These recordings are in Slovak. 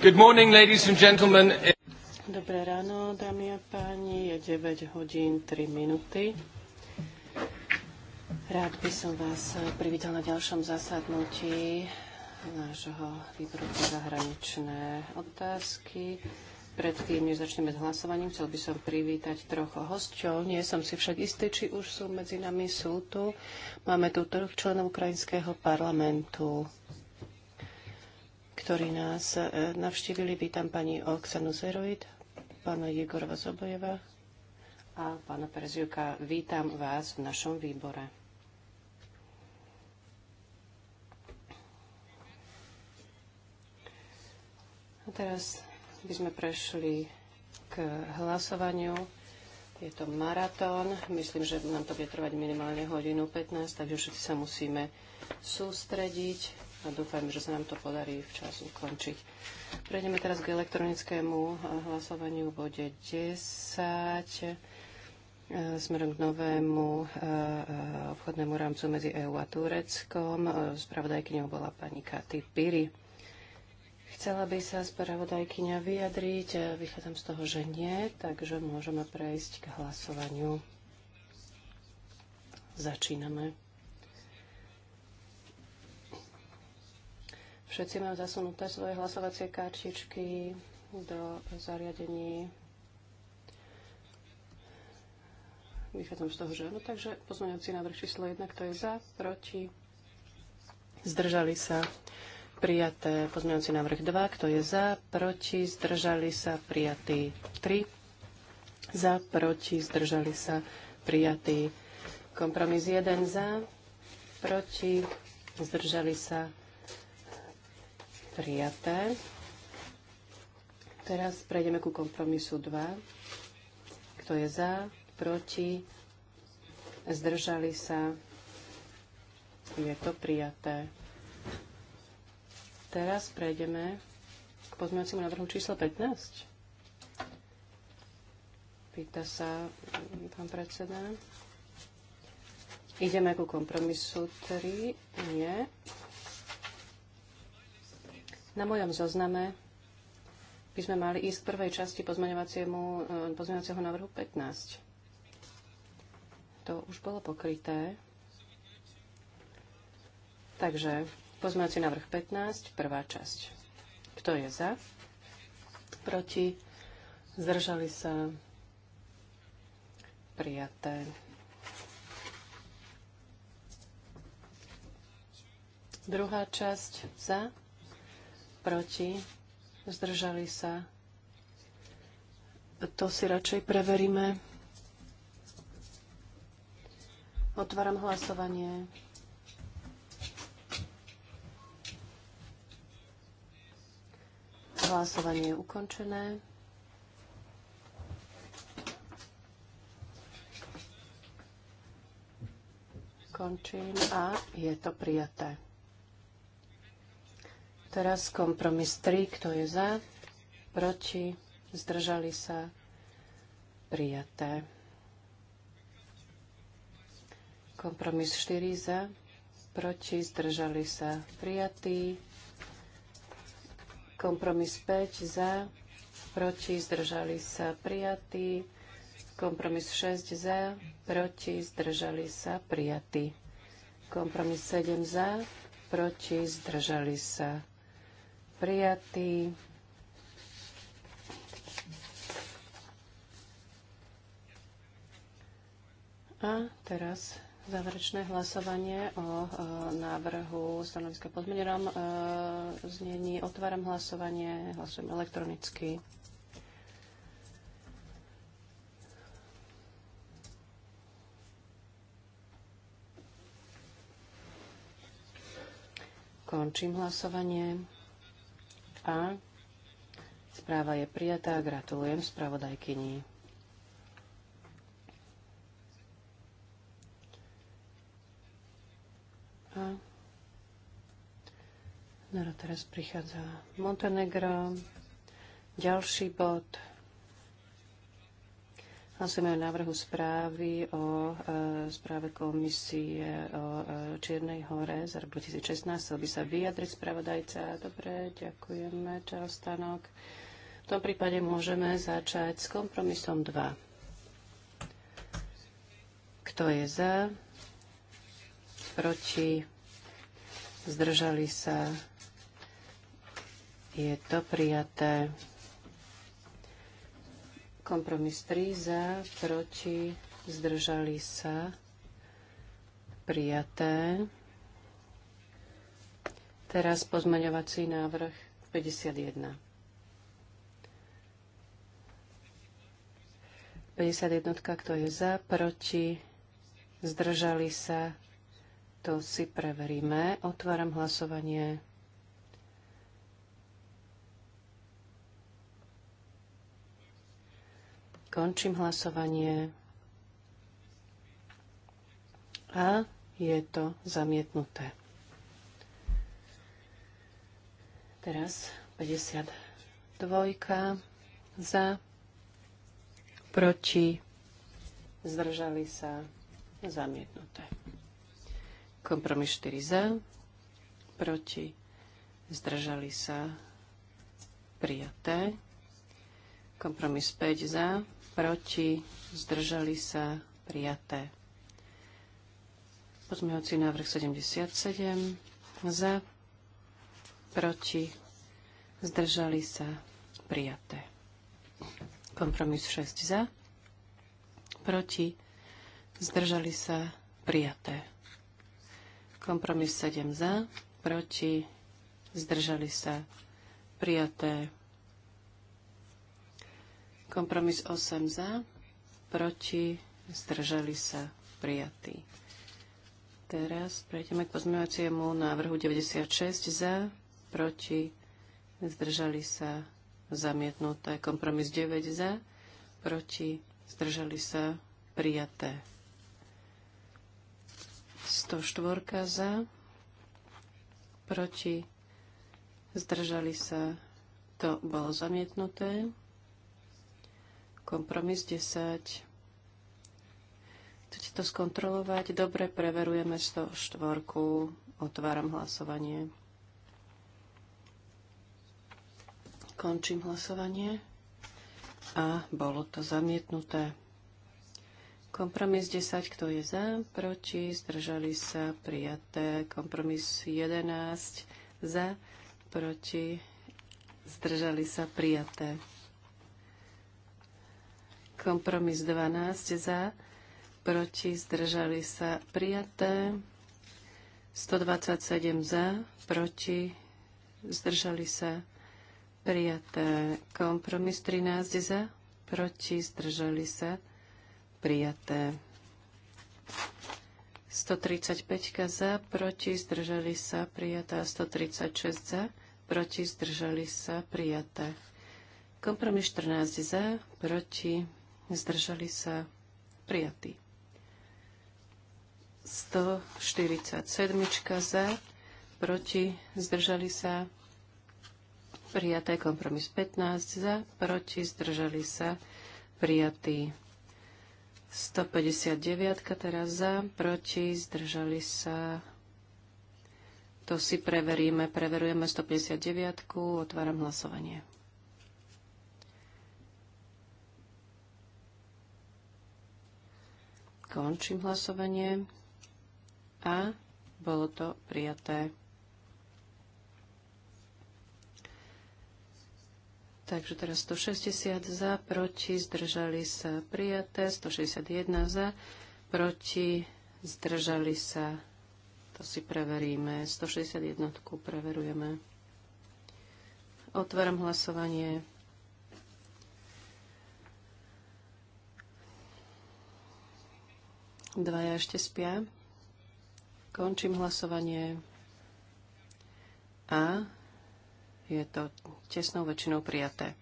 Good morning, ladies and gentlemen. Dobré ráno, dámy a páni. Je 9 hodín 3 minúty. Rád by som vás privítal na ďalšom zasadnutí nášho výboru pre zahraničné otázky. Predtým, než začneme s hlasovaním, chcel by som privítať troch hostov. Nie som si však istý, či už sú medzi nami. Sú tu. Máme tu troch členov ukrajinského parlamentu ktorí nás e, navštívili. Vítam pani Oksanu Zeroid, pána Jegorova Zobojeva a pána Perziuka. Vítam vás v našom výbore. A teraz by sme prešli k hlasovaniu. Je to maratón. Myslím, že nám to bude trvať minimálne hodinu 15, takže všetci sa musíme sústrediť a dúfajme, že sa nám to podarí včas ukončiť. Prejdeme teraz k elektronickému eh, hlasovaniu v bode 10 eh, smerom k novému eh, obchodnému rámcu medzi EÚ a Tureckom. Spravodajkyňou bola pani Katy Piri. Chcela by sa spravodajkyňa vyjadriť. Vychádzam z toho, že nie, takže môžeme prejsť k hlasovaniu. Začíname. Všetci majú zasunuté svoje hlasovacie kartičky do zariadení. Vychádzam z toho, že áno, takže pozmeňujúci návrh číslo 1, kto je za, proti, zdržali sa, prijaté. Pozmeňujúci návrh 2, kto je za, proti, zdržali sa, prijatý 3, za, proti, zdržali sa, prijatý. Kompromis 1 za, proti, zdržali sa, prijaté. Teraz prejdeme ku kompromisu 2. Kto je za, proti, zdržali sa, je to prijaté. Teraz prejdeme k pozmeňovacímu návrhu číslo 15. Pýta sa pán predseda. Ideme ku kompromisu 3. Nie. Na mojom zozname by sme mali ísť k prvej časti e, pozmeňovacieho návrhu 15. To už bolo pokryté. Takže pozmeňovací návrh 15, prvá časť. Kto je za? Proti? Zdržali sa? Prijaté. Druhá časť za? proti, zdržali sa. To si radšej preveríme. Otváram hlasovanie. Hlasovanie je ukončené. Končím a je to prijaté. Teraz kompromis 3, kto je za, proti, zdržali sa, prijaté. Kompromis 4 za, proti, zdržali sa, prijatý. Kompromis 5 za, proti, zdržali sa, prijatý. Kompromis 6 za, proti, zdržali sa, prijatý. Kompromis 7 za, proti, zdržali sa, prijatý. A teraz záverečné hlasovanie o e, návrhu stanoviska pod e, znení. Otváram hlasovanie, hlasujem elektronicky. Končím hlasovanie. Európa. Správa je prijatá. Gratulujem spravodajkyni. A no, teraz prichádza Montenegro. Ďalší bod. Hlasujeme o návrhu správy o e, správe komisie o e, Čiernej hore za rok 2016. Chcel by sa vyjadriť spravodajca. Dobre, ďakujeme, čau stanok. V tom prípade môžeme začať s kompromisom 2. Kto je za? Proti? Zdržali sa? Je to prijaté. Kompromis 3 za, proti, zdržali sa, prijaté. Teraz pozmeňovací návrh 51. 51, kto je za, proti, zdržali sa, to si preveríme. Otváram hlasovanie. Končím hlasovanie. A je to zamietnuté. Teraz 52 za, proti, zdržali sa, zamietnuté. Kompromis 4 za, proti, zdržali sa, prijaté. Kompromis 5 za, proti, zdržali sa, prijaté. Pozmehoci návrh 77 za, proti, zdržali sa, prijaté. Kompromis 6 za, proti, zdržali sa, prijaté. Kompromis 7 za, proti, zdržali sa, prijaté. Kompromis 8 za, proti, zdržali sa, prijatý. Teraz prejdeme k pozmeňovaciemu návrhu 96 za, proti, zdržali sa, zamietnuté. Kompromis 9 za, proti, zdržali sa, prijaté. 104 za, proti, zdržali sa, to bolo zamietnuté. Kompromis 10. Chcete to skontrolovať? Dobre, preverujeme 104. Otváram hlasovanie. Končím hlasovanie. A bolo to zamietnuté. Kompromis 10, kto je za, proti, zdržali sa, prijaté. Kompromis 11, za, proti, zdržali sa, prijaté. Kompromis 12 za, proti, zdržali sa prijaté. 127 za, proti, zdržali sa prijaté. Kompromis 13 za, proti, zdržali sa prijaté. 135 za, proti, zdržali sa prijatá. 136 za, proti, zdržali sa prijaté. Kompromis 14 za, proti, zdržali sa prijatí. 147 za, proti, zdržali sa, prijaté kompromis 15 za, proti, zdržali sa, prijatí 159 teraz za, proti, zdržali sa. To si preveríme. Preverujeme 159. Otváram hlasovanie. Končím hlasovanie. A bolo to prijaté. Takže teraz 160 za, proti, zdržali sa prijaté, 161 za, proti, zdržali sa, to si preveríme, 161 preverujeme. Otváram hlasovanie. Dvaja ešte spia. Končím hlasovanie. A je to tesnou väčšinou prijaté.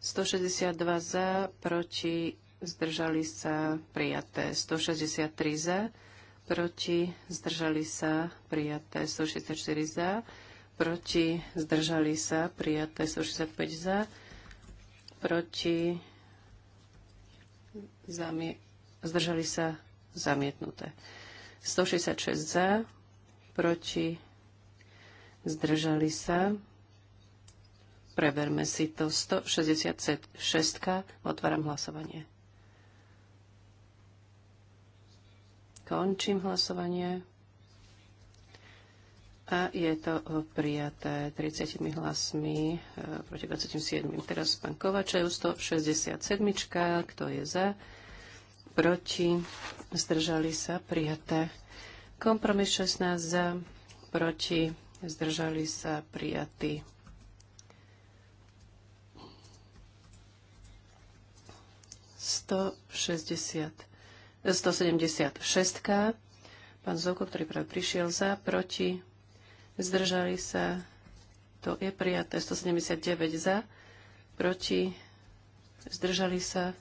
162 za, proti, zdržali sa, prijaté. 163 za, proti, zdržali sa, prijaté. 164 za, proti, zdržali sa, prijaté. 165 za, proti, zdržali sa, zamietnuté. 166 za, proti, zdržali sa. Preberme si to. 166. Otváram hlasovanie. Končím hlasovanie. A je to prijaté 30 hlasmi e, proti 27. Teraz pán Kovačev, 167. Kto je za? Proti? zdržali sa, prijaté. Kompromis 16 za, proti, zdržali sa, prijatý. Sto 176. Pán Zovko, ktorý práve prišiel za, proti, zdržali sa, to je prijaté, 179 za, proti, zdržali sa,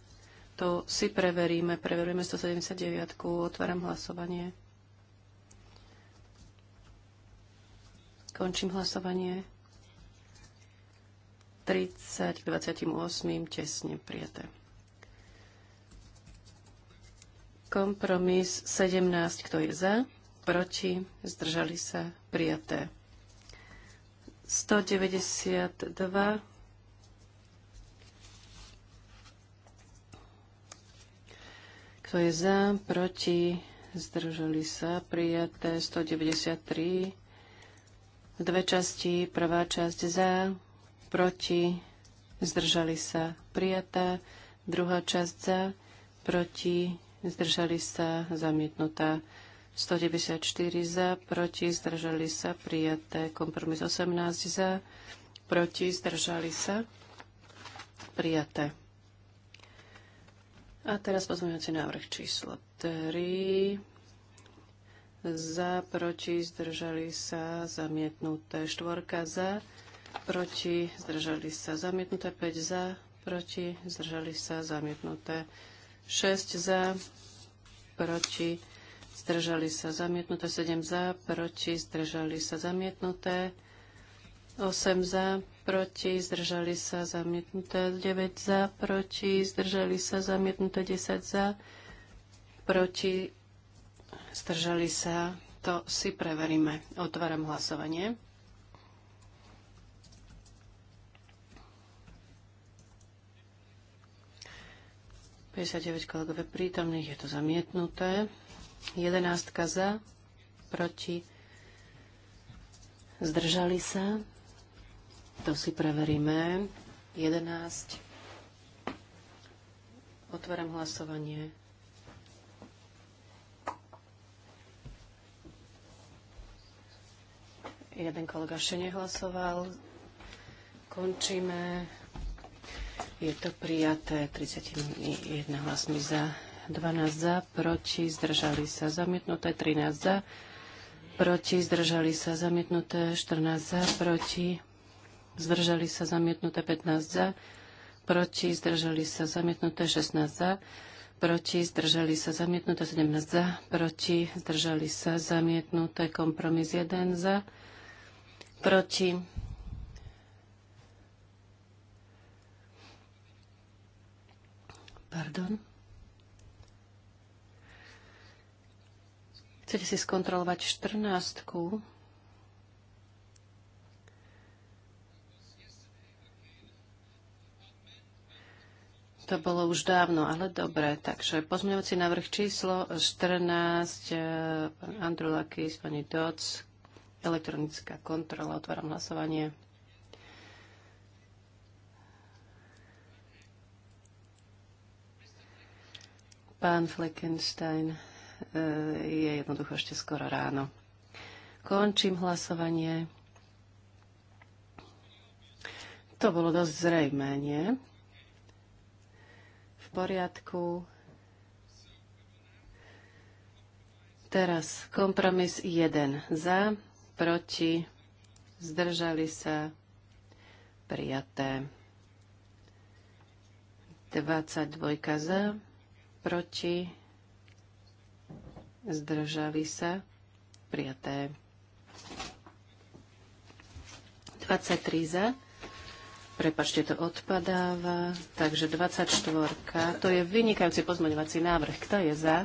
to si preveríme. Preverujeme 179. Otváram hlasovanie. Končím hlasovanie. 30 k 28 tesne prijaté. Kompromis 17, kto je za, proti, zdržali sa, prijaté. 192 Kto je za, proti, zdržali sa, prijaté 193. Dve časti, prvá časť za, proti, zdržali sa, prijatá, druhá časť za, proti, zdržali sa, zamietnutá. 194 za, proti, zdržali sa, prijaté, kompromis 18 za, proti, zdržali sa, prijaté. A teraz pozmeňujúci návrh číslo 3. Za, proti, zdržali sa, zamietnuté. Štvorka za, proti, zdržali sa, zamietnuté. 5 za, proti, zdržali sa, zamietnuté. 6 za, proti, zdržali sa, zamietnuté. 7 za, proti, zdržali sa, zamietnuté. 8 za, proti, zdržali sa zamietnuté 9 za, proti, zdržali sa zamietnuté 10 za, proti, zdržali sa. To si preveríme. Otváram hlasovanie. kolegové prítomných, je to zamietnuté. 11 za, proti, zdržali sa. To si preveríme. 11. Otváram hlasovanie. Jeden kolega ešte nehlasoval. Končíme. Je to prijaté 31 hlasmi za, 12 za, proti, zdržali sa zamietnuté, 13 za, proti, zdržali sa zamietnuté, 14 za, proti, zdržali sa zamietnuté 15 za, proti zdržali sa zamietnuté 16 za, proti zdržali sa zamietnuté 17 za, proti zdržali sa zamietnuté kompromis 1 za, proti Pardon. Chcete si skontrolovať 14. To bolo už dávno, ale dobre. Takže pozmeňovací návrh číslo 14, e, pán Andrulakis, pani Doc, elektronická kontrola, otváram hlasovanie. Pán Fleckenstein, e, je jednoducho ešte skoro ráno. Končím hlasovanie. To bolo dosť zrejmé, nie? poriadku. Teraz kompromis 1 za, proti, zdržali sa, prijaté. 22 za, proti, zdržali sa, prijaté. 23 za, Prepačte, to odpadáva. Takže 24. To je vynikajúci pozmeňovací návrh. Kto je za?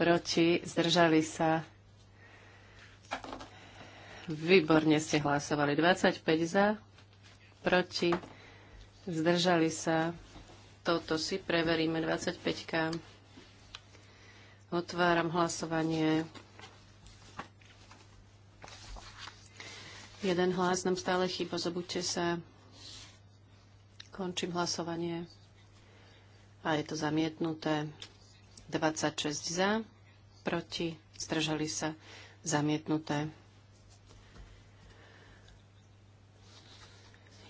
Proti? Zdržali sa? Výborne ste hlasovali. 25 za? Proti? Zdržali sa? Toto si preveríme. 25. Otváram hlasovanie. Jeden hlas nám stále chýba, zabudte sa. Končím hlasovanie. A je to zamietnuté. 26 za, proti, zdržali sa, zamietnuté.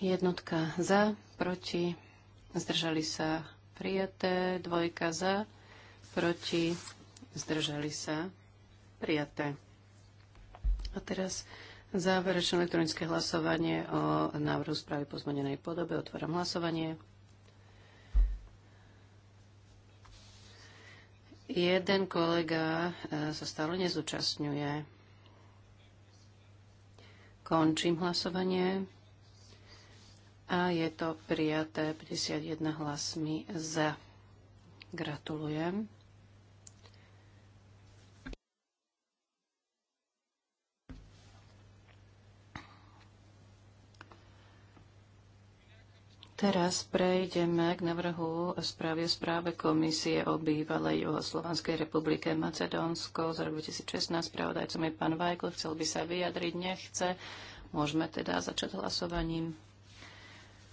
Jednotka za, proti, zdržali sa, prijaté. Dvojka za, proti, zdržali sa, prijaté. A teraz Záverečné elektronické hlasovanie o návrhu správy po zmenenej podobe. Otváram hlasovanie. Jeden kolega e, sa stále nezúčastňuje. Končím hlasovanie. A je to prijaté 51 hlasmi za. Gratulujem. Teraz prejdeme k navrhu správy o správe Komisie o bývalej Juhoslovanskej republike Macedónsko z roku 2016. Spravodajcom je pán Vajkl, chcel by sa vyjadriť, nechce. Môžeme teda začať hlasovaním.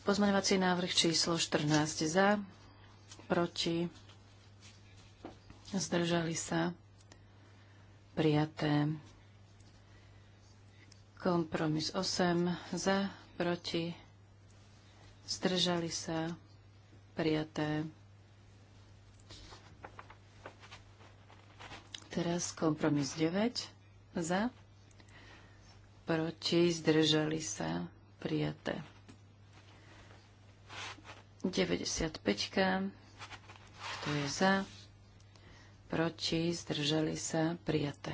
Pozmeňovací návrh číslo 14 za, proti, zdržali sa, prijaté. Kompromis 8 za, proti, Zdržali sa. Prijaté. Teraz kompromis 9. Za. Proti. Zdržali sa. Prijaté. 95. Kto je za? Proti. Zdržali sa. Prijaté.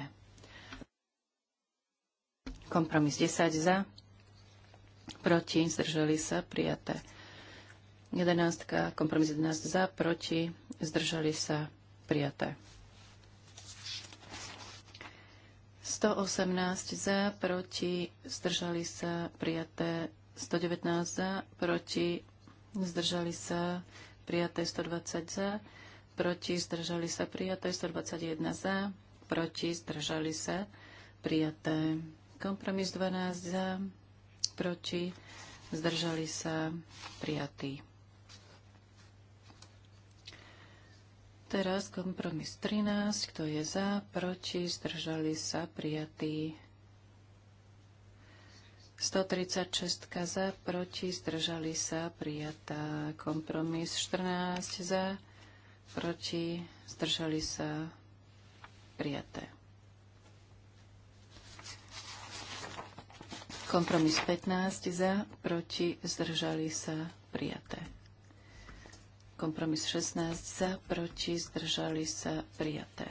Kompromis 10 za proti, zdrželi sa, prijaté. 11, kompromis 11 za, proti, zdrželi sa, prijaté. 118 za, proti, zdržali sa, prijaté. 119 za, proti, zdržali sa, prijaté. 120 za, proti, zdržali sa, prijaté. 121 za, proti, zdržali sa, prijaté. Kompromis 12 za, proti, zdržali sa, prijatí. Teraz kompromis 13, kto je za, proti, zdržali sa, prijatí 136 za, proti, zdržali sa, prijatá. Kompromis 14 za, proti, zdržali sa, prijaté. Kompromis 15 za, proti, zdržali sa, prijaté. Kompromis 16 za, proti, zdržali sa, prijaté.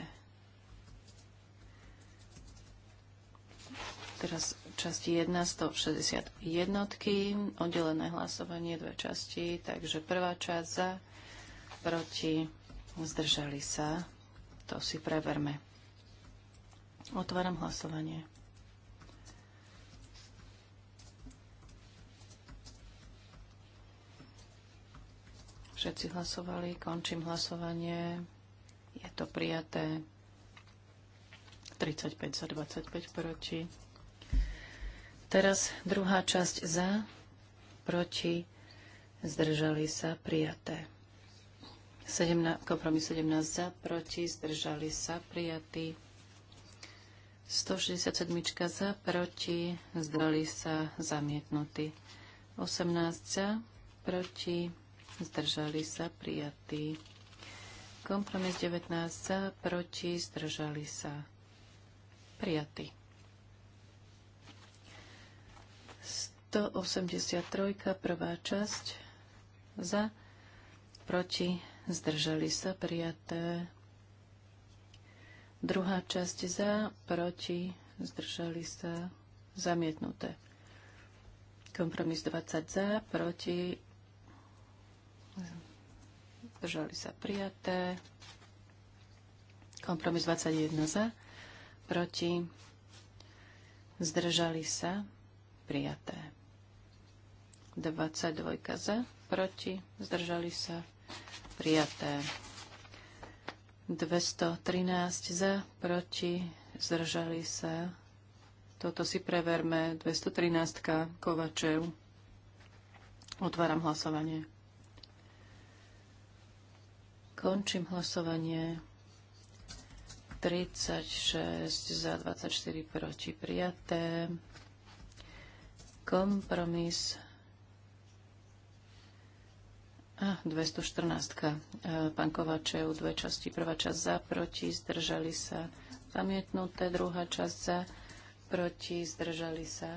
Teraz časti 1, 160 jednotky, oddelené hlasovanie, dve časti, takže prvá časť za, proti, zdržali sa, to si preverme. Otváram hlasovanie. Všetci hlasovali. Končím hlasovanie. Je to prijaté. 35 za 25 proti. Teraz druhá časť za, proti, zdržali sa, prijaté. 17, kompromis 17 za, proti, zdržali sa, prijatí. 167 za, proti, zdržali sa, zamietnutí. 18 za, proti, zdržali sa prijatí. Kompromis 19 za, proti, zdržali sa prijatí. 183, prvá časť za, proti, zdržali sa prijaté. Druhá časť za, proti, zdržali sa zamietnuté. Kompromis 20 za, proti, Zdržali sa prijaté. Kompromis 21 za. Proti. Zdržali sa prijaté. 22 za. Proti. Zdržali sa prijaté. 213 za. Proti. Zdržali sa. Toto si preverme. 213 Kovačev. Otváram hlasovanie. Končím hlasovanie. 36 za 24 proti prijaté. Kompromis. A 214. E, pán Kovačev, dve časti. Prvá časť za, proti, zdržali sa. Zamietnuté. Druhá časť za, proti, zdržali sa.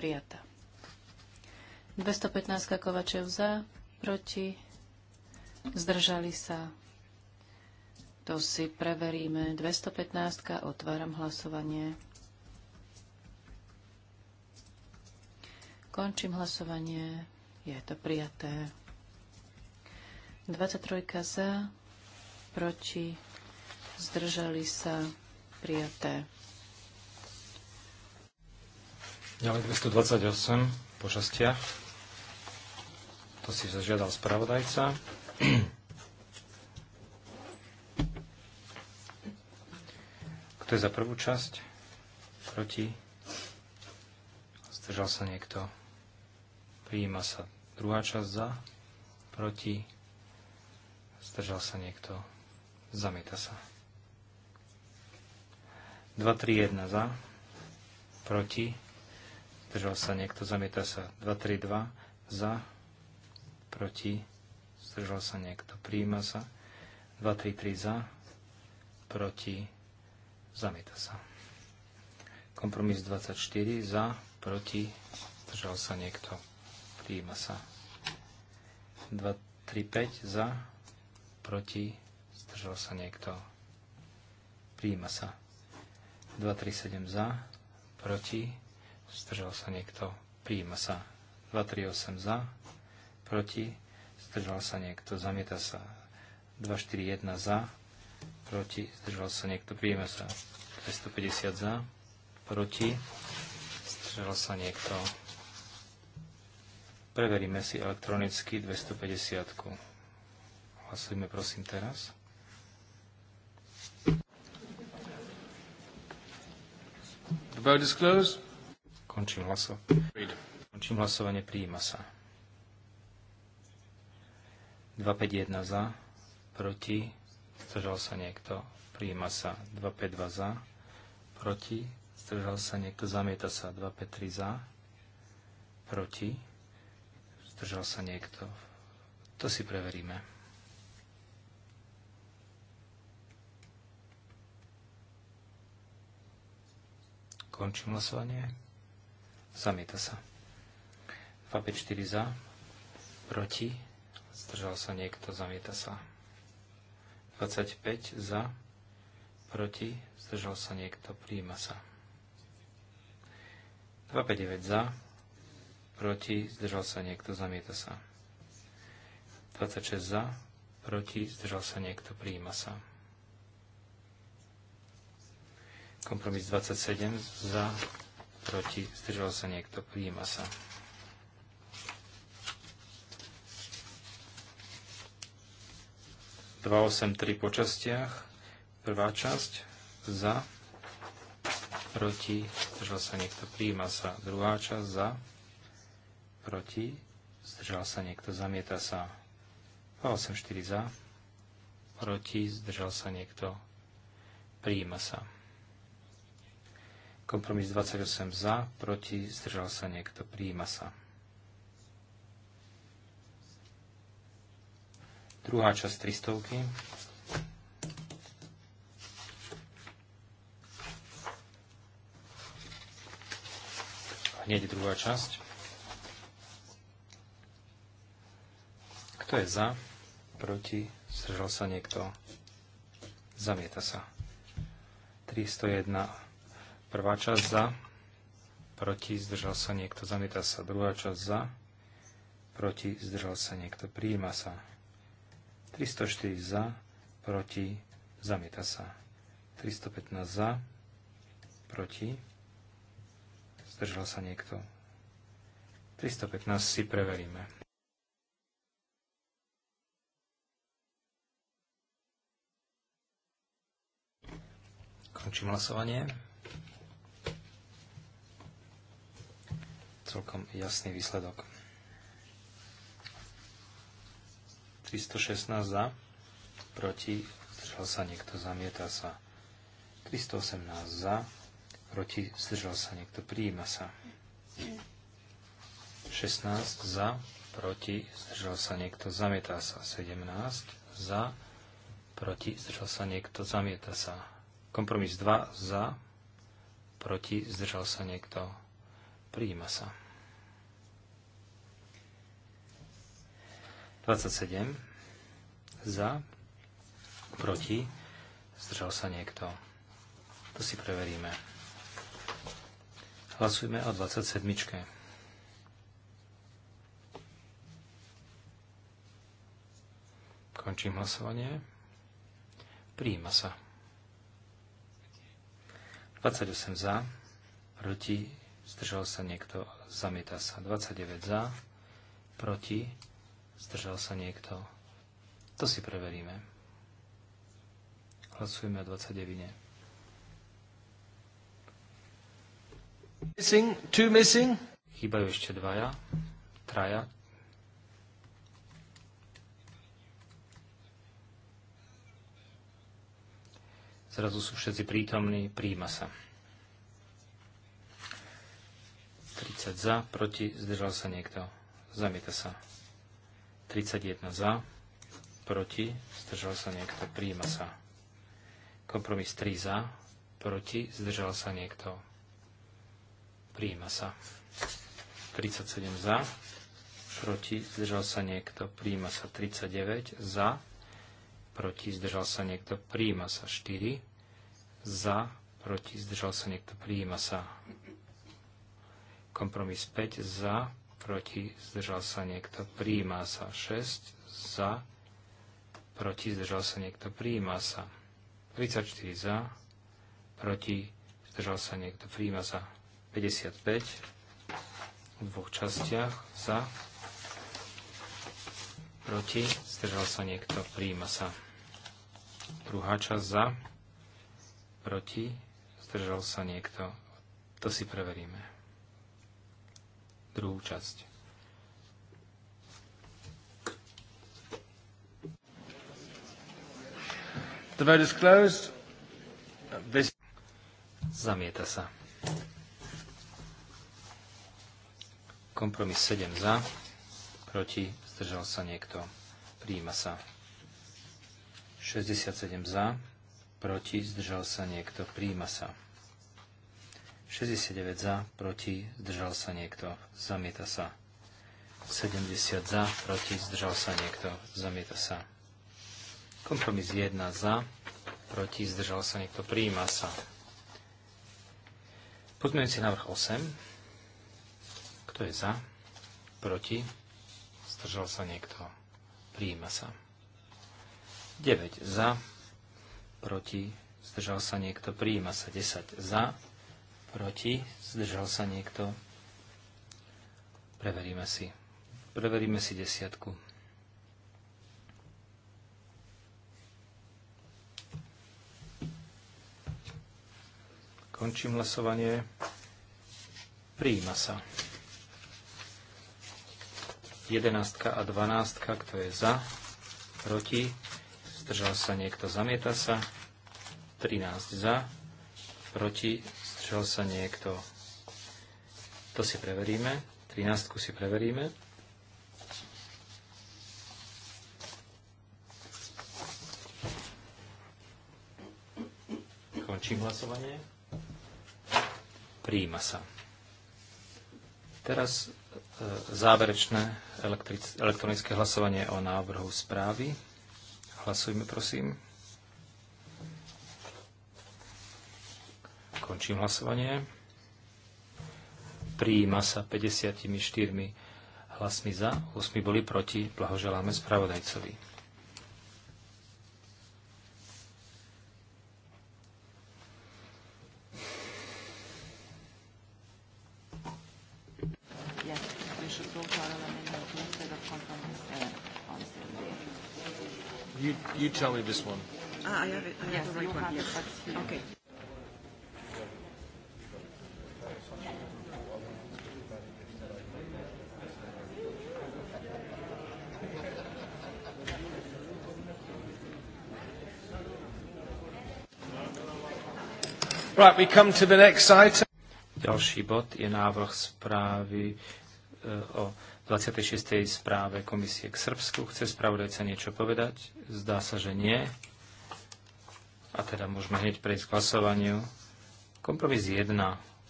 Prijatá. 215. Kovačev za, proti, zdržali sa. To si preveríme. 215. Otváram hlasovanie. Končím hlasovanie. Je to prijaté. 23 za, proti, zdržali sa, prijaté. Ďalej 228 po šastiach. To si zažiadal spravodajca. Kto je za prvú časť? Proti? Zdržal sa niekto? Prijíma sa druhá časť za? Proti? Zdržal sa niekto? Zamieta sa. 2, 3, 1 za? Proti? Zdržal sa niekto? Zamieta sa. 2, 3, 2 za? Proti? zdržal sa niekto, Príjima sa. 3 za, proti, zamieta sa. Kompromis 24 za, proti, zdržal sa niekto, Príjima sa. 235 za, proti, zdržal sa niekto, Príjima sa. 237 za, proti, zdržal sa niekto, Príjima sa. 238 za, proti, zdržal sa niekto, zamieta sa. 241 za, proti, zdržal sa niekto, príjme sa. 250 za, proti, zdržal sa niekto. Preveríme si elektronicky 250. -ku. Hlasujme prosím teraz. The vote is closed. Končím hlasovanie. Končím hlasovanie, prijíma sa. 251 za, proti, zdržal sa niekto, prijíma sa 252 za, proti, zdržal sa niekto, zamieta sa 253 za, proti, zdržal sa niekto. To si preveríme. Končím hlasovanie. Zamieta sa. 254 za, proti, zdržal sa niekto, zamieta sa. 25 za, proti, zdržal sa niekto, príjima sa. 259 za, proti, zdržal sa niekto, zamieta sa. 26 za, proti, zdržal sa niekto, príjima sa. Kompromis 27 za, proti, zdržal sa niekto, príjima sa. 283 po častiach. Prvá časť za, proti, zdržal sa niekto, príjima sa. Druhá časť za, proti, zdržal sa niekto, zamieta sa. 284 za, proti, zdržal sa niekto, príjima sa. Kompromis 28 za, proti, zdržal sa niekto, príjima sa. Druhá časť 300. Hneď druhá časť. Kto je za? Proti? Zdržal sa niekto? Zamieta sa. 301. Prvá časť za. Proti? Zdržal sa niekto? Zamieta sa. Druhá časť za. Proti? Zdržal sa niekto? Prijíma sa. 304 za, proti, zamieta sa. 315 za, proti, zdržal sa niekto. 315 si preveríme. Končím hlasovanie. Celkom jasný výsledok. 316 za, proti, zdržal sa niekto, zamieta sa. 318 za, proti, zdržal sa niekto, prijíma sa. 16 za, proti, zdržal sa niekto, zamieta sa. 17 za, proti, zdržal sa niekto, zamieta sa. Kompromis 2 za, proti, zdržal sa niekto, prijíma sa. 27 za, proti, zdržal sa niekto. To si preveríme. Hlasujme o 27. Končím hlasovanie. Príjima sa. 28 za, proti, zdržal sa niekto, zamieta sa. 29 za, proti, Zdržal sa niekto? To si preveríme. Hlasujeme o 29. Missing, two missing. Chýbajú ešte dvaja, traja. Zrazu sú všetci prítomní, príjma sa. 30 za, proti, zdržal sa niekto. Zamieta sa. 31 za, proti, zdržal sa niekto, príjima sa. Kompromis 3 za, proti, zdržal sa niekto, príjima sa. 37 za, proti, zdržal sa niekto, príjima sa. 39 za, proti, zdržal sa niekto, príjima sa. 4 za, proti, zdržal sa niekto, príjima sa. Kompromis 5 za, proti, zdržal sa niekto, príjma sa. 6 za, proti, zdržal sa niekto, príjma sa. 34 za, proti, zdržal sa niekto, príjma sa. 55 v dvoch častiach za, proti, zdržal sa niekto, príjma sa. Druhá časť za, proti, zdržal sa niekto. To si preveríme druhú časť. The vote is closed. This... Zamieta sa. Kompromis 7 za, proti, zdržal sa niekto. Príjima sa. 67 za, proti, zdržal sa niekto. Príjima sa. 69 za, proti, zdržal sa niekto, zamieta sa. 70 za, proti, zdržal sa niekto, zamieta sa. Kompromis 1 za, proti, zdržal sa niekto, prijíma sa. Pozmeňujúci návrh 8. Kto je za? Proti? Zdržal sa niekto? Prijíma sa. 9 za, proti, zdržal sa niekto, prijíma sa 10 za, proti, zdržal sa niekto. Preveríme si. Preveríme si desiatku. Končím hlasovanie. Prijíma sa. 11 a 12, kto je za, proti, zdržal sa niekto, zamieta sa. 13 za, proti, Zdržal sa niekto? To si preveríme. 13 si preveríme. Končím hlasovanie. Príjima sa. Teraz e, záverečné elektronické hlasovanie o návrhu správy. Hlasujme, prosím. Končím hlasovanie. Prijíma sa 54 hlasmi za, 8 boli proti. Blahoželáme spravodajcovi. You, you tell me this one. Ah, I have it. I have yes, the right one. Have yes. okay. Right, we come to the next item. Ďalší bod je návrh správy eh, o 26. správe komisie k Srbsku. Chce spravodajca niečo povedať? Zdá sa, že nie. A teda môžeme hneď prejsť k hlasovaniu. Kompromis 1.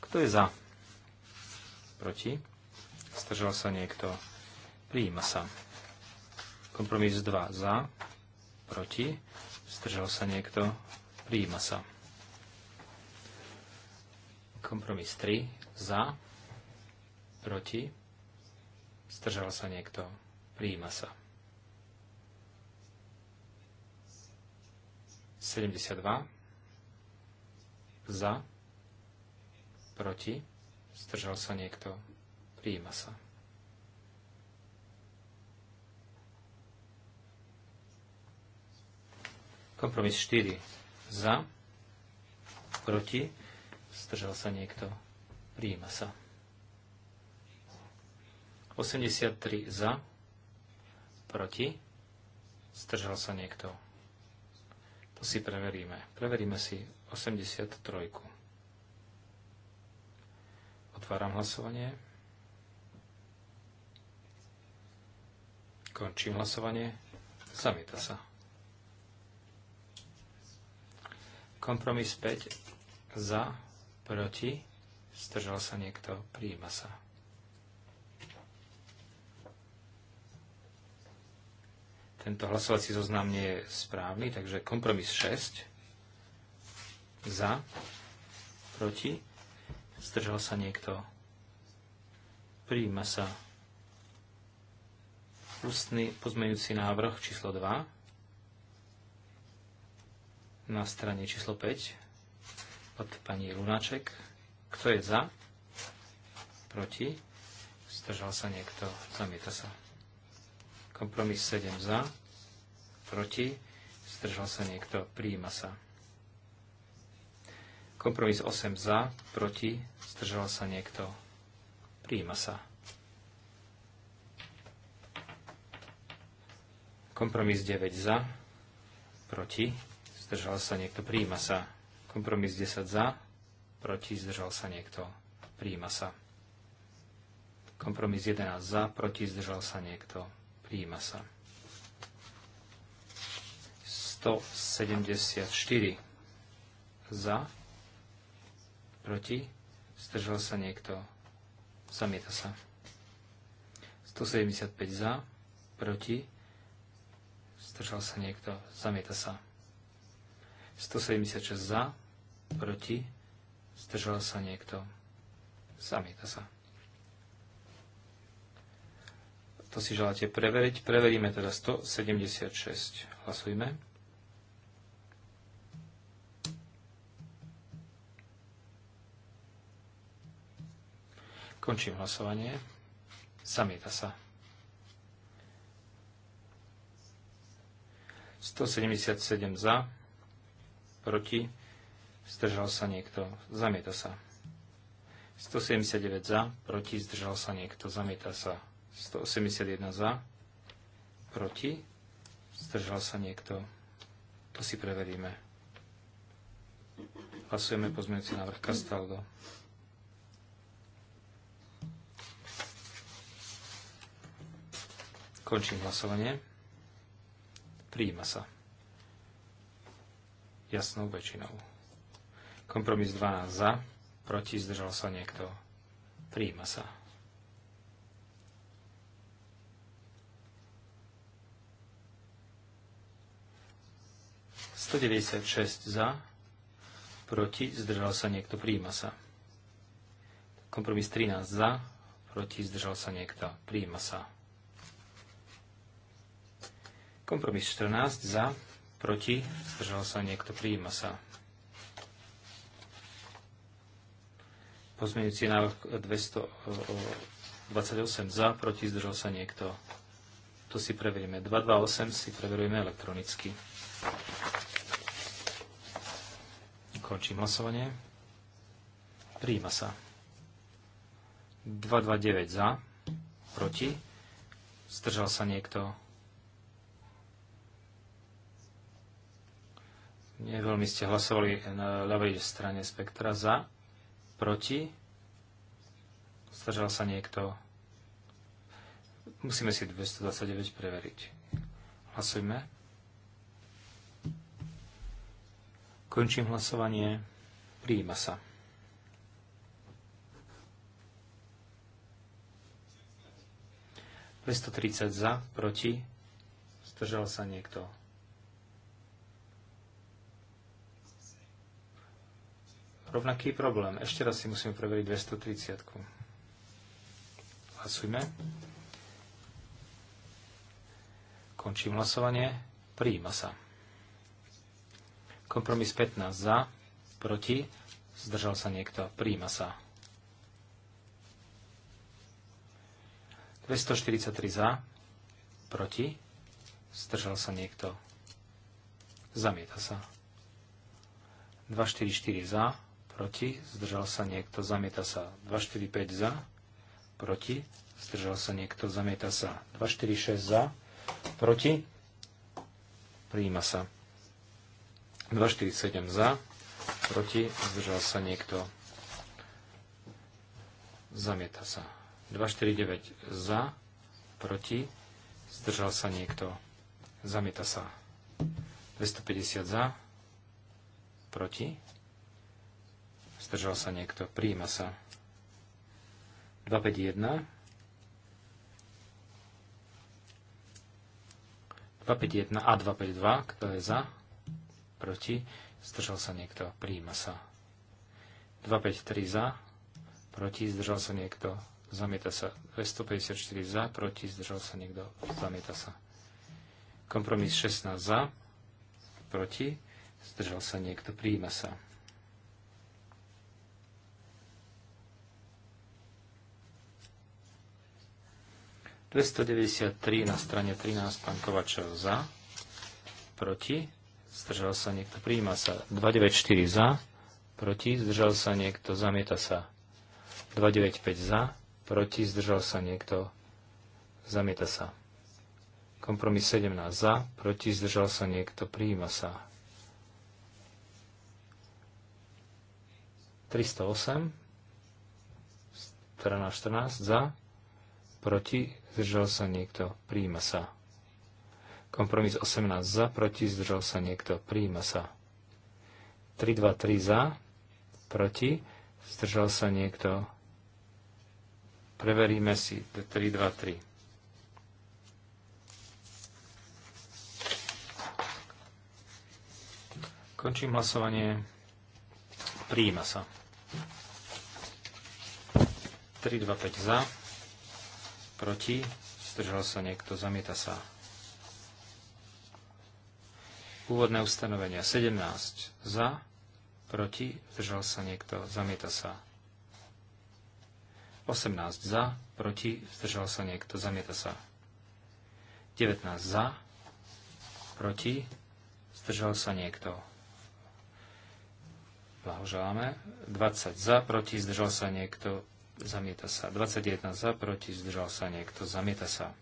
Kto je za? Proti? Stržal sa niekto? Prijíma sa. Kompromis 2. Za? Proti? Stržal sa niekto? Prijíma sa. Kompromis 3. Za. Proti. Zdržal sa niekto. Prijíma sa. 72. Za. Proti. Zdržal sa niekto. Prijíma sa. Kompromis 4. Za. Proti Zdržal sa niekto? príjima sa. 83 za. Proti. Zdržal sa niekto? To si preveríme. Preveríme si 83. Otváram hlasovanie. Končím hlasovanie. Zamieta sa. Kompromis 5 za, proti, zdržal sa niekto, prijíma sa. Tento hlasovací zoznam nie je správny, takže kompromis 6, za, proti, zdržal sa niekto, prijíma sa ústny pozmeňujúci návrh číslo 2 na strane číslo 5 od pani Lunaček. Kto je za? Proti? Zdržal sa niekto? Zamieta sa. Kompromis 7 za. Proti? Zdržal sa niekto? Prijíma sa. Kompromis 8 za. Proti? Zdržal sa niekto? Prijíma sa. Kompromis 9 za. Proti? Zdržal sa niekto? Prijíma sa. Kompromis 10 za, proti, zdržal sa niekto, príjima sa. Kompromis 11 za, proti, zdržal sa niekto, príjima sa. 174 za, proti, zdržal sa niekto, zamieta sa. 175 za, proti, zdržal sa niekto, zamieta sa. 176 za, proti, zdržal sa niekto, zamieta sa. To si želáte preveriť. Preveríme teda 176. Hlasujme. Končím hlasovanie. Zamieta sa. 177 za, proti zdržal sa niekto, zamieta sa. 179 za, proti, zdržal sa niekto, zamieta sa. 181 za, proti, zdržal sa niekto. To si preveríme. Hlasujeme pozmeňujúci návrh Castaldo. Končím hlasovanie. Prijíma sa. Jasnou väčšinou. Kompromis 2 za, proti zdržal sa niekto. Príjima sa. Sto za, proti zdržal sa niekto. príjma sa. Kompromis 13 za, proti zdržal sa niekto. príjma sa. Kompromis 14 za, proti zdržal sa niekto. príjma sa. Pozmeňujúci návrh 228 za, proti, zdržal sa niekto. To si preveríme. 228 si preverujeme elektronicky. Končím hlasovanie. Príjima sa. 229 za, proti. Zdržal sa niekto. Neveľmi ste hlasovali na ľavej strane spektra za. Proti? Zdržal sa niekto? Musíme si 229 preveriť. Hlasujme. Končím hlasovanie. Prijíma sa. 130 za, proti, zdržal sa niekto. rovnaký problém. Ešte raz si musíme preveriť 230. Hlasujme. Končím hlasovanie. Prijíma sa. Kompromis 15 za, proti, zdržal sa niekto. Prijíma sa. 243 za, proti, zdržal sa niekto. Zamieta sa. 244 za, proti, zdržal sa niekto, zamieta sa 245 za, proti, zdržal sa niekto, zamieta sa 246 za, proti, prijíma sa 247 za, proti, zdržal sa niekto, zamieta sa 249 za, proti, zdržal sa niekto, zamieta sa 250 za, proti, Zdržal sa niekto. Príjima sa. 251. 251 a 252. Kto je za? Proti. Zdržal sa niekto. Príjima sa. 253 za. Proti. Zdržal sa niekto. Zamieta sa. 254 za. Proti. Zdržal sa niekto. Zamieta sa. Kompromis 16 za. Proti. Zdržal sa niekto. Príjima sa. 293 na strane 13, pán Kovačov za, proti, zdržal sa niekto, prijíma sa 294 za, proti, zdržal sa niekto, zamieta sa 295 za, proti, zdržal sa niekto, zamieta sa. Kompromis 17 za, proti, zdržal sa niekto, prijíma sa 308, strana 14 za, proti, zdržal sa niekto, príjma sa. Kompromis 18 za, proti, zdržal sa niekto, príjma sa. 3, 2, 3 za, proti, zdržal sa niekto. Preveríme si 3, 2, 3. Končím hlasovanie. Prijíma sa. 3, 2, 5 za proti, zdržal sa niekto, zamieta sa. Úvodné ustanovenia 17 za, proti, zdržal sa niekto, zamieta sa. 18 za, proti, zdržal sa niekto, zamieta sa. 19 za, proti, zdržal sa niekto. Blahoželáme. 20 za, proti, zdržal sa niekto, zamieta sa. 21 za, proti, zdržal sa niekto, zamieta sa.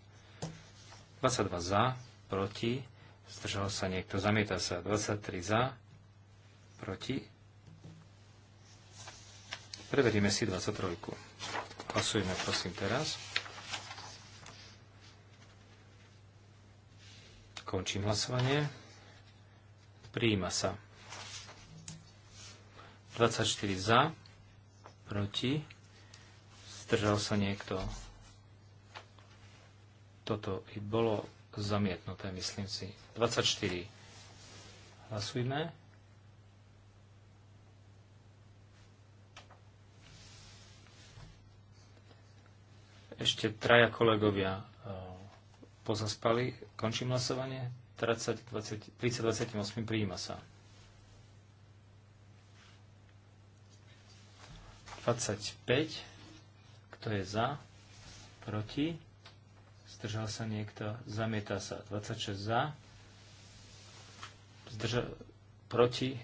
22 za, proti, zdržal sa niekto, zamieta sa. 23 za, proti. Preveríme si 23. Hlasujeme prosím teraz. Končím hlasovanie. Prijíma sa. 24 za, proti Zdržal sa niekto? Toto i bolo zamietnuté, myslím si. 24. Hlasujme. Ešte traja kolegovia e, pozaspali. Končím hlasovanie. 30, 20, 30 28 prijíma sa. 25 kto je za? Proti? Zdržal sa niekto? Zamieta sa. 26 za. Zdrža- proti?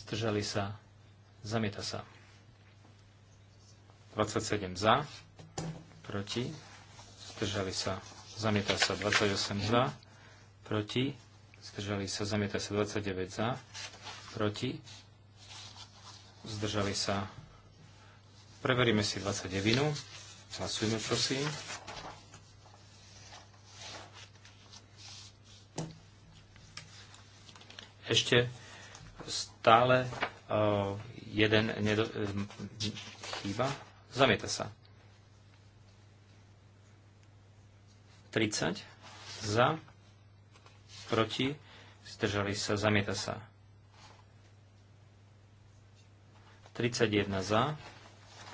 Zdržali sa. Zamieta sa. 27 za. Proti? Zdržali sa. Zamieta sa. 28 za. Proti? Zdržali sa. Zamieta sa. 29 za. Proti? Zdržali sa Preveríme si 29. Hlasujme, prosím. Ešte stále uh, jeden nedo- e, chýba. Zamieta sa. 30 za, proti, zdržali sa, zamieta sa. 31 za,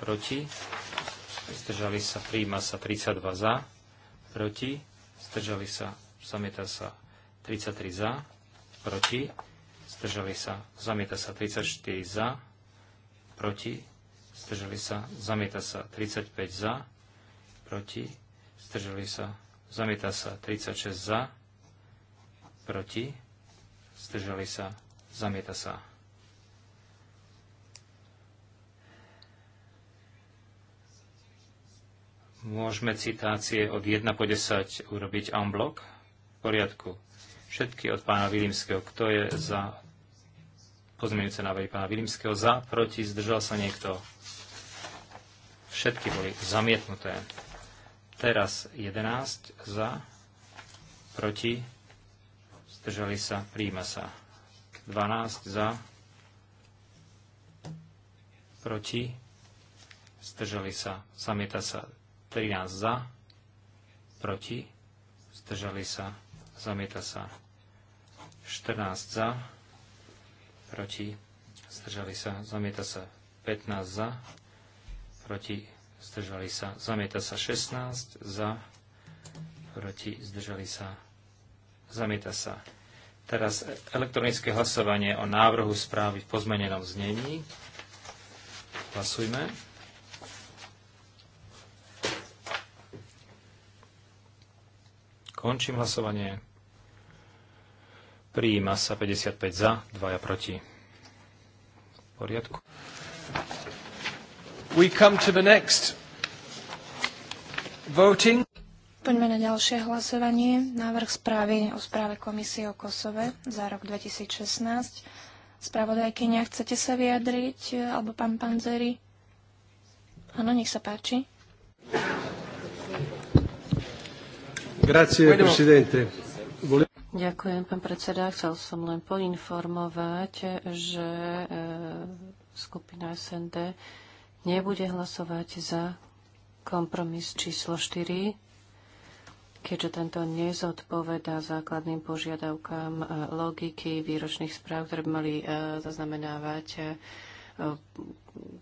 proti, zdržali sa, príjma sa 32 za, proti, zdržali sa, zamieta sa 33 za, proti, zdržali sa, zamieta sa 34 za, proti, zdržali sa, zamieta sa 35 za, proti, zdržali sa, zamieta sa 36 za, proti, zdržali sa, zamieta sa Môžeme citácie od 1 po 10 urobiť en bloc? V poriadku. Všetky od pána Vilimského. Kto je za pozmeňujúce návrhy pána Vilimského? Za, proti, zdržal sa niekto? Všetky boli zamietnuté. Teraz 11 za, proti, zdržali sa, príjma sa. 12 za, proti, zdržali sa, zamieta sa 13 za, proti, zdržali sa, zamieta sa. 14 za, proti, zdržali sa, zamieta sa. 15 za, proti, zdržali sa, zamieta sa. 16 za, proti, zdržali sa, zamieta sa. Teraz elektronické hlasovanie o návrhu správy v pozmenenom znení. Hlasujme. Končím hlasovanie. Prijíma sa 55 za, 2 proti. V poriadku. We come to the next voting. Poďme na ďalšie hlasovanie. Návrh správy o správe Komisie o Kosove za rok 2016. Spravodajkynia, chcete sa vyjadriť? Alebo pán Panzeri? Áno, nech sa páči. Ďakujem, pán predseda. Chcel som len poinformovať, že e, skupina SND nebude hlasovať za kompromis číslo 4, keďže tento nezodpovedá základným požiadavkám e, logiky výročných správ, ktoré by mali e, zaznamenávať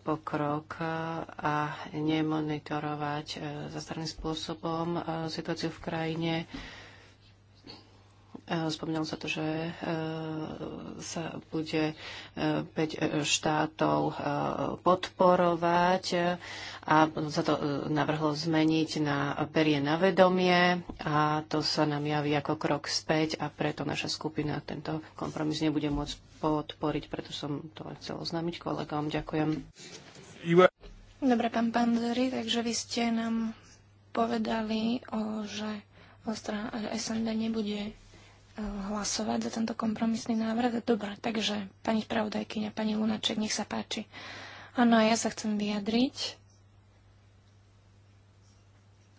pokrok a nemonitorovať e, zastraným spôsobom e, situáciu v krajine Spomínalo sa to, že e, sa bude 5 e, e, štátov podporovať a sa to navrhlo zmeniť na perie na vedomie a to sa nám javí ako krok späť a preto naša skupina tento kompromis nebude môcť podporiť, preto som to chcel oznámiť kolegom. Ďakujem. Dobre, pán Panzeri, takže vy ste nám povedali, o, že strana SND nebude hlasovať za tento kompromisný návrh? Dobre, takže pani spravodajkyňa, pani Lunaček, nech sa páči. Áno, ja sa chcem vyjadriť.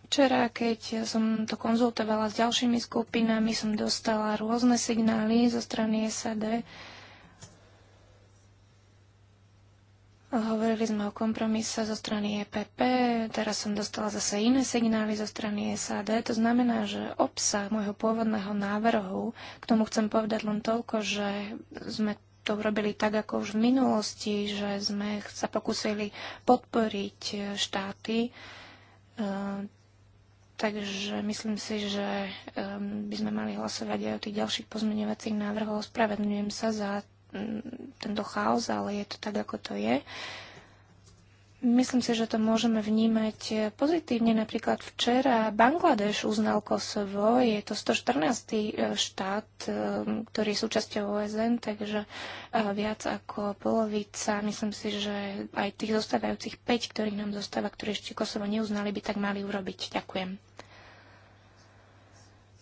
Včera, keď som to konzultovala s ďalšími skupinami, som dostala rôzne signály zo strany SAD, Hovorili sme o kompromise zo strany EPP, teraz som dostala zase iné signály zo strany SAD. To znamená, že obsah môjho pôvodného návrhu, k tomu chcem povedať len toľko, že sme to robili tak, ako už v minulosti, že sme sa pokúsili podporiť e, štáty. E, takže myslím si, že e, by sme mali hlasovať aj o tých ďalších pozmeňovacích návrhov. Spravedlňujem sa za Mm, tento chaos, ale je to tak, ako to je. Myslím si, že to môžeme vnímať pozitívne. Napríklad včera Bangladeš uznal Kosovo. Je to 114. E, štát, e, ktorý je súčasťou OSN, takže e, viac ako polovica. Myslím si, že aj tých zostávajúcich 5, ktorých nám zostáva, ktorí ešte Kosovo neuznali, by tak mali urobiť. Ďakujem.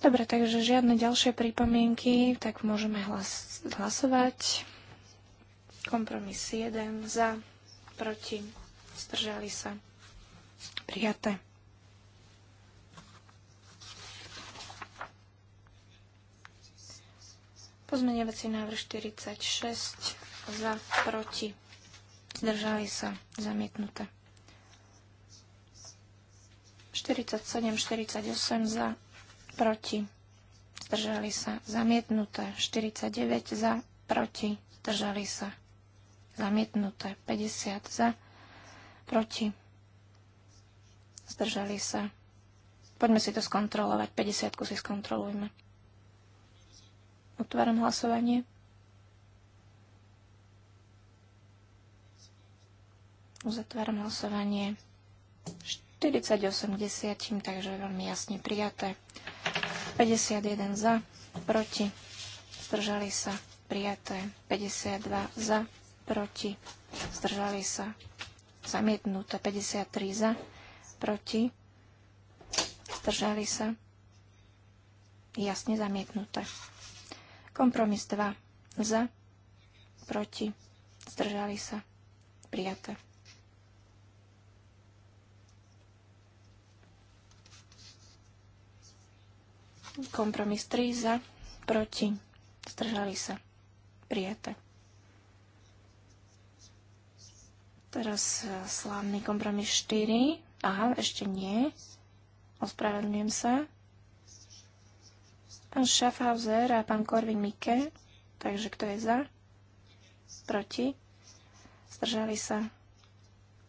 Dobre, takže žiadne ďalšie pripomienky, tak môžeme hlas- hlasovať. Kompromis 1 za, proti, zdržali sa. Prijaté. Pozmeňovací návrh 46 za, proti, zdržali sa, zamietnuté. 47, 48 za, proti, zdržali sa, zamietnuté 49 za, proti, zdržali sa, zamietnuté 50 za, proti, zdržali sa. Poďme si to skontrolovať, 50 si skontrolujme. Otváram hlasovanie. Uzatváram hlasovanie. 48, 80, takže veľmi jasne prijaté. 51 za, proti, zdržali sa, prijaté. 52 za, proti, zdržali sa, zamietnuté. 53 za, proti, zdržali sa, jasne zamietnuté. Kompromis 2 za, proti, zdržali sa, prijaté. Kompromis 3 za, proti, zdržali sa, prijete. Teraz e, slávny kompromis 4. Aha, ešte nie. Ospravedlňujem sa. Pán Schaffhauser a pán Korvin Mikke. Takže kto je za? Proti? Zdržali sa?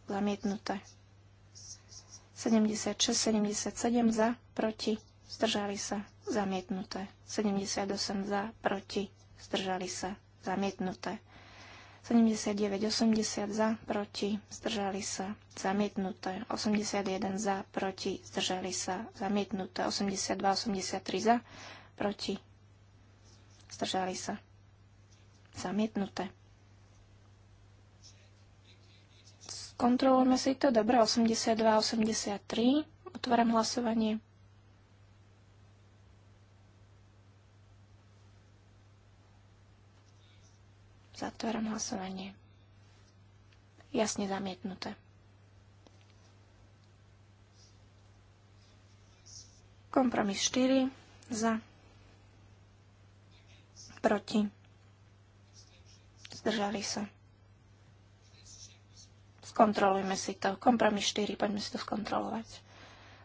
Zamietnuté. 76, 77 za, proti, zdržali sa, zamietnuté. 78 za, proti, zdržali sa, zamietnuté. 79, 80 za, proti, zdržali sa, zamietnuté. 81 za, proti, zdržali sa, zamietnuté. 82, 83 za, proti, zdržali sa, zamietnuté. Kontrolujeme si to. Dobre, 82, 83. Otváram hlasovanie. Zatváram hlasovanie. Jasne zamietnuté. Kompromis 4 za, proti, zdržali sa. Skontrolujme si to. Kompromis 4, poďme si to skontrolovať.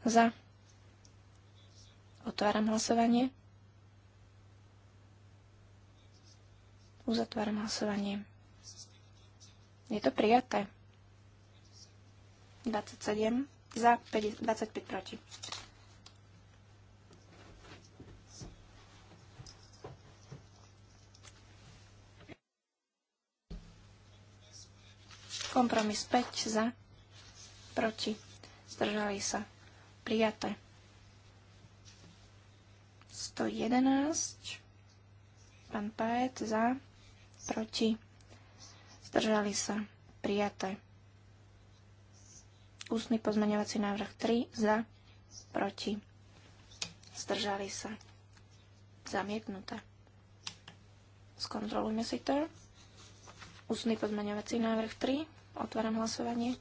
Za. Otváram hlasovanie. Uzatváram hlasovanie. Je to prijaté. 27 za, 5, 25 proti. Kompromis 5 za, proti, zdržali sa, prijaté. 111, pán Paet za, proti, zdržali sa, prijaté. Ústny pozmeňovací návrh 3 za, proti, zdržali sa, zamietnuté. Skontrolujme si to. Ústny pozmeňovací návrh 3, otváram hlasovanie.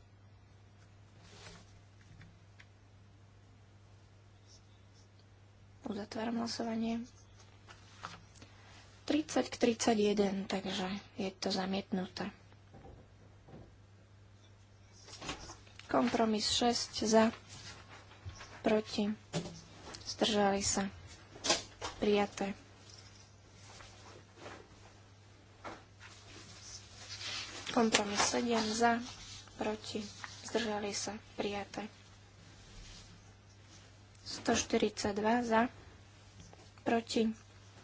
Uzatváram hlasovanie. 30 k 31, takže je to zamietnuté. Kompromis 6 za, proti, zdržali sa, prijaté. Kompromis 7 za, proti, zdržali sa, prijaté. 142 za, proti,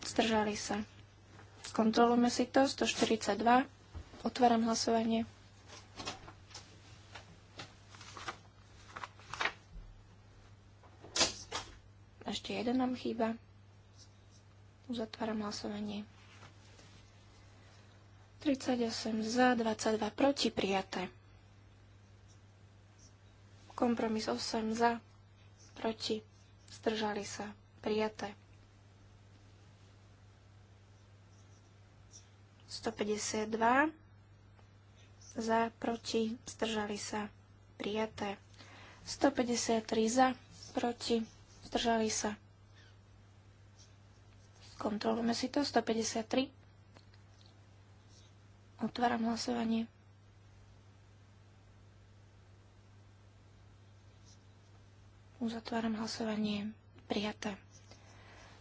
zdržali sa, Skontrolujme si to. 142. Otváram hlasovanie. Ešte jeden nám chýba. Uzatváram hlasovanie. 38 za, 22 proti, prijaté. Kompromis 8 za, proti, zdržali sa, prijaté. 152 za, proti, zdržali sa, prijaté. 153 za, proti, zdržali sa. Kontrolujeme si to, 153. Otváram hlasovanie. Uzatváram hlasovanie. Prijaté.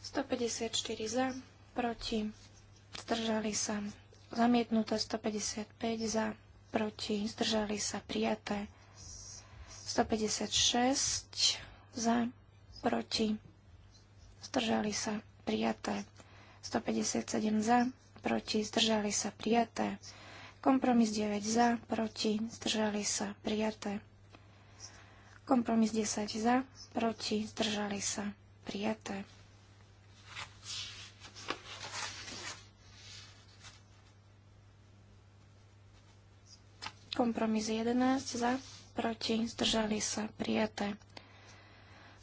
154 za, proti, zdržali sa zamietnuté 155 za, proti, zdržali sa prijaté 156 za, proti, zdržali sa prijaté 157 za, proti, zdržali sa prijaté kompromis 9 za, proti, zdržali sa prijaté kompromis 10 za, proti, zdržali sa prijaté Kompromis 11 za, proti, zdržali sa, prijaté.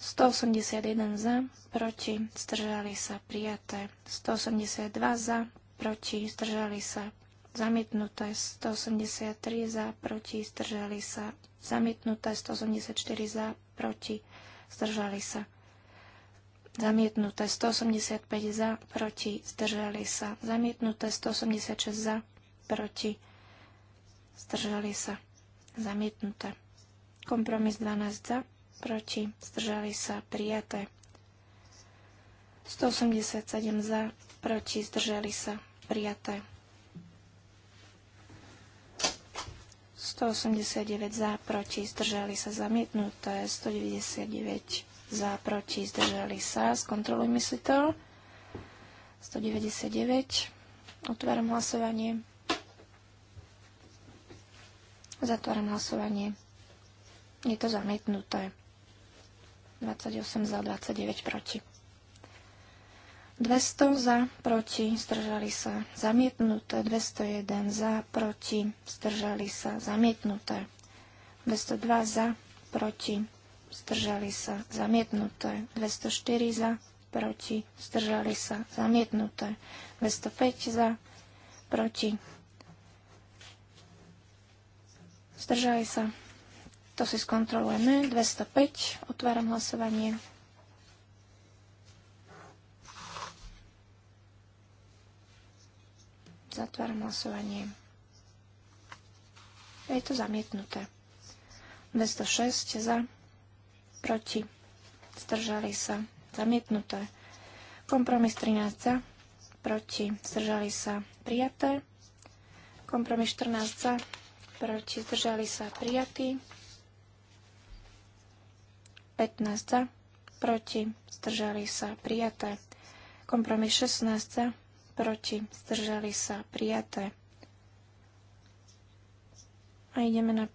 181 za, proti, zdržali sa, prijaté. 182 za, proti, zdržali sa, zamietnuté. 183 za, proti, zdržali sa, zamietnuté. 184 za, proti, zdržali sa. Zamietnuté 185 za, proti, zdržali sa. Zamietnuté 186 za, proti, zdržali sa zdržali sa, zamietnuté. Kompromis 12 za, proti, zdržali sa, prijaté. 187 za, proti, zdržali sa, prijaté. 189 za, proti, zdržali sa, zamietnuté. 199 za, proti, zdržali sa. Skontrolujme si to. 199. Otváram hlasovanie. Zatváram hlasovanie. Je to zamietnuté. 28 za, 29 proti. 200 za, proti, zdržali sa, zamietnuté. 201 za, proti, zdržali sa, zamietnuté. 202 za, proti, zdržali sa, zamietnuté. 204 za, proti, zdržali sa, zamietnuté. 205 za, proti, Zdržali sa. To si skontrolujeme. 205. Otváram hlasovanie. Zatváram hlasovanie. Je to zamietnuté. 206 za, proti, zdržali sa, zamietnuté. Kompromis 13 za, proti, zdržali sa, prijaté. Kompromis 14 za, proti, zdržali sa prijatí. 15 za, proti, zdržali sa prijaté. Kompromis 16 za, proti, zdržali sa prijaté. A ideme na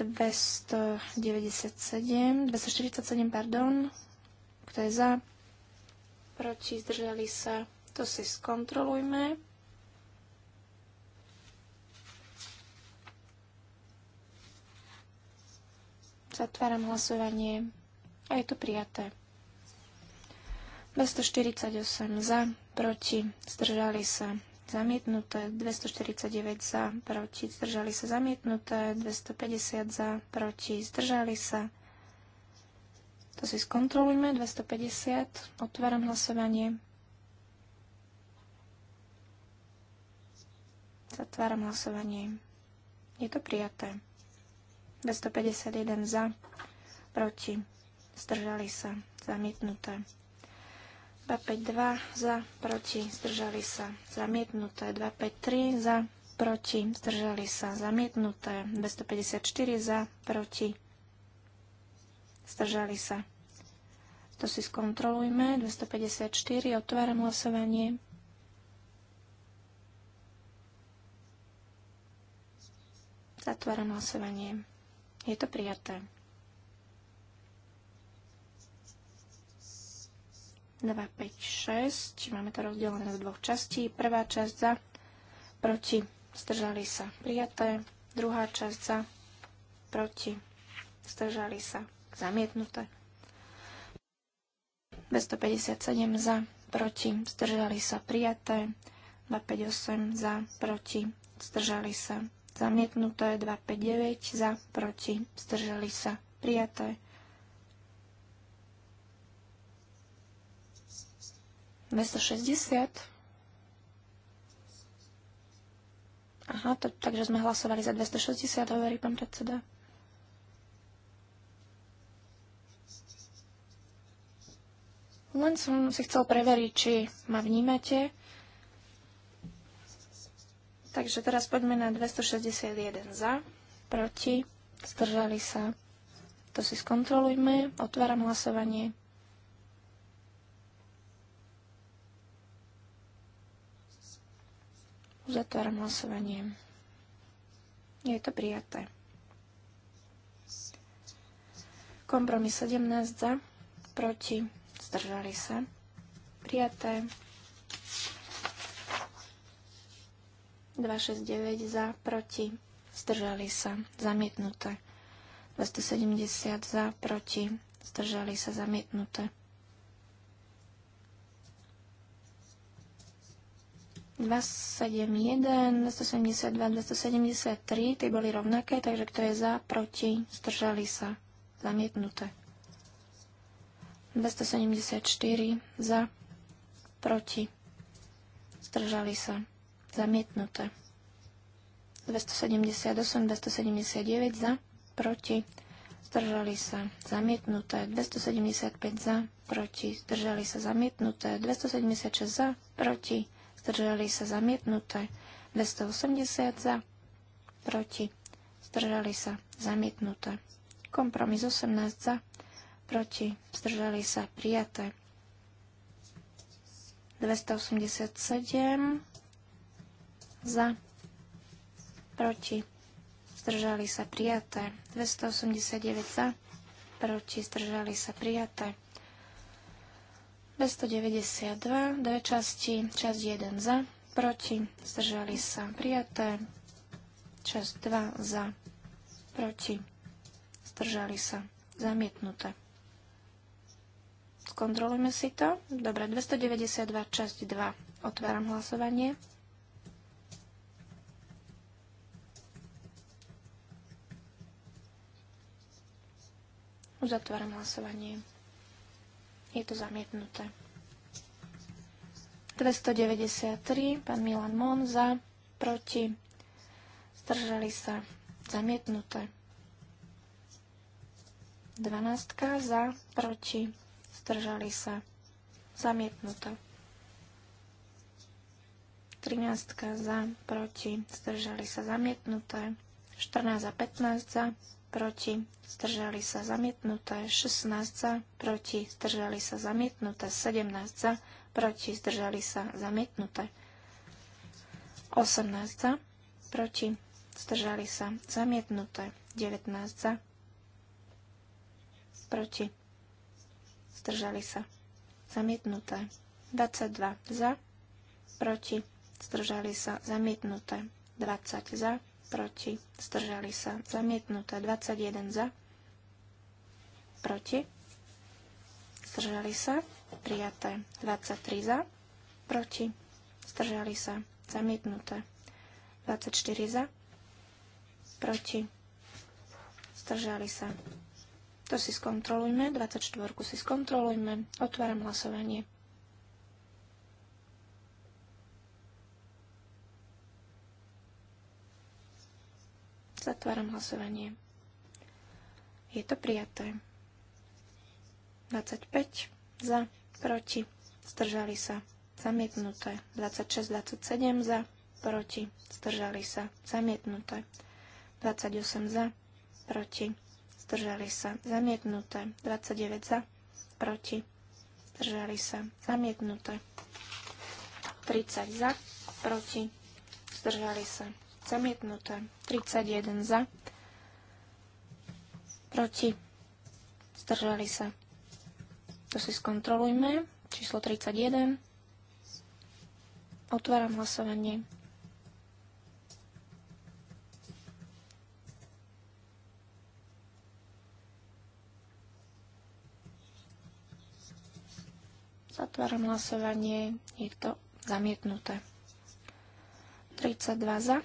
297, 247, pardon. Kto je za? Proti, zdržali sa. To si skontrolujme. Zatváram hlasovanie a je to prijaté. 248 za, proti, zdržali sa, zamietnuté, 249 za, proti, zdržali sa, zamietnuté, 250 za, proti, zdržali sa. To si skontrolujme, 250, otváram hlasovanie. Zatváram hlasovanie. Je to prijaté. 251 za, proti, zdržali sa, zamietnuté. 252 za, proti, zdržali sa, zamietnuté. 253 za, proti, zdržali sa, zamietnuté. 254 za, proti, zdržali sa. To si skontrolujme. 254, otváram hlasovanie. Zatváram hlasovanie. Je to prijaté. Dva, 5, šesť. Máme to rozdelené do dvoch častí. Prvá časť za, proti, zdržali sa, prijaté. Druhá časť za, proti, zdržali sa, zamietnuté. 257 za, proti, zdržali sa, prijaté. 258 za, proti, zdržali sa, Zamietnuté 259 za, proti, zdržali sa, prijaté. Mesto 60. Aha, to, takže sme hlasovali za 260, hovorí pán predseda. Len som si chcel preveriť, či ma vnímate. Takže teraz poďme na 261 za, proti, zdržali sa. To si skontrolujme, otváram hlasovanie. Uzatváram hlasovanie. Je to prijaté. Kompromis 17 za, proti, zdržali sa. Prijaté. 269 za, proti, zdržali sa, zamietnuté. 270 za, proti, zdržali sa, zamietnuté. 271, 272, 273, tie boli rovnaké, takže kto je za, proti, zdržali sa, zamietnuté. 274 za, proti, zdržali sa, Zamietnuté. 278, 279 za, proti, zdržali sa, zamietnuté, 275 za, proti, zdržali sa, zamietnuté, 276 za, proti, zdržali sa, zamietnuté, 280 za, proti, zdržali sa, zamietnuté. Kompromis 18 za, proti, zdržali sa, prijaté. 287 za, proti, zdržali sa prijaté. 289 za, proti, zdržali sa prijaté. 292, dve časti, časť 1 za, proti, zdržali sa prijaté. Časť 2 za, proti, zdržali sa zamietnuté. Skontrolujme si to. Dobre, 292, časť 2. Otváram hlasovanie. Uzatváram hlasovanie. Je to zamietnuté. 293, pán Milan Mon za, proti, zdržali sa, zamietnuté. 12 za, proti, zdržali sa, zamietnuté. 13 za, proti, zdržali sa, zamietnuté. 14 a 15 za, proti, zdržali sa zamietnuté, 16 za, proti, zdržali sa zamietnuté, 17 za, proti, zdržali sa zamietnuté, 18 za, proti, zdržali sa zamietnuté, 19 za, proti, zdržali sa zamietnuté, 22 za, proti, zdržali sa zamietnuté, 20 za, proti, zdržali sa, zamietnuté 21 za, proti, zdržali sa, prijaté 23 za, proti, zdržali sa, zamietnuté 24 za, proti, zdržali sa. To si skontrolujme, 24 si skontrolujme, otváram hlasovanie. Zatváram hlasovanie. Je to prijaté. 25 za, proti, zdržali sa, zamietnuté. 26, 27 za, proti, zdržali sa, zamietnuté. 28 za, proti, zdržali sa, zamietnuté. 29 za, proti, zdržali sa, zamietnuté. 30 za, proti, zdržali sa, Zamietnuté. 31 za. Proti. Zdržali sa. To si skontrolujme. Číslo 31. Otváram hlasovanie. Zatváram hlasovanie. Je to zamietnuté. 32 za.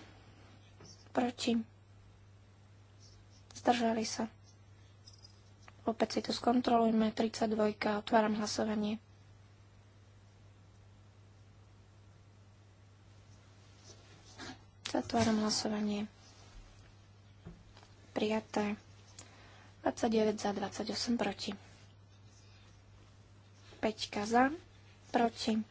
Proti. Zdržali sa. Opäť si to skontrolujme. 32. Otváram hlasovanie. Zatváram hlasovanie. Prijaté. 29 za, 28 proti. 5 za, proti.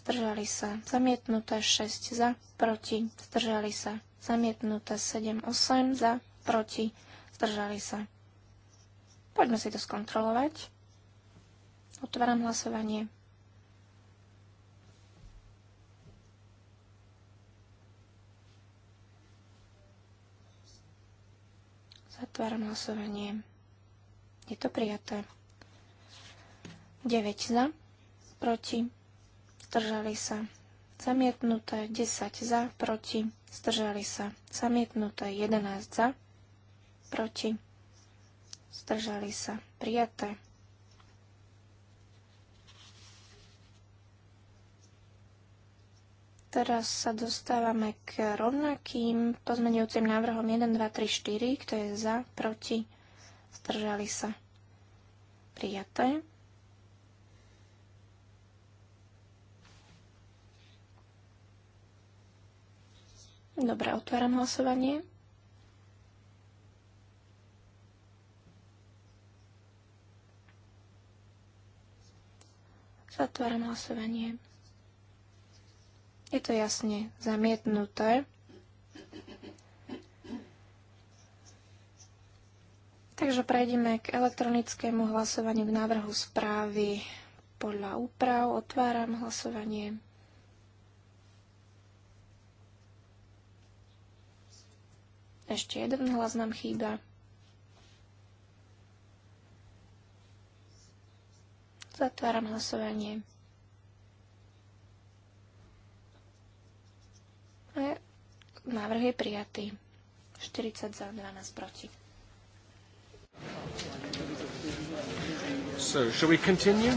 Zdržali sa. Zamietnuté 6 za, proti. Zdržali sa zamietnuté 7-8 za, proti, zdržali sa. Poďme si to skontrolovať. Otváram hlasovanie. Zatváram hlasovanie. Je to prijaté. 9 za, proti, zdržali sa Zamietnuté 10 za, proti, zdržali sa. Zamietnuté 11 za, proti, zdržali sa. Prijaté. Teraz sa dostávame k rovnakým pozmenujúcim návrhom 1, 2, 3, 4, kto je za, proti, zdržali sa. Prijaté. Dobre, otváram hlasovanie. Zatváram hlasovanie. Je to jasne zamietnuté. Takže prejdeme k elektronickému hlasovaniu k návrhu správy podľa úprav. Otváram hlasovanie. Ešte jeden hlas nám chýba. Zatváram hlasovanie. Návrh je prijatý. 40 za, 12 proti. So, shall we continue?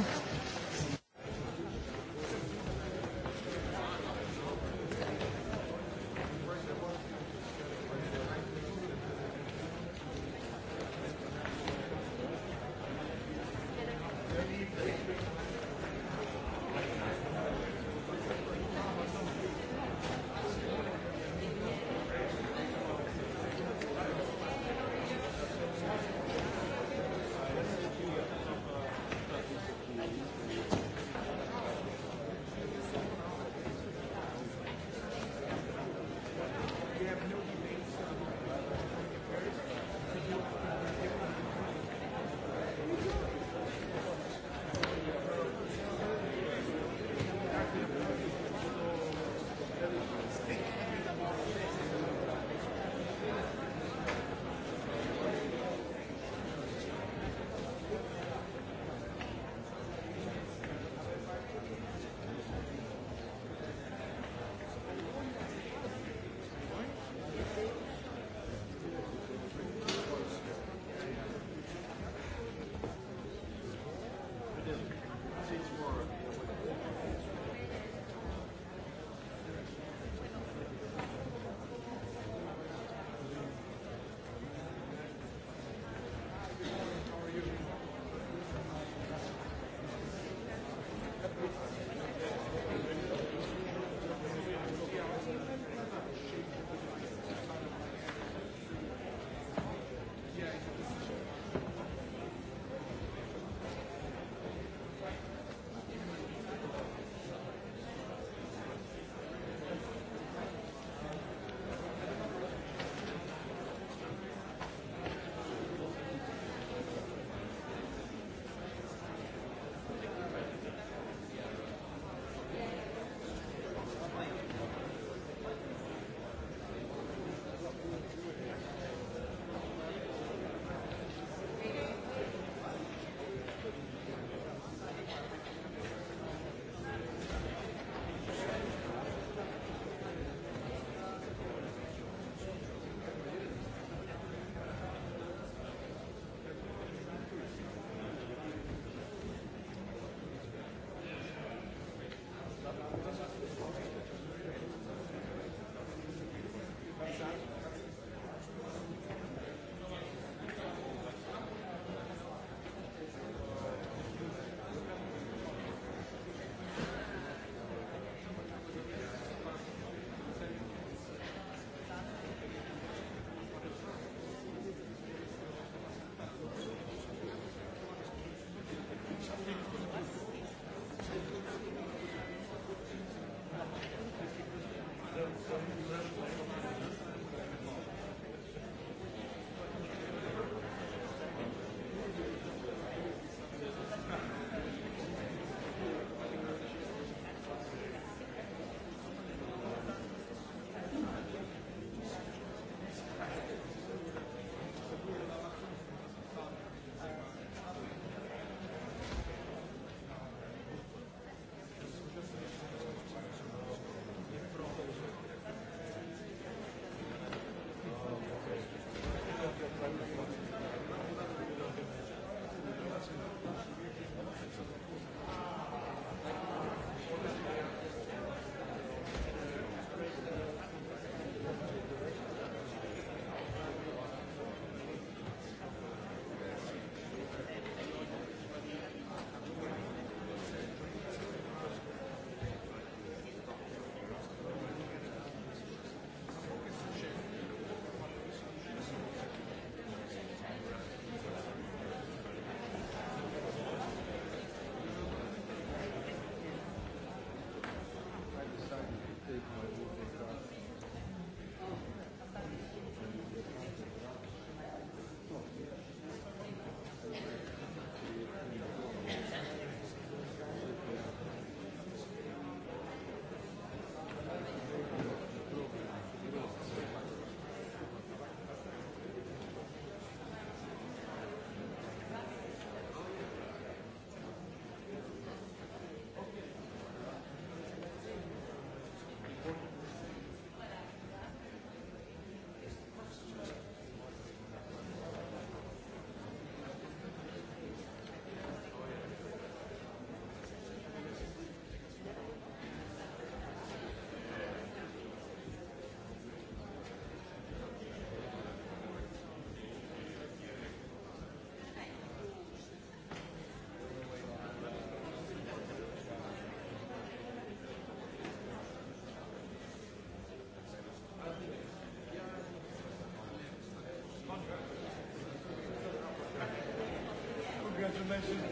information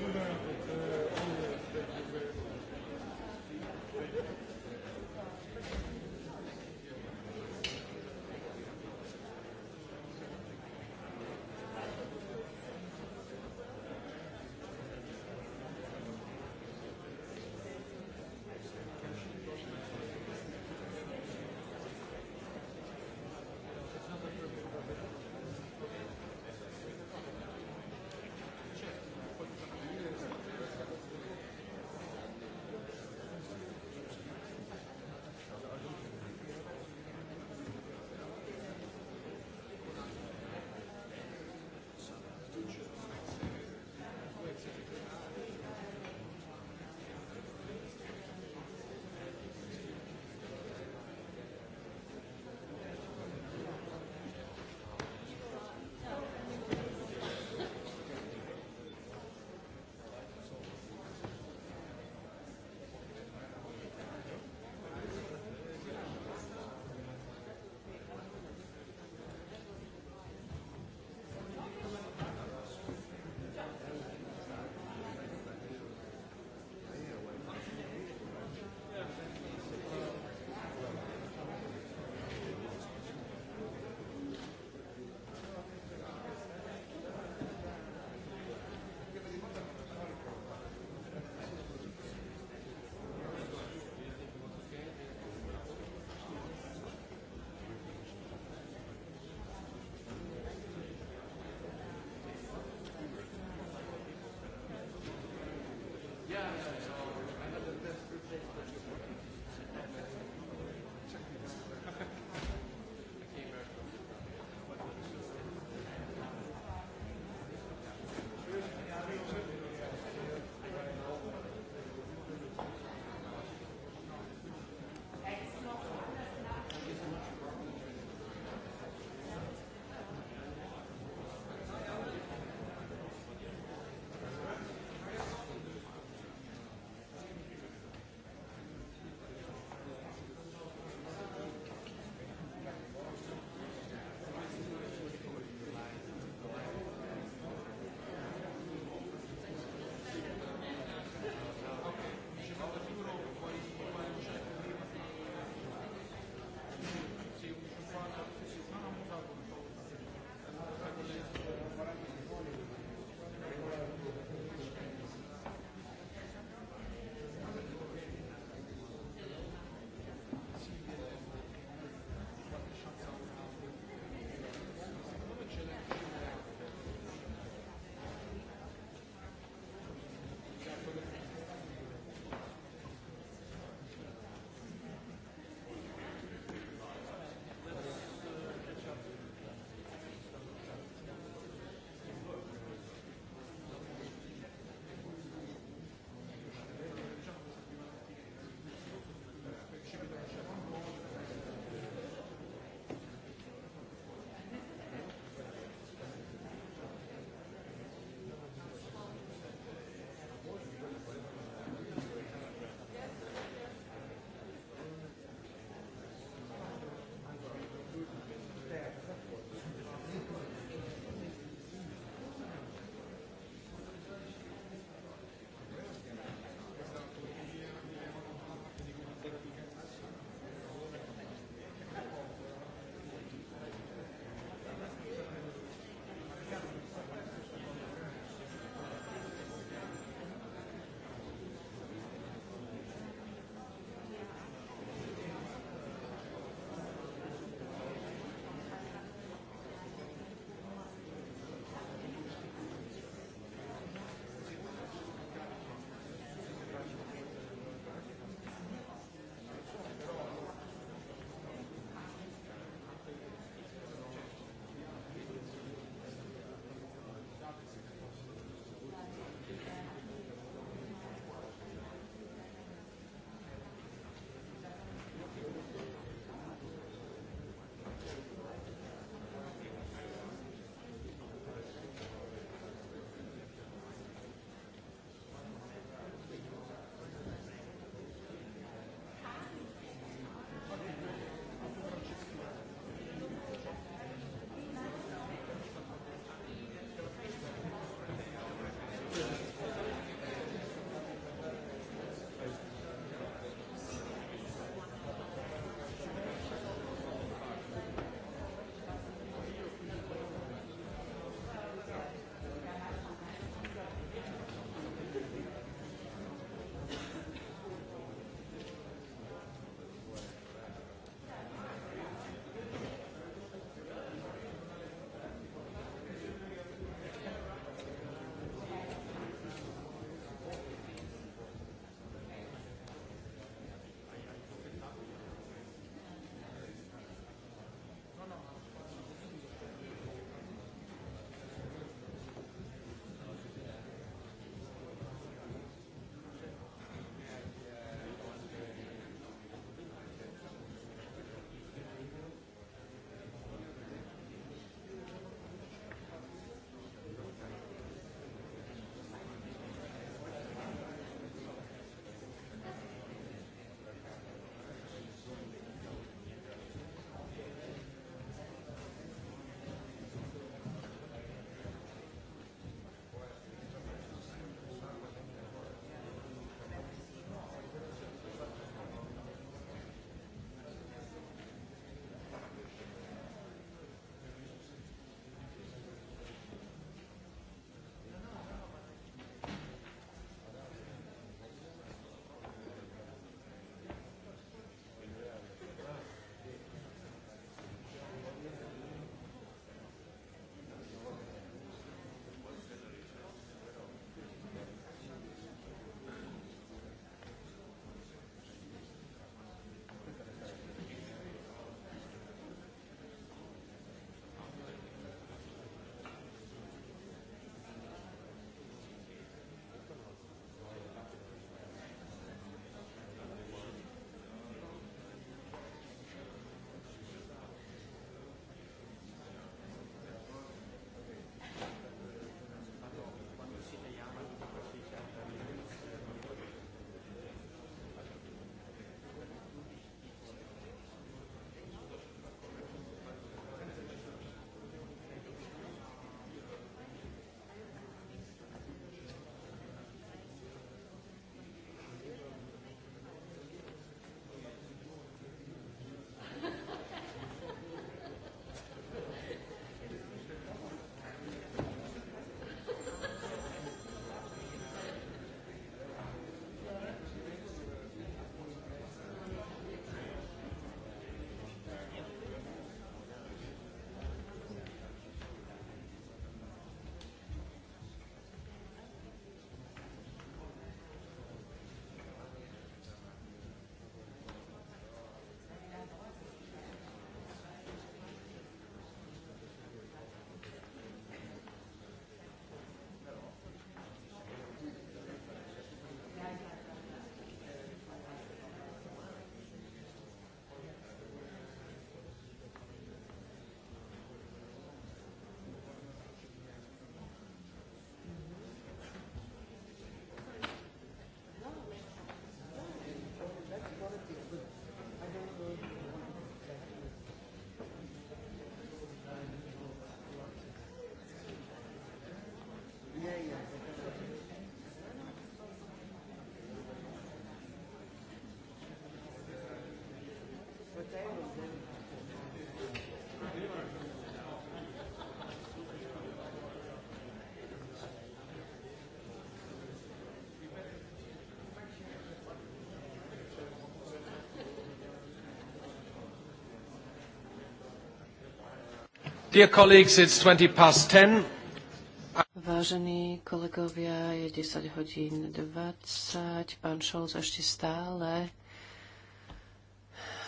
Vážení kolegovia, je 10 hodín 20. Pán Scholz ešte stále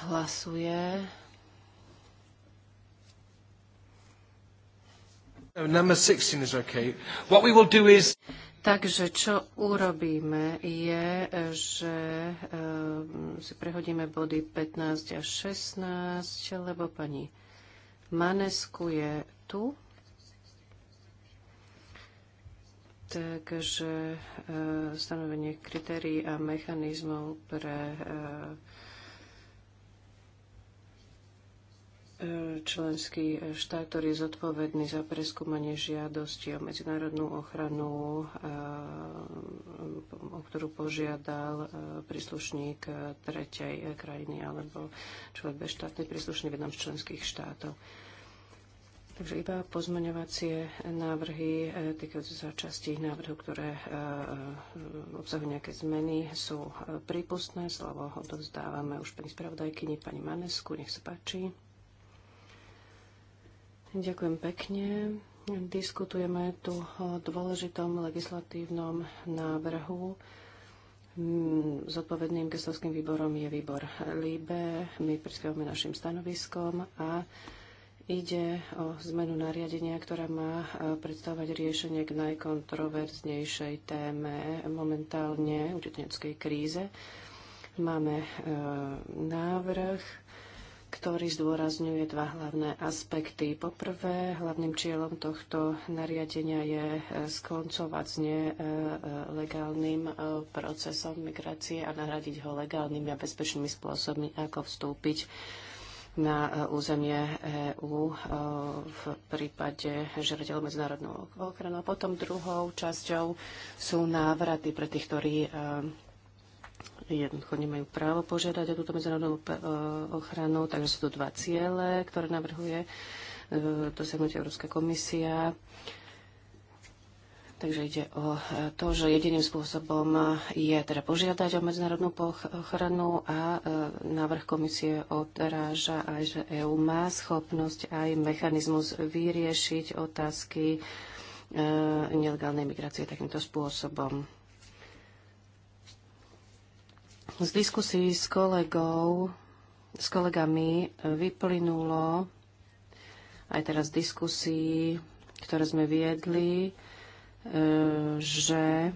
hlasuje. No, number 16 is okay. What we will do is... Takže čo urobíme je, že ehm, si prehodíme body 15 a 16, lebo pani Manesku je tu. Takže e, stanovenie kritérií a mechanizmov pre e, členský štát, ktorý je zodpovedný za preskúmanie žiadosti o medzinárodnú ochranu, eh, o ktorú požiadal eh, príslušník eh, tretej krajiny alebo človek bez štátnej príslušný v jednom z členských štátov. Takže iba pozmeňovacie návrhy týkajúce sa časti návrhu, ktoré obsahujú nejaké zmeny, sú prípustné. Slovo odovzdávame už pani spravodajkyni, pani Manesku. Nech sa páči. Ďakujem pekne. Diskutujeme tu o dôležitom legislatívnom návrhu. Mm, zodpovedným gestovským výborom je výbor LIBE. My prispievame našim stanoviskom a ide o zmenu nariadenia, ktorá má e, predstavovať riešenie k najkontroverznejšej téme momentálne utečeneckej kríze. Máme e, návrh ktorý zdôrazňuje dva hlavné aspekty. Poprvé, hlavným cieľom tohto nariadenia je e, skoncovať s nelegálnym e, e, procesom migrácie a nahradiť ho legálnymi a bezpečnými spôsobmi, ako vstúpiť na územie EÚ v prípade žiadateľov medzinárodnú ochranu. A potom druhou časťou sú návraty pre tých, ktorí jednoducho nemajú právo požiadať o túto medzinárodnú e, ochranu, takže sú tu dva ciele, ktoré navrhuje e, dosiahnuť Európska komisia. Takže ide o e, to, že jediným spôsobom je teda požiadať o medzinárodnú ochranu a návrh komisie odráža aj, že EÚ má schopnosť aj mechanizmus vyriešiť otázky nelegálnej migrácie takýmto spôsobom. Z diskusí s kolegou, s kolegami e, vyplynulo aj teraz z diskusí, ktoré sme viedli, e, že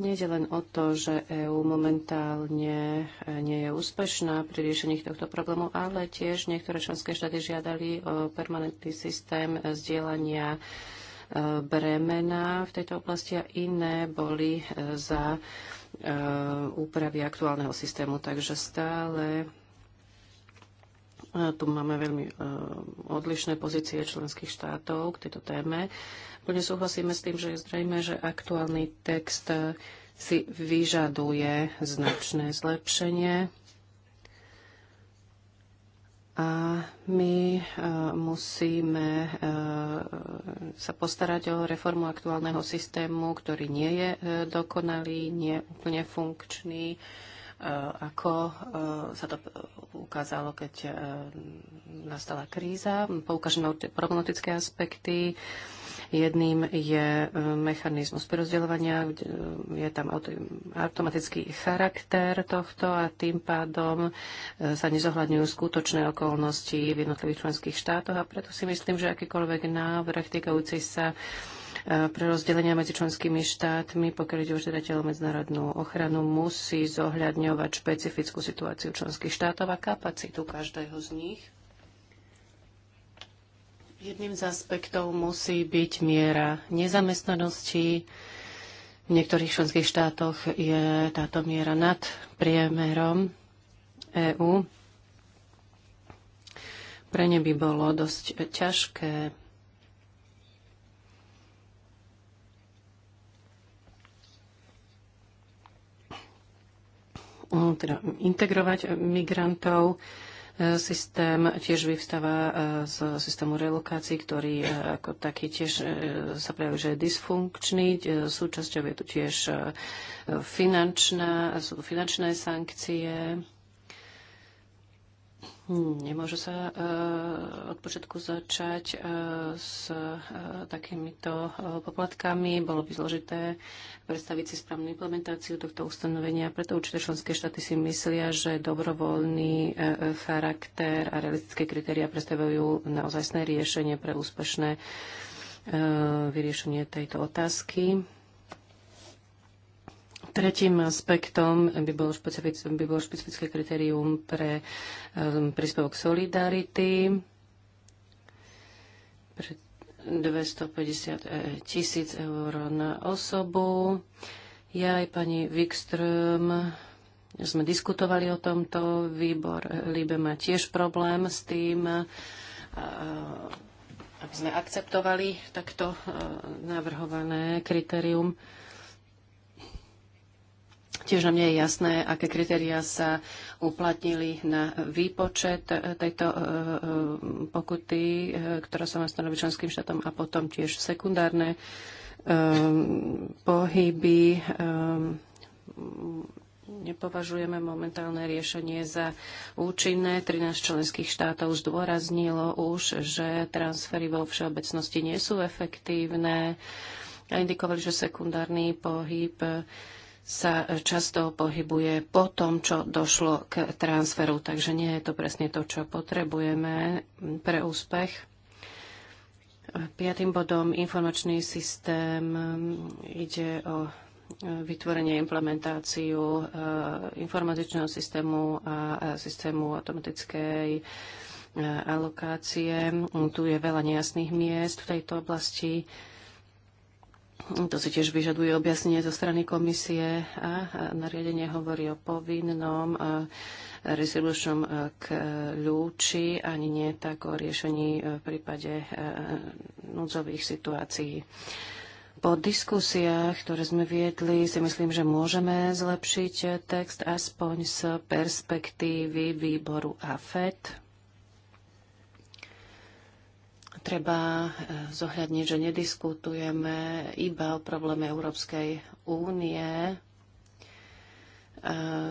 je len o to, že EÚ momentálne e, nie je úspešná pri riešení tohto problému, ale tiež niektoré členské štáty žiadali o permanentný systém zdieľania bremena v tejto oblasti a iné boli za Eh, úpravy aktuálneho systému. Takže stále eh, tu máme veľmi eh, odlišné pozície členských štátov k tejto téme. Plne súhlasíme s tým, že je zrejme, že aktuálny text si vyžaduje značné zlepšenie a my e, musíme e, sa postarať o reformu aktuálneho systému, ktorý nie je e, dokonalý, nie je úplne funkčný, ako sa to ukázalo, keď nastala kríza. Poukážeme problematické aspekty Jedným je e, mechanizmus prerozdeľovania, e, je tam automatický charakter tohto a tým pádom e, sa nezohľadňujú skutočné okolnosti v jednotlivých členských štátoch a preto si myslím, že akýkoľvek návrh týkajúci sa pre rozdelenia medzi členskými štátmi, pokiaľ ide o žiadateľov medzinárodnú ochranu, musí zohľadňovať špecifickú situáciu členských štátov a kapacitu každého z nich. Jedným z aspektov musí byť miera nezamestnanosti. V niektorých členských štátoch je táto miera nad priemerom EÚ. Pre ne by bolo dosť ťažké teda integrovať migrantov E, systém tiež vyvstáva e, z systému relokácií, ktorý e, ako taký tiež sa prejaví, že je dysfunkčný. Súčasťou je tu tiež finančná, sú tu finančné sankcie. Nemôžu sa e, od počiatku začať e, s e, takýmito poplatkami. Bolo by zložité predstaviť si správnu implementáciu tohto ustanovenia. Preto určité členské štáty si myslia, že dobrovoľný charakter a realistické kritéria predstavujú naozajstné riešenie pre úspešné vyriešenie tejto otázky. Tretím aspektom by bolo, špecific, by bolo špecifické kritérium pre um, príspevok solidarity. Pre 250 e, tisíc eur na osobu. Ja aj pani Wikström sme diskutovali o tomto. Výbor Libe má tiež problém s tým, e, aby sme akceptovali takto e, navrhované kritérium. Tiež nám nie je jasné, aké kritériá sa uplatnili na výpočet e, tejto e, e, pokuty, ktorá sa má stanoviť členským štátom a potom tiež sekundárne pohyby. Nepovažujeme momentálne riešenie za účinné. 13 členských štátov zdôraznilo už, že transfery vo všeobecnosti nie sú efektívne a indikovali, že sekundárny pohyb sa často pohybuje po tom, čo došlo k transferu. Takže nie je to presne to, čo potrebujeme pre úspech. Piatým bodom informačný systém ide o vytvorenie implementáciu eh, informatičného systému a systému automatickej eh, alokácie. Tu je veľa nejasných miest v tejto oblasti to si tiež vyžaduje objasnenie zo strany komisie a nariadenie hovorí o povinnom distribučnom kľúči, ani nie tak o riešení e, v prípade e, núdzových situácií. Po diskusiách, ktoré sme viedli, si myslím, že môžeme zlepšiť e, text aspoň z perspektívy výboru AFET treba eh, zohľadniť, že nediskutujeme iba o probléme Európskej únie, eh,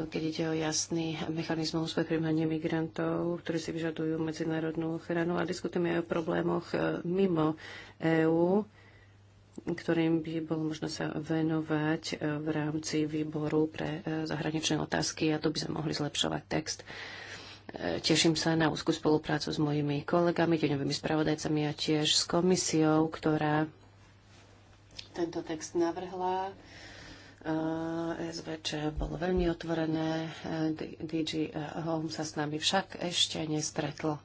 keď ide o jasný mechanizmus pre príjmanie migrantov, ktorí si vyžadujú medzinárodnú ochranu a diskutujeme aj o problémoch eh, mimo EÚ, ktorým by bolo možno sa venovať v rámci výboru pre zahraničné otázky a to by sme mohli zlepšovať text. Teším sa na úzkú spoluprácu s mojimi kolegami, deňovými spravodajcami a tiež s komisiou, ktorá tento text navrhla. Eh, SVČ bolo veľmi otvorené, eh, DG eh, Home sa s nami však ešte nestretlo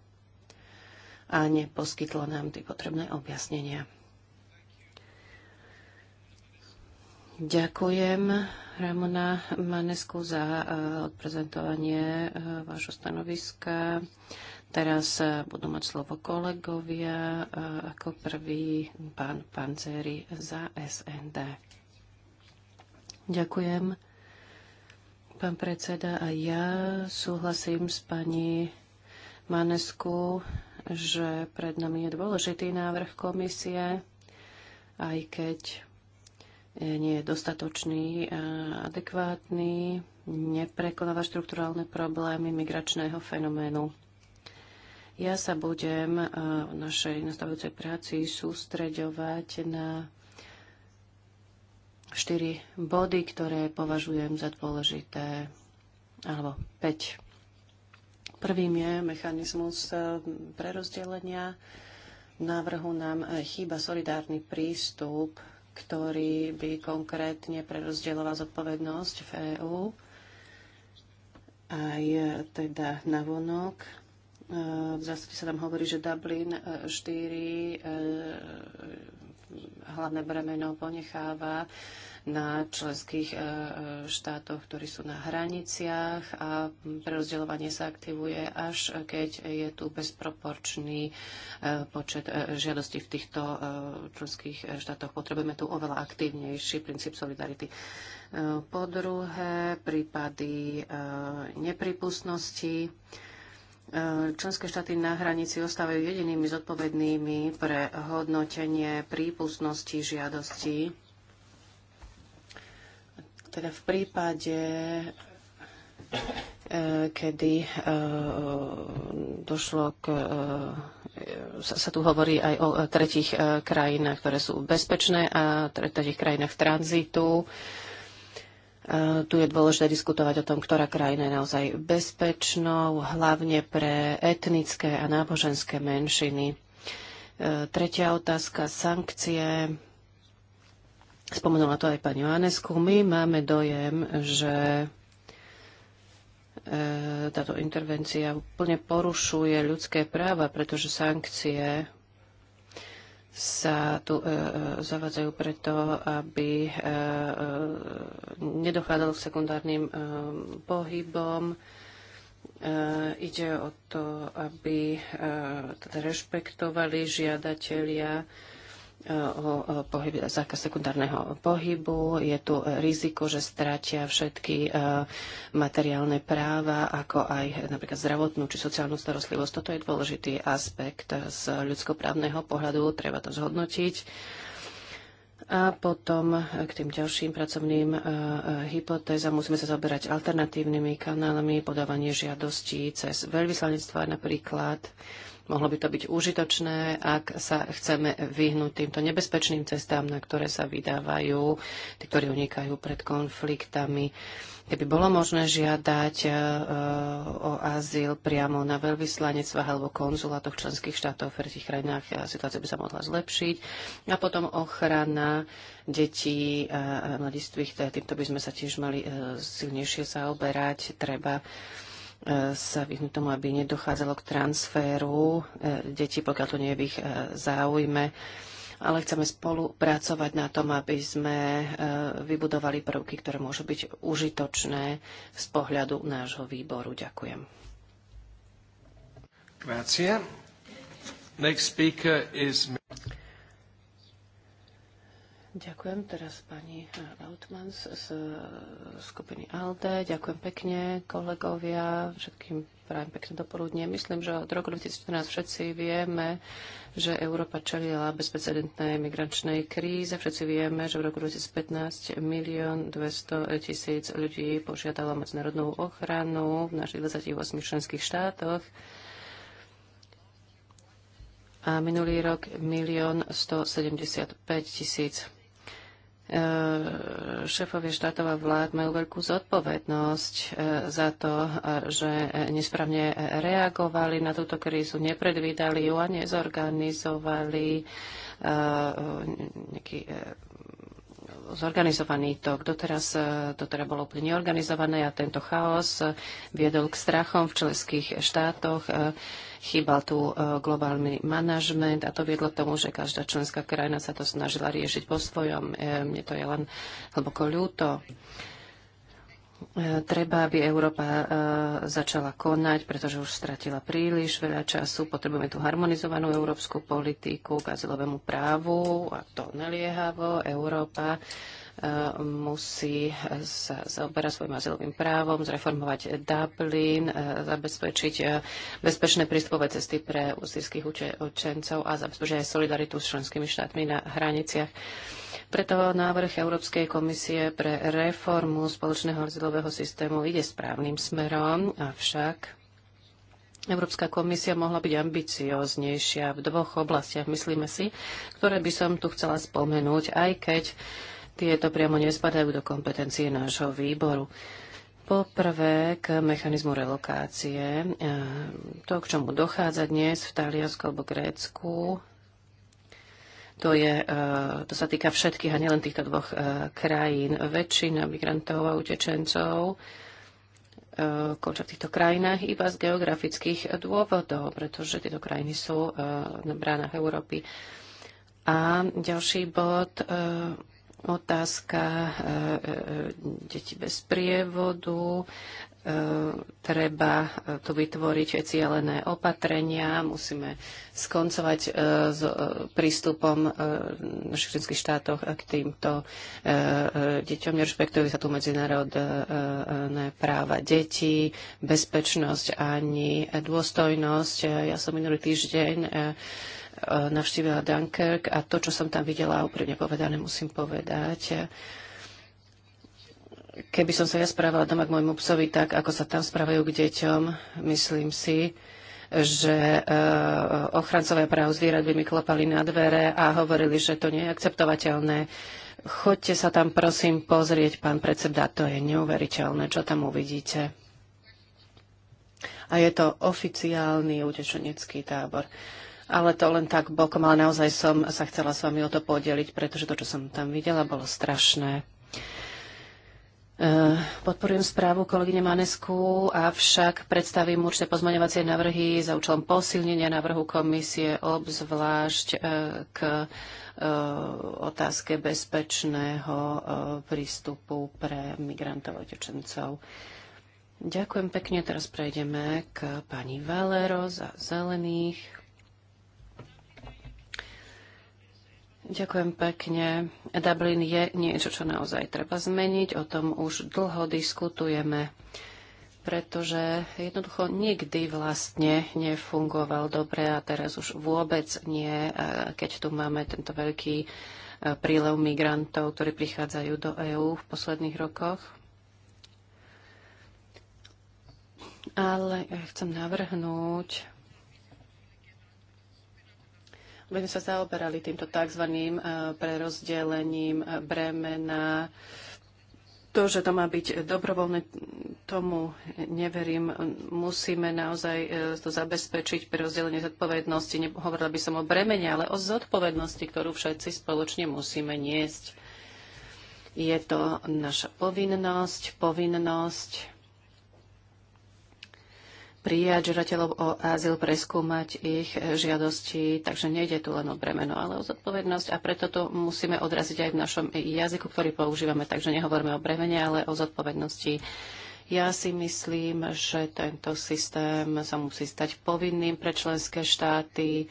a neposkytlo nám tie potrebné objasnenia. Ďakujem Ramona Manesku za eh, odprezentovanie eh, vášho stanoviska. Teraz eh, budú mať slovo kolegovia, ako prvý pán Panzeri za SND. Ďakujem. Pán predseda, a ja súhlasím s pani Manesku, že pred nami je dôležitý návrh komisie, aj keď nie je dostatočný a e, adekvátny, neprekonáva štruktúrálne problémy migračného fenoménu. Ja sa budem e, v našej nastavujúcej práci sústreďovať na štyri body, ktoré považujem za dôležité, alebo 5. Prvým je mechanizmus e, prerozdelenia. V návrhu nám chýba solidárny prístup ktorý by konkrétne prerozdeľoval zodpovednosť v EÚ aj e, teda navonok. E, v zásade sa tam hovorí, že Dublin 4 e, hlavné bremeno ponecháva na členských e, e, štátoch, ktorí sú na hraniciach a prerozdeľovanie sa aktivuje až keď je tu bezproporčný e, počet žiadostí v týchto členských štátoch. Potrebujeme tu oveľa aktívnejší princíp solidarity. Po druhé, prípady nepripustnosti členské štáty na hranici ostávajú jedinými zodpovednými pre hodnotenie prípustnosti žiadostí teda v prípade, e, kedy e, došlo k e, sa tu hovorí aj o tretich krajinách, ktoré sú bezpečné a tretich krajinách tranzitu. Tu je dôležité diskutovať o tom, ktorá krajina je naozaj bezpečnou, hlavne pre etnické a náboženské menšiny. Tretia otázka, sankcie. Spomenula to aj pani Johannesku. My máme dojem, že e, táto intervencia úplne porušuje ľudské práva, pretože sankcie sa tu e, e zavádzajú preto, aby e, e, nedochádzalo k sekundárnym e, pohybom. E, ide o to, aby e, teda rešpektovali žiadatelia o pohyb, zákaz sekundárneho pohybu. Je tu riziko, že stratia všetky e, materiálne práva, ako aj napríklad zdravotnú či sociálnu starostlivosť. Toto je dôležitý aspekt z ľudskoprávneho pohľadu, treba to zhodnotiť. A potom k tým ďalším pracovným e, hypotézam musíme sa zaberať alternatívnymi kanálmi podávanie žiadostí cez veľvyslanectva napríklad Mohlo by to byť užitočné, ak sa chceme vyhnúť týmto nebezpečným cestám, na ktoré sa vydávajú tí, ktorí unikajú pred konfliktami. Keby bolo možné žiadať e, o azyl priamo na veľvyslanectvách alebo konzulátoch členských štátov v tretich krajinách, e, situácia by sa mohla zlepšiť. A potom ochrana detí a mladistvých, týmto by sme sa tiež mali e, silnejšie zaoberať. Treba E, sa vyhnúť tomu, aby nedochádzalo k transferu e, detí, pokiaľ to nie je v ich e, záujme. Ale chceme spolupracovať na tom, aby sme vybudovali prvky, ktoré môžu byť užitočné z pohľadu nášho výboru. Ďakujem. Grazie. Next speaker is... Ďakujem teraz pani eh, Altmans z eh, skupiny ALDE. Ďakujem pekne kolegovia, všetkým prajem pekné dopoludne. Myslím, že od roku 2014 všetci vieme, že Európa čelila bezprecedentnej migračnej kríze. Všetci vieme, že v roku 2015 milión 200 tisíc ľudí požiadalo medzinárodnú ochranu v našich 28 členských štátoch a minulý rok milión 175 tisíc E, šéfovie štátov a vlád majú veľkú zodpovednosť e, za to, e, že nesprávne reagovali na túto krízu, nepredvídali ju a nezorganizovali nejaký zorganizovaný tok. Doteraz to teda bolo úplne neorganizované a tento chaos viedol k strachom v členských štátoch chýbal tu e, globálny manažment a to viedlo k tomu, že každá členská krajina sa to snažila riešiť po svojom. E, mne to je len hlboko ľúto e, treba, aby Európa začala konať, pretože už stratila príliš veľa času. Potrebujeme tú harmonizovanú európsku politiku k azylovému právu a to neliehavo. Európa Eh, musí sa zaoberať svojim azylovým právom, zreformovať Dublin, eh, zabezpečiť eh, bezpečné prístupové cesty pre sírskych učencov a zabezpečiť aj solidaritu s členskými štátmi na hraniciach. Preto návrh Európskej komisie pre reformu spoločného azylového systému ide správnym smerom, avšak Európska komisia mohla byť ambicioznejšia v dvoch oblastiach, myslíme si, ktoré by som tu chcela spomenúť, aj keď tieto priamo nespadajú do kompetencie nášho výboru. Poprvé k mechanizmu relokácie. E, to, k čomu dochádza dnes v Taliansku alebo Grécku, to, je, e, to sa týka všetkých a nielen týchto dvoch e, krajín. Väčšina migrantov a utečencov končia v týchto krajinách iba z geografických dôvodov, pretože tieto krajiny sú na bránach Európy. A ďalší bod otázka e, e, e, detí bez prievodu. Treba tu vytvoriť cielené opatrenia. Musíme skoncovať s prístupom v všetkých štátoch k týmto deťom. Nerešpektujú sa tu medzinárodné práva detí, bezpečnosť ani dôstojnosť. Ja som minulý týždeň Eh, navštívila Dunkirk a to, čo som tam videla, úprimne povedané, musím povedať, eh, keby som sa ja správala doma k môjmu psovi tak, ako sa tam správajú k deťom, myslím si, že eh, ochrancové práv zvierat by mi klopali na dvere a hovorili, že to nie je akceptovateľné. Choďte sa tam prosím pozrieť, pán predseda, to je neuveriteľné, čo tam uvidíte. A je to oficiálny utečenecký tábor ale to len tak bokom, ale naozaj som sa chcela s vami o to podeliť, pretože to, čo som tam videla, bolo strašné. Eh, podporujem správu kolegyne Manesku, avšak predstavím určite pozmaňovacie návrhy za účelom posilnenia návrhu komisie, obzvlášť eh, k eh, otázke bezpečného prístupu pre migrantov a tečencov. Ďakujem pekne. Teraz prejdeme k pani Valero za zelených. Ďakujem pekne. Dublin je niečo, čo naozaj treba zmeniť. O tom už dlho diskutujeme, pretože jednoducho nikdy vlastne nefungoval dobre a teraz už vôbec nie, keď tu máme tento veľký e, prílev migrantov, ktorí prichádzajú do EÚ v posledných rokoch. Ale chcem navrhnúť aby sme sa zaoberali týmto tzv. Eh, prerozdelením eh, bremena. To, že to má byť dobrovoľné, tomu neverím. Musíme naozaj eh, to zabezpečiť pre rozdelenie zodpovednosti. Hovorila by som o bremene, ale o zodpovednosti, ktorú všetci spoločne musíme niesť. Je to naša povinnosť, povinnosť prijať žiadateľov o azyl, preskúmať ich žiadosti, takže nejde tu len o bremeno, ale o zodpovednosť a preto to musíme odraziť aj v našom jazyku, ktorý používame, takže nehovoríme o bremene, ale o zodpovednosti. Ja si myslím, že tento systém sa musí stať povinným pre členské štáty,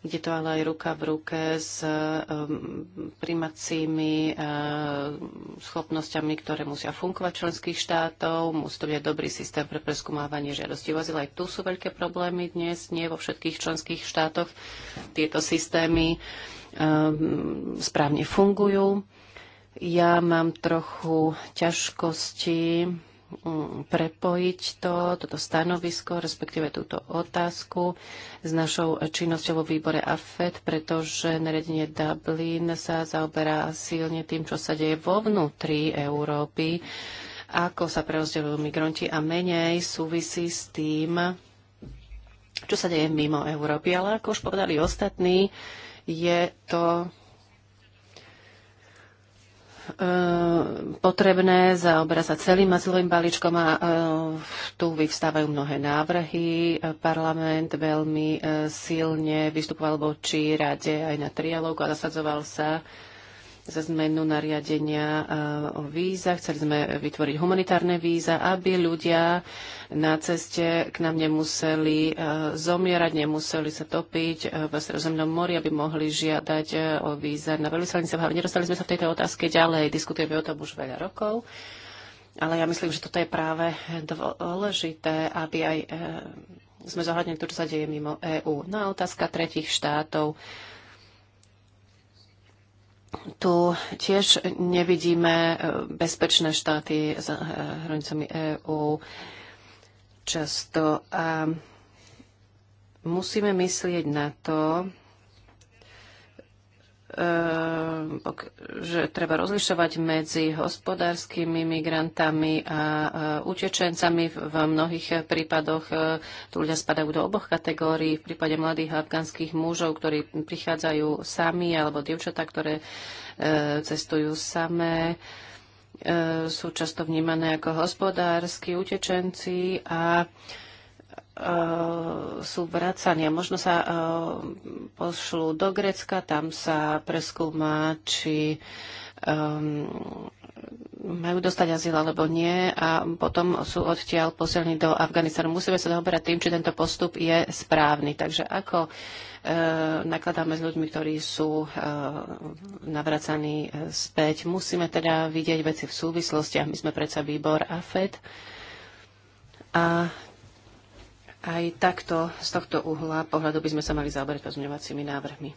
Ide to ale aj ruka v ruke s um, primacími uh, schopnosťami, ktoré musia fungovať členských štátov. Musí to byť dobrý systém pre preskumávanie žiadosti vozidla. Aj tu sú veľké problémy dnes, nie vo všetkých členských štátoch. Tieto systémy um, správne fungujú. Ja mám trochu ťažkosti Mm, prepojiť to, toto stanovisko, respektíve túto otázku s našou činnosťou vo výbore AFED, pretože nariadenie Dublin sa zaoberá silne tým, čo sa deje vo vnútri Európy, ako sa preozdeľujú migranti a menej súvisí s tým, čo sa deje mimo Európy. Ale ako už povedali ostatní, je to E, potrebné, zaoberať sa celým azylovým balíčkom a e, tu vyvstávajú mnohé návrhy. Parlament veľmi e, silne vystupoval voči rade aj na trialógu a zasadzoval sa za zmenu nariadenia e, o víza, Chceli sme vytvoriť humanitárne víza, aby ľudia na ceste k nám nemuseli e, zomierať, nemuseli sa topiť e, v Sredozemnom mori, aby mohli žiadať o víza na veľvyslanice. Nedostali sme sa v tejto otázke ďalej, diskutujeme o tom už veľa rokov. Ale ja myslím, že toto je práve dôležité, aby aj sme zohľadnili to, čo sa deje mimo EÚ. No a otázka tretich štátov tu tiež nevidíme e, bezpečné štáty za e, hranicami EÚ často a musíme myslieť na to, Ehm, že treba rozlišovať medzi hospodárskymi migrantami a e, utečencami. V mnohých prípadoch e, tu ľudia spadajú do oboch kategórií. V prípade mladých afgánskych mužov, ktorí prichádzajú sami, alebo dievčatá, ktoré e, cestujú samé, sú často vnímané ako hospodársky utečenci a E, sú vracania. Možno sa e, pošlú do Grecka, tam sa preskúma, či e, majú dostať azyl alebo nie a potom sú odtiaľ posielni do Afganistanu. Musíme sa zaoberať tým, či tento postup je správny. Takže ako e, nakladáme s ľuďmi, ktorí sú e, navracaní e, späť. Musíme teda vidieť veci v súvislostiach. My sme predsa výbor AFED a aj takto, z tohto uhla pohľadu by sme sa mali zaoberať pozmeňovacími návrhmi.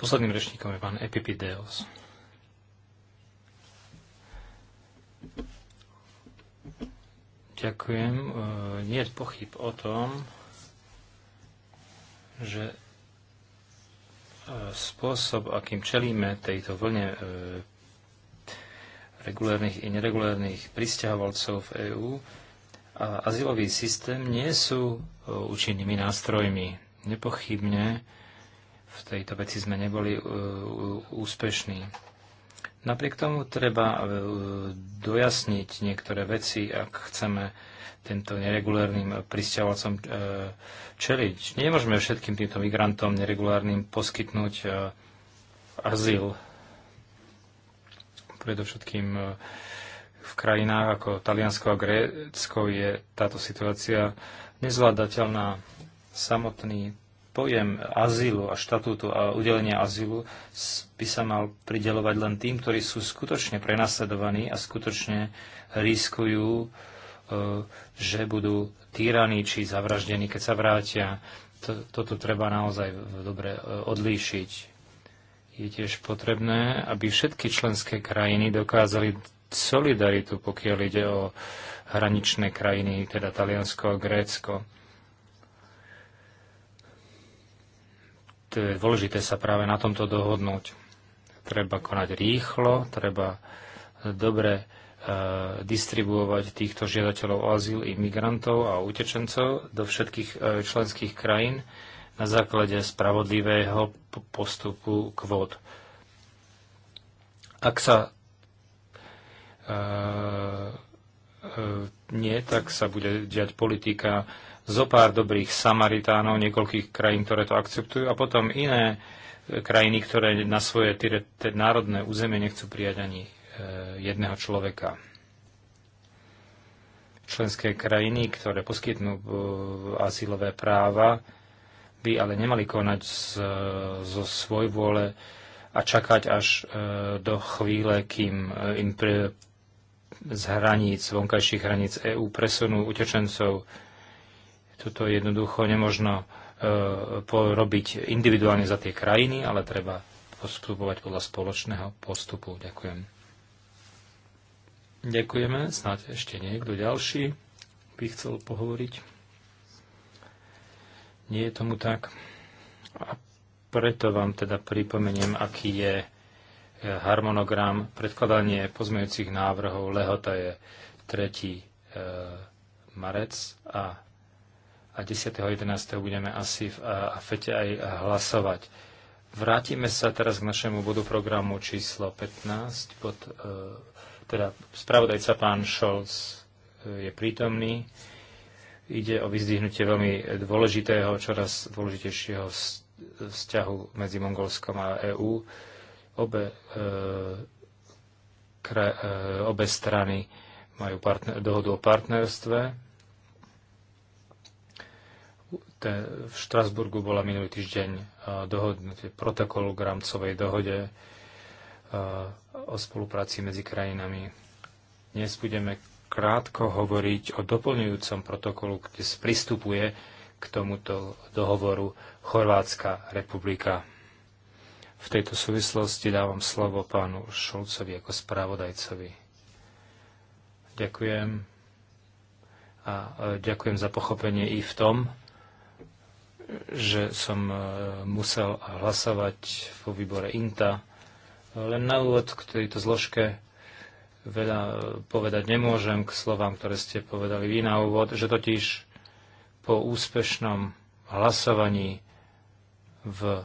Posledným rečníkom je pán Epipideos. Ďakujem. E, Nie je pochyb o tom, že e, spôsob, akým čelíme tejto vlne e, regulérnych i neregulérnych pristahovalcov v EÚ a azylový systém nie sú e, účinnými nástrojmi. Nepochybne v tejto veci sme neboli e, úspešní. Napriek tomu treba e, dojasniť niektoré veci, ak chceme tento neregulárnym pristahovalcom čeliť. Nemôžeme všetkým týmto migrantom neregulárnym poskytnúť azyl. Predovšetkým e, v krajinách ako Taliansko a Grécko je táto situácia nezvládateľná. Samotný pojem azylu a štatútu a udelenia azylu by sa mal pridelovať len tým, ktorí sú skutočne prenasledovaní a skutočne riskujú, e, že budú týraní či zavraždení, keď sa vrátia. Toto treba naozaj dobre e, odlíšiť je tiež potrebné, aby všetky členské krajiny dokázali solidaritu, pokiaľ ide o hraničné krajiny, teda Taliansko a Grécko. To je dôležité sa práve na tomto dohodnúť. Treba konať rýchlo, treba dobre e, distribuovať týchto žiadateľov o azyl, imigrantov a utečencov do všetkých e, členských krajín na základe spravodlivého postupu kvót. Ak sa e, e, nie, tak sa bude diať politika zo pár dobrých Samaritánov, niekoľkých krajín, ktoré to akceptujú, a potom iné krajiny, ktoré na svoje tyre, tý, národné územie nechcú prijať ani e, jedného človeka členské krajiny, ktoré poskytnú e, asilové práva, by ale nemali konať z, zo svoj vôle a čakať až e, do chvíle, kým e, im pre, z hraníc, vonkajších hraníc EÚ presunú utečencov. Toto jednoducho nemožno e, porobiť individuálne za tie krajiny, ale treba postupovať podľa spoločného postupu. Ďakujem. Ďakujeme. Snáď ešte niekto ďalší by chcel pohovoriť. Nie je tomu tak. A preto vám teda pripomeniem, aký je e, harmonogram predkladanie pozmejúcich návrhov. Lehota je 3. E, marec a, a 10. 11. budeme asi v fete aj hlasovať. Vrátime sa teraz k našemu bodu programu číslo 15. Pod, e, teda spravodajca pán Scholz je prítomný. Ide o vyzdvihnutie veľmi dôležitého, čoraz dôležitejšieho vzťahu medzi Mongolskom a EÚ. Obe, e, e, obe strany majú partner, dohodu o partnerstve. Ten, v Štrasburgu bola minulý týždeň e, dohodnutý protokol k rámcovej dohode e, o spolupráci medzi krajinami. Dnes budeme krátko hovoriť o doplňujúcom protokolu, kde pristupuje k tomuto dohovoru Chorvátska republika. V tejto súvislosti dávam slovo pánu Šulcovi ako správodajcovi. Ďakujem. A e, ďakujem za pochopenie i v tom, že som e, musel hlasovať vo výbore INTA. Len na úvod k tejto zložke veľa povedať nemôžem k slovám, ktoré ste povedali vy na úvod, že totiž po úspešnom hlasovaní v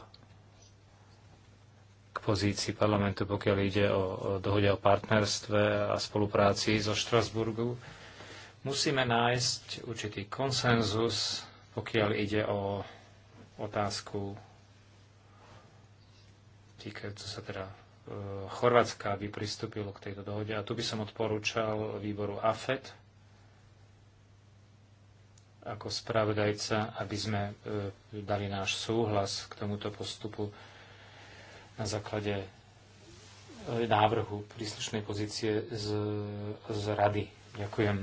k pozícii parlamentu, pokiaľ ide o, o dohode o partnerstve a spolupráci so Štrasburgu, musíme nájsť určitý konsenzus, pokiaľ ide o otázku týkajúcu sa teda Eh, Chorvátska, aby pristúpilo k tejto dohode. A tu by som odporúčal výboru AFET ako spravodajca, aby sme eh, dali náš súhlas k tomuto postupu na základe eh, návrhu príslušnej pozície z, z rady. Ďakujem.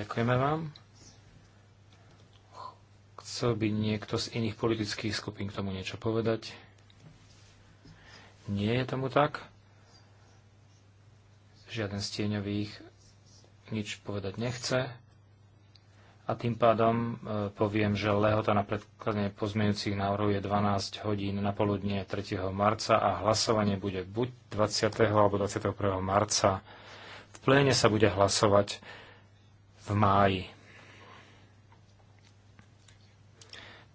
Ďakujeme vám. Chcel by niekto z iných politických skupín k tomu niečo povedať? Nie je tomu tak. Žiaden z tieňových nič povedať nechce. A tým pádom e, poviem, že lehota na predkladanie pozmeňujúcich návrhov je 12 hodín na poludnie 3. marca a hlasovanie bude buď 20. alebo 21. marca. V pléne sa bude hlasovať v máji.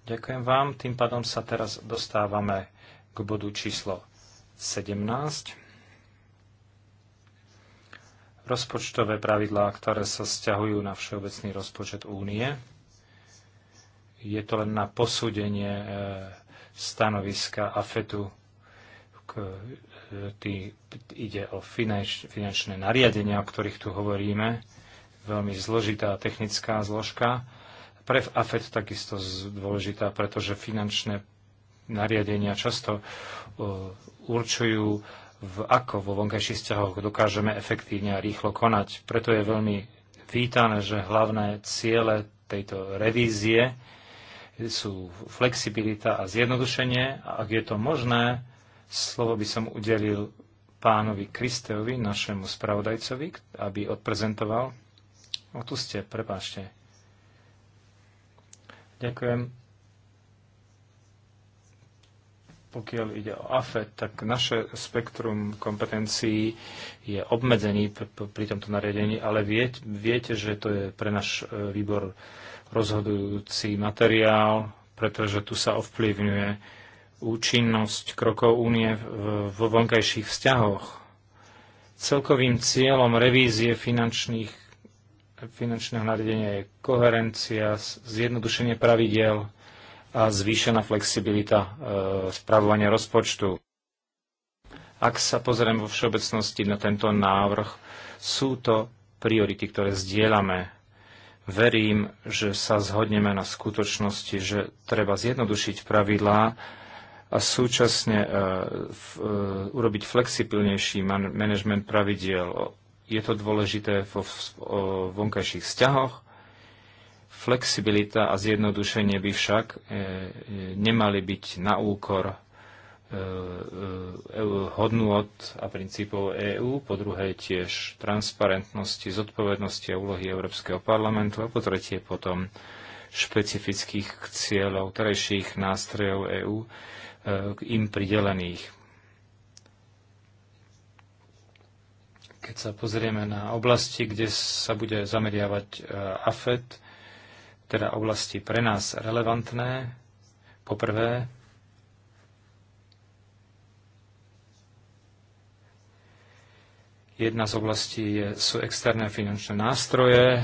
Ďakujem vám. Tým pádom sa teraz dostávame k bodu číslo 17. Rozpočtové pravidlá, ktoré sa stiahujú na všeobecný rozpočet únie. Je to len na posúdenie e, stanoviska AFETu. E, tý, ide o finanč, finančné nariadenia, o ktorých tu hovoríme. Veľmi zložitá technická zložka. Pre AFET takisto dôležitá, pretože finančné nariadenia často e, určujú, v ako vo vonkajších vzťahoch dokážeme efektívne a rýchlo konať. Preto je veľmi vítané, že hlavné ciele tejto revízie sú flexibilita a zjednodušenie. A ak je to možné, slovo by som udelil pánovi Kristeovi, našemu spravodajcovi, aby odprezentoval. O tu ste, prepášte. Ďakujem. pokiaľ ide o AFE, tak naše spektrum kompetencií je obmedzený pri tomto nariadení, ale viete, viete, že to je pre náš e, výbor rozhodujúci materiál, pretože tu sa ovplyvňuje účinnosť krokov únie vo vonkajších vzťahoch. Celkovým cieľom revízie finančných, finančného nariadenia je koherencia, zjednodušenie pravidel, a zvýšená flexibilita e, spravovania rozpočtu. Ak sa pozriem vo všeobecnosti na tento návrh, sú to priority, ktoré zdieľame. Verím, že sa zhodneme na skutočnosti, že treba zjednodušiť pravidlá a súčasne e, e, urobiť flexibilnejší manažment pravidiel. Je to dôležité vo vonkajších vzťahoch, Flexibilita a zjednodušenie by však e, e, nemali byť na úkor e, hodnôt a princípov EÚ, po druhé tiež transparentnosti, zodpovednosti a úlohy Európskeho parlamentu a po tretie potom špecifických cieľov terejších nástrojov EÚ im pridelených. Keď sa pozrieme na oblasti, kde sa bude zameriavať AFED, teda oblasti pre nás relevantné. Poprvé, jedna z oblastí je, sú externé finančné nástroje,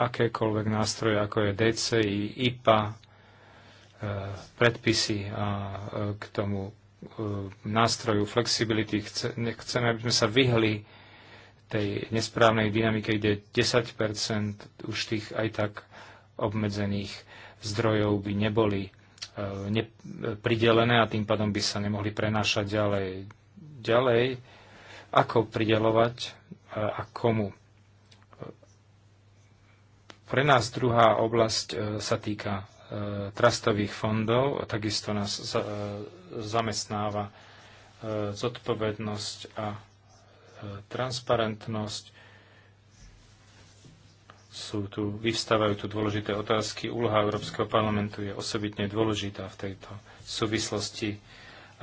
akékoľvek nástroje, ako je DCI, IPA, e, predpisy a e, k tomu e, nástroju flexibility. Chceme, aby sme sa vyhli tej nesprávnej dynamike, kde 10 už tých aj tak obmedzených zdrojov by neboli e, e, pridelené a tým pádom by sa nemohli prenášať ďalej. Ďalej, ako pridelovať e, a komu. Pre nás druhá oblasť e, sa týka trastových fondov, a takisto nás zamestnáva zodpovednosť a transparentnosť. Sú tu, vyvstávajú tu dôležité otázky. Úloha Európskeho parlamentu je osobitne dôležitá v tejto súvislosti.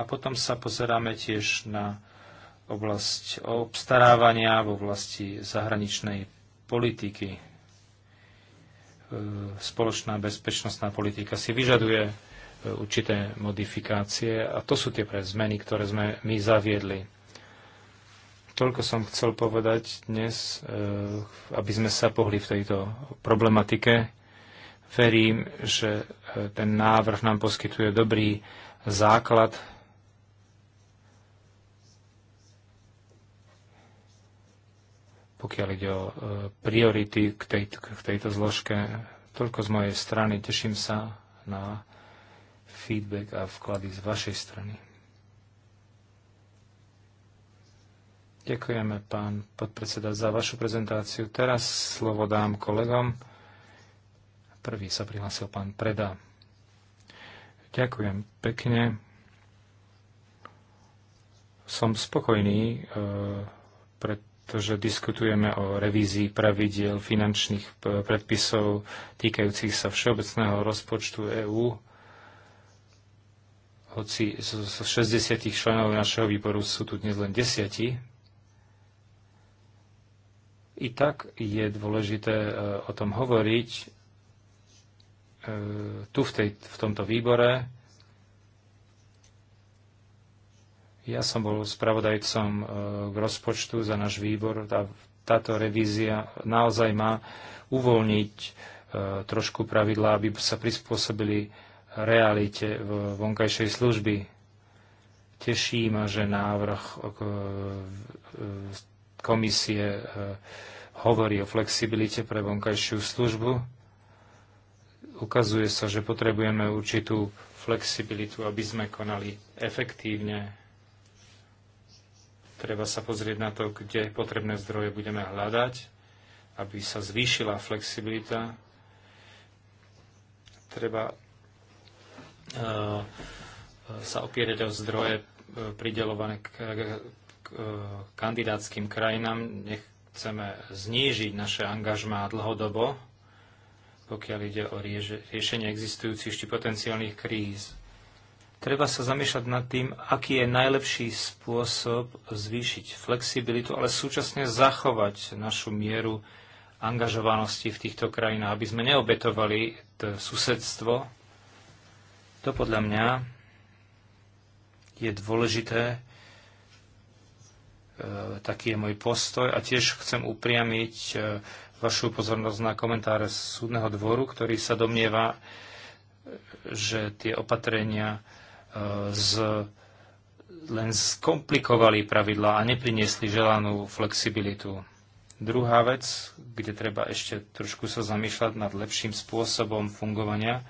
A potom sa pozeráme tiež na oblasť obstarávania v oblasti zahraničnej politiky. E, spoločná bezpečnostná politika si vyžaduje e, určité modifikácie a to sú tie zmeny, ktoré sme my zaviedli Toľko som chcel povedať dnes, eh, aby sme sa pohli v tejto problematike. Verím, že eh, ten návrh nám poskytuje dobrý základ. pokiaľ ide o eh, priority k, tej, k tejto zložke. Toľko z mojej strany. Teším sa na feedback a vklady z vašej strany. Ďakujeme, pán podpredseda, za vašu prezentáciu. Teraz slovo dám kolegom. Prvý sa prihlásil pán Preda. Ďakujem pekne. Som spokojný, e, pretože diskutujeme o revízii pravidiel finančných e, predpisov týkajúcich sa všeobecného rozpočtu EÚ. Hoci z 60 členov našeho výboru sú tu dnes len 10, i tak je dôležité e, o tom hovoriť e, tu v, tej, v tomto výbore. Ja som bol spravodajcom e, k rozpočtu za náš výbor a táto revízia naozaj má uvoľniť trošku pravidlá, aby sa prispôsobili realite v vonkajšej služby. Teší ma, že návrh komisie e, hovorí o flexibilite pre vonkajšiu službu. Ukazuje sa, že potrebujeme určitú flexibilitu, aby sme konali efektívne. Treba sa pozrieť na to, kde potrebné zdroje budeme hľadať, aby sa zvýšila flexibilita. Treba e, sa opierať o zdroje e, pridelované k E, kandidátským krajinám. Nechceme znížiť naše angažmá dlhodobo, pokiaľ ide o riešenie existujúcich či potenciálnych kríz. Treba sa zamýšľať nad tým, aký je najlepší spôsob zvýšiť flexibilitu, ale súčasne zachovať našu mieru angažovanosti v týchto krajinách, aby sme neobetovali to susedstvo. To podľa mňa je dôležité E, taký je môj postoj a tiež chcem upriamiť e, vašu pozornosť na komentáre súdneho dvoru, ktorý sa domnieva, že tie opatrenia e, z, len skomplikovali pravidla a nepriniesli želanú flexibilitu. Druhá vec, kde treba ešte trošku sa zamýšľať nad lepším spôsobom fungovania,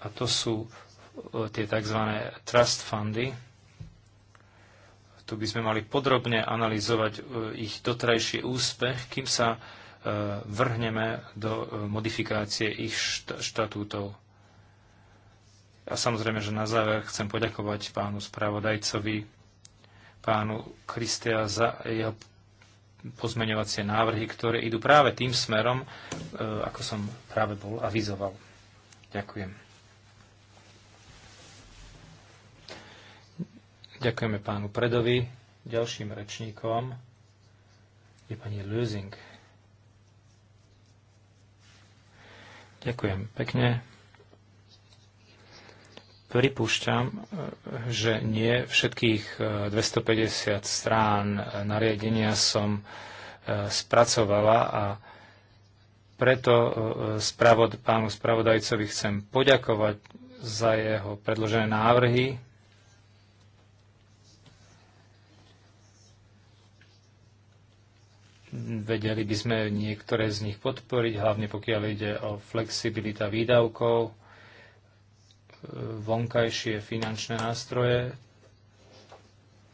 a to sú tie tzv. trust fundy, tu by sme mali podrobne analyzovať e, ich dotrajší úspech, kým sa e, vrhneme do e, modifikácie ich štatútov. A samozrejme, že na záver chcem poďakovať pánu spravodajcovi, pánu Kristia za jeho pozmeňovacie návrhy, ktoré idú práve tým smerom, ako som práve bol avizoval. Ďakujem. Ďakujeme pánu Predovi. Ďalším rečníkom je pani lusing. Ďakujem pekne. Pripúšťam, že nie všetkých 250 e, strán nariadenia som e, spracovala a preto e, spravod, pánu spravodajcovi chcem poďakovať za jeho predložené návrhy. Vedeli by sme niektoré z nich podporiť, hlavne pokiaľ ide o flexibilita výdavkov, e, vonkajšie finančné nástroje.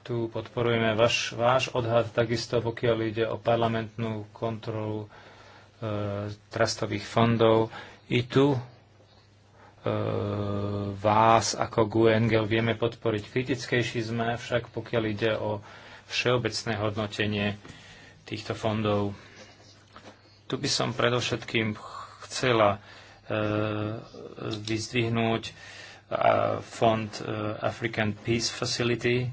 Tu podporujeme váš, váš odhad, takisto pokiaľ ide o parlamentnú kontrolu e, trastových fondov. I tu e, vás ako Guengel vieme podporiť. Kritickejší sme však, pokiaľ ide o všeobecné hodnotenie týchto fondov. Tu by som predovšetkým chcela e, vyzdvihnúť e, fond e, African Peace Facility,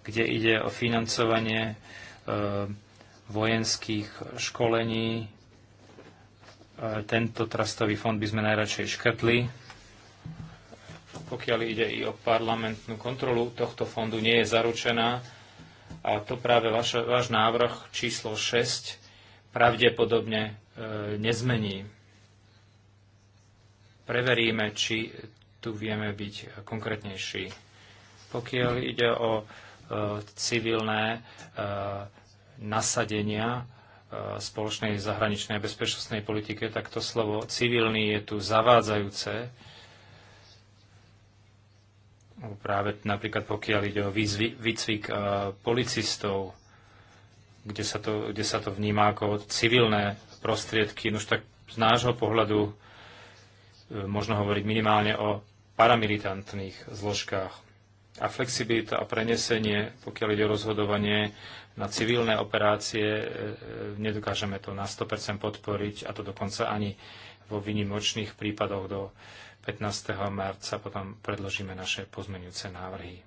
kde ide o financovanie vojenských školení. Tento trastový fond by sme najradšej škrtli. Pokiaľ ide i o parlamentnú kontrolu tohto fondu, nie je zaručená a to práve váš, váš návrh číslo 6 pravdepodobne e, nezmení. Preveríme, či tu vieme byť konkrétnejší. Pokiaľ ide o e, civilné e, nasadenia e, spoločnej zahraničnej bezpečnostnej politike, tak to slovo civilný je tu zavádzajúce práve napríklad pokiaľ ide o výzvy, výcvik e, policistov, kde sa, to, kde sa to vníma ako civilné prostriedky, no už tak z nášho pohľadu e, možno hovoriť minimálne o paramilitantných zložkách. A flexibilita a prenesenie, pokiaľ ide o rozhodovanie na civilné operácie, e, nedokážeme to na 100% podporiť, a to dokonca ani vo výnimočných prípadoch do 15. marca potom predložíme naše pozmenujúce návrhy.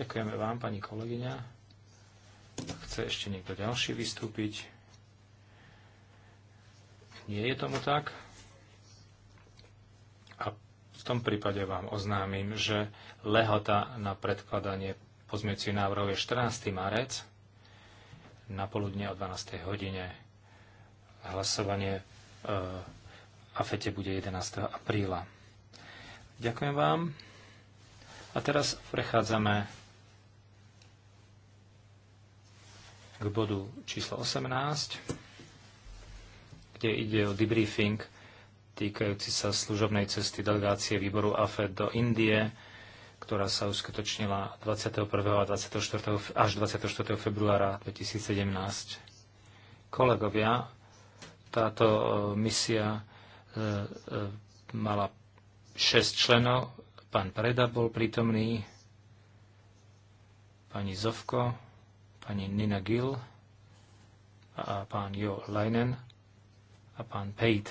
Ďakujeme vám, pani kolegyňa. Chce ešte niekto ďalší vystúpiť? Nie je tomu tak? A v tom prípade vám oznámim, že lehota na predkladanie pozmiecich návrhov je 14. marec na poludne o 12. hodine. Hlasovanie e a fete bude 11. apríla. Ďakujem vám. A teraz prechádzame k bodu číslo 18, kde ide o debriefing týkajúci sa služobnej cesty delegácie výboru AFED do Indie, ktorá sa uskutočnila 21. A 24. až 24. februára 2017. Kolegovia, táto e, misia E, e, mala 6 členov. Pán Preda bol prítomný, pani Zovko, pani Nina Gill a pán Jo Leinen a pán Pejt.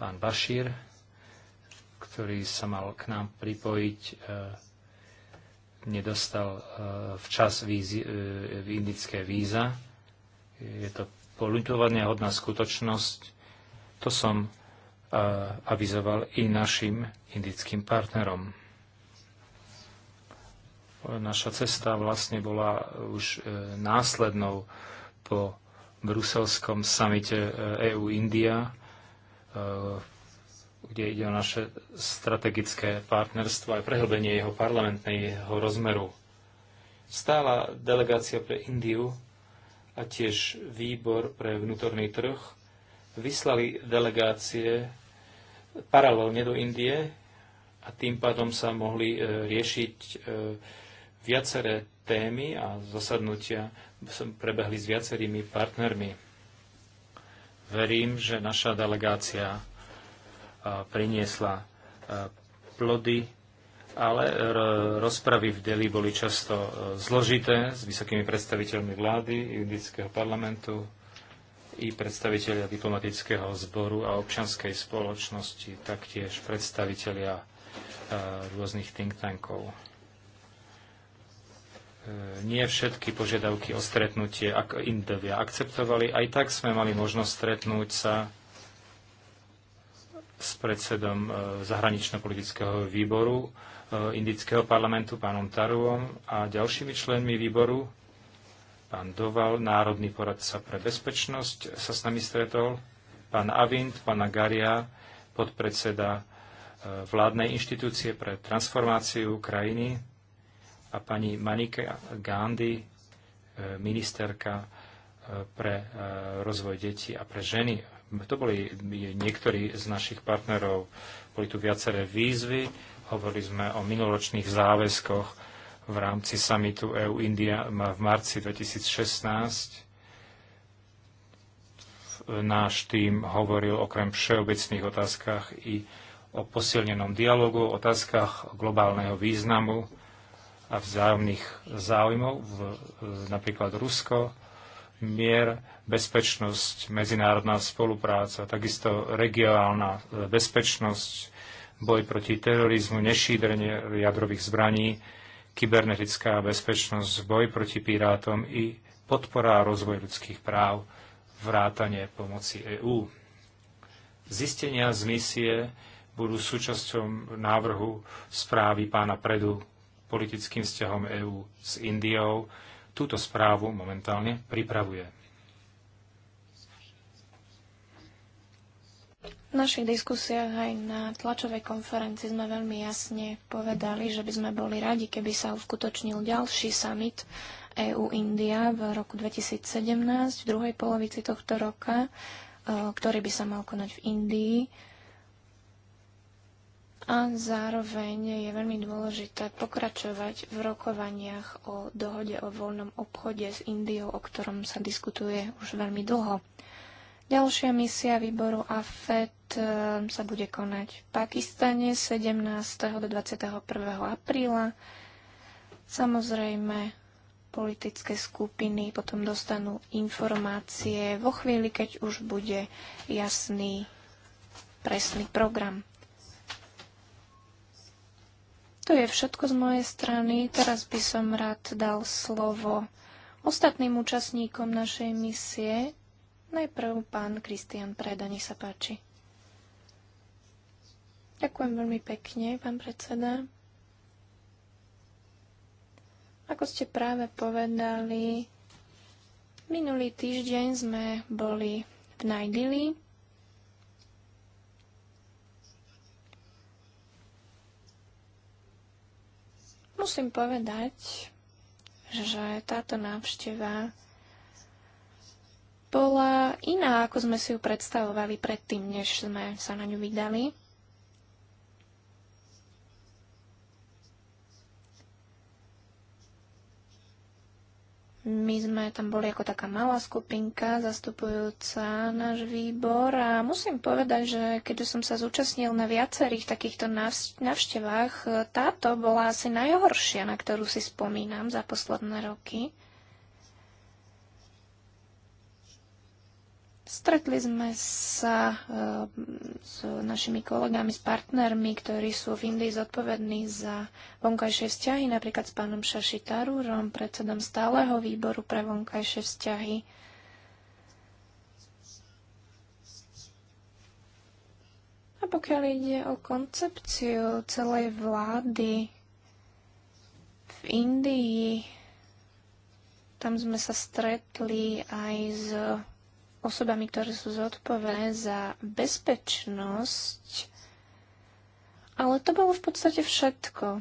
Pán Bašír, ktorý sa mal k nám pripojiť, e, nedostal včas vízi, indické víza. Je to poľutovania hodná skutočnosť. To som e, avizoval i našim indickým partnerom. Naša cesta vlastne bola už e, následnou po bruselskom samite EU-India, e kde ide o naše strategické partnerstvo a prehlbenie jeho parlamentného rozmeru. Stála delegácia pre Indiu a tiež výbor pre vnútorný trh vyslali delegácie paralelne do Indie a tým pádom sa mohli e, riešiť e, viaceré témy a zasadnutia som prebehli s viacerými partnermi. Verím, že naša delegácia priniesla e, plody ale rozpravy v Deli boli často e, zložité s vysokými predstaviteľmi vlády, indického parlamentu i predstaviteľia diplomatického zboru a občanskej spoločnosti, taktiež predstaviteľia e, rôznych think tankov. E, nie všetky požiadavky o stretnutie ak Indovia akceptovali, aj tak sme mali možnosť stretnúť sa s predsedom e, zahranično-politického výboru e, indického parlamentu, pánom Taruom a ďalšími členmi výboru. Pán Doval, národný poradca pre bezpečnosť, sa s nami stretol. Pán Avint, pána Garia, podpredseda e, vládnej inštitúcie pre transformáciu krajiny a pani Manike Gandhi, ministerka pre rozvoj detí a pre ženy to boli niektorí z našich partnerov. Boli tu viaceré výzvy. Hovorili sme o minuloročných záväzkoch v rámci samitu EU-India v marci 2016 náš tým hovoril okrem všeobecných otázkach i o posilnenom dialogu, o otázkach globálneho významu a vzájomných záujmov, v, napríklad Rusko, mier, bezpečnosť, medzinárodná spolupráca, takisto regionálna e, bezpečnosť, boj proti terorizmu, nešídrenie jadrových zbraní, kybernetická bezpečnosť, boj proti pirátom i podpora rozvoj ľudských práv, vrátanie pomoci EÚ. Zistenia z misie budú súčasťou návrhu správy pána Predu politickým vzťahom EÚ s Indiou, túto správu momentálne pripravuje. V našich diskusiách aj na tlačovej konferencii sme veľmi jasne povedali, že by sme boli radi, keby sa uskutočnil ďalší summit EU-India v roku 2017, v druhej polovici tohto roka, e, ktorý by sa mal konať v Indii a zároveň je veľmi dôležité pokračovať v rokovaniach o dohode o voľnom obchode s Indiou, o ktorom sa diskutuje už veľmi dlho. Ďalšia misia výboru AFET e, sa bude konať v Pakistane 17. do 21. apríla. Samozrejme, politické skupiny potom dostanú informácie vo chvíli, keď už bude jasný presný program. To je všetko z mojej strany. Teraz by som rád dal slovo ostatným účastníkom našej misie. Najprv pán Kristian Preda, nech sa páči. Ďakujem veľmi pekne, pán predseda. Ako ste práve povedali, minulý týždeň sme boli v Najdili Musím povedať, že táto návšteva bola iná, ako sme si ju predstavovali predtým, než sme sa na ňu vydali. My sme tam boli ako taká malá skupinka zastupujúca náš výbor a musím povedať, že keďže som sa zúčastnil na viacerých takýchto navštevách, táto bola asi najhoršia, na ktorú si spomínam za posledné roky. Stretli sme sa eh, s našimi kolegami, s partnermi, ktorí sú v Indii zodpovední za vonkajšie vzťahy, napríklad s pánom Šaši Tarúrom, predsedom stáleho výboru pre vonkajšie vzťahy. A pokiaľ ide o koncepciu celej vlády v Indii, tam sme sa stretli aj s osobami, ktoré sú zodpovedné za bezpečnosť. Ale to bolo v podstate všetko.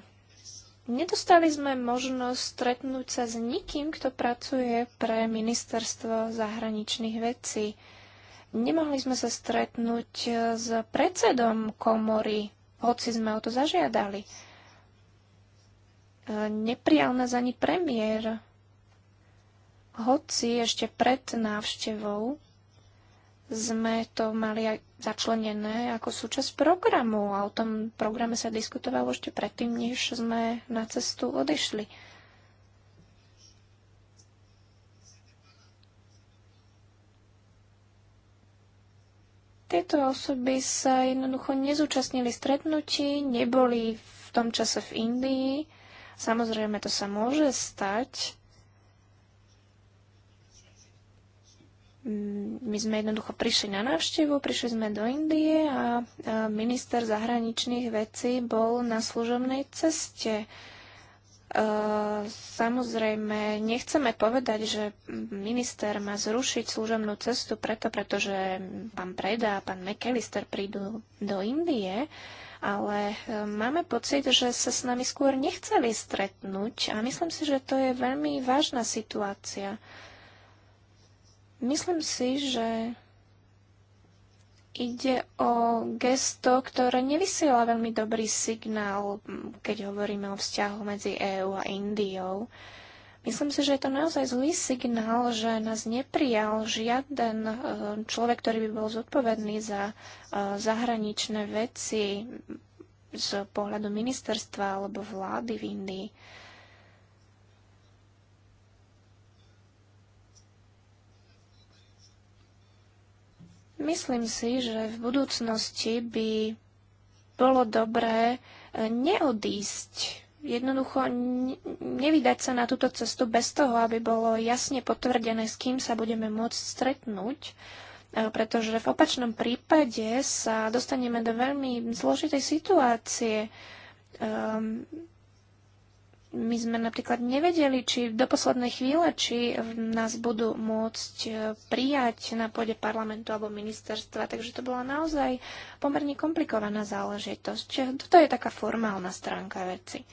Nedostali sme možnosť stretnúť sa s nikým, kto pracuje pre ministerstvo zahraničných vecí. Nemohli sme sa stretnúť eh, s predsedom komory, hoci sme o to zažiadali. Eh, neprijal nás ani premiér, hoci ešte pred návštevou sme to mali aj začlenené ako súčasť programu a o tom programe sa diskutovalo ešte predtým, než sme na cestu odišli. Tieto osoby sa jednoducho nezúčastnili stretnutí, neboli v tom čase v Indii. Samozrejme, to sa môže stať, my sme jednoducho prišli na návštevu, prišli sme do Indie a minister zahraničných vecí bol na služobnej ceste. E, samozrejme, nechceme povedať, že minister má zrušiť služobnú cestu preto, pretože pán Preda a pán McAllister prídu do Indie, ale e, máme pocit, že sa s nami skôr nechceli stretnúť a myslím si, že to je veľmi vážna situácia. Myslím si, že ide o gesto, ktoré nevysiela veľmi dobrý signál, keď hovoríme o vzťahu medzi EÚ a Indiou. Myslím si, že je to naozaj zlý signál, že nás neprijal žiaden e, človek, ktorý by bol zodpovedný za e, zahraničné veci z pohľadu ministerstva alebo vlády v Indii. Myslím si, že v budúcnosti by bolo dobré eh, neodísť, jednoducho nevydať sa na túto cestu bez toho, aby bolo jasne potvrdené, s kým sa budeme môcť stretnúť, eh, pretože v opačnom prípade sa dostaneme do veľmi zložitej situácie. Um, my sme napríklad nevedeli, či do poslednej chvíle, či nás budú môcť e, prijať na pôde parlamentu alebo ministerstva, takže to bola naozaj pomerne komplikovaná záležitosť. Čiže toto je taká formálna stránka veci.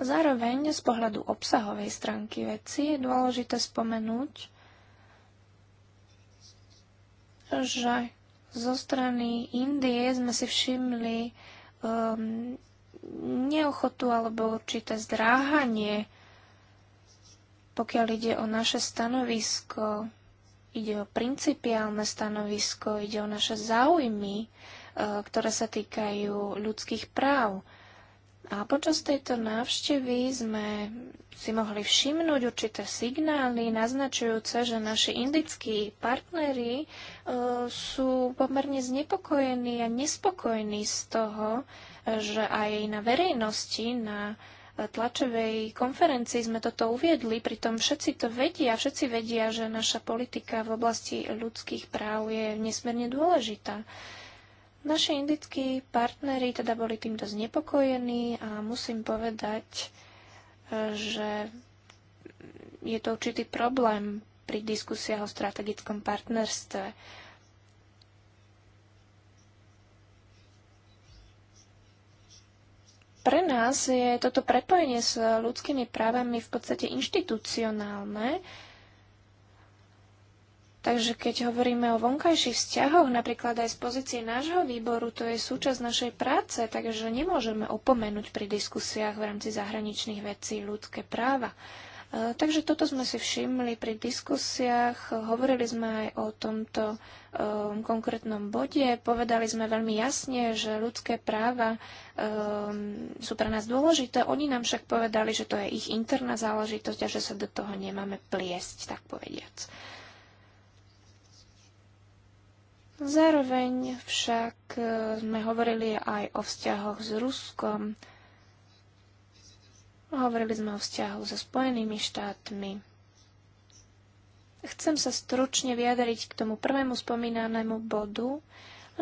Zároveň z pohľadu obsahovej stránky veci je dôležité spomenúť, že zo strany Indie sme si všimli um, neochotu alebo určité zdráhanie, pokiaľ ide o naše stanovisko, ide o principiálne stanovisko, ide o naše záujmy, uh, ktoré sa týkajú ľudských práv. A počas tejto návštevy sme si mohli všimnúť určité signály naznačujúce, že naši indickí partneri e, sú pomerne znepokojení a nespokojní z toho, že aj na verejnosti, na e, tlačovej konferencii sme toto uviedli, pritom všetci to vedia, všetci vedia, že naša politika v oblasti ľudských práv je nesmierne dôležitá. Naši indickí partneri teda boli týmto znepokojení a musím povedať, e, že je to určitý problém pri diskusiách o strategickom partnerstve. Pre nás je toto prepojenie s ľudskými právami v podstate inštitucionálne, Takže keď hovoríme o vonkajších vzťahoch, napríklad aj z pozície nášho výboru, to je súčasť našej práce, takže nemôžeme opomenúť pri diskusiách v rámci zahraničných vecí ľudské práva. E, takže toto sme si všimli pri diskusiách, hovorili sme aj o tomto um, konkrétnom bode, povedali sme veľmi jasne, že ľudské práva um, sú pre nás dôležité, oni nám však povedali, že to je ich interná záležitosť a že sa do toho nemáme pliesť, tak povediac. Zároveň však e, sme hovorili aj o vzťahoch s Ruskom. Hovorili sme o vzťahu so Spojenými štátmi. Chcem sa stručne vyjadriť k tomu prvému spomínanému bodu.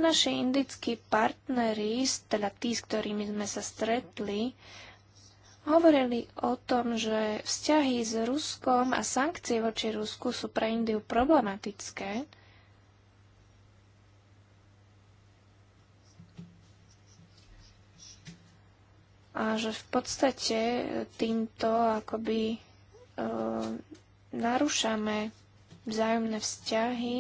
Naši indickí partneri, teda tí, s ktorými sme sa stretli, hovorili o tom, že vzťahy s Ruskom a sankcie voči Rusku sú pre Indiu problematické a že v podstate týmto akoby e, narúšame vzájomné vzťahy,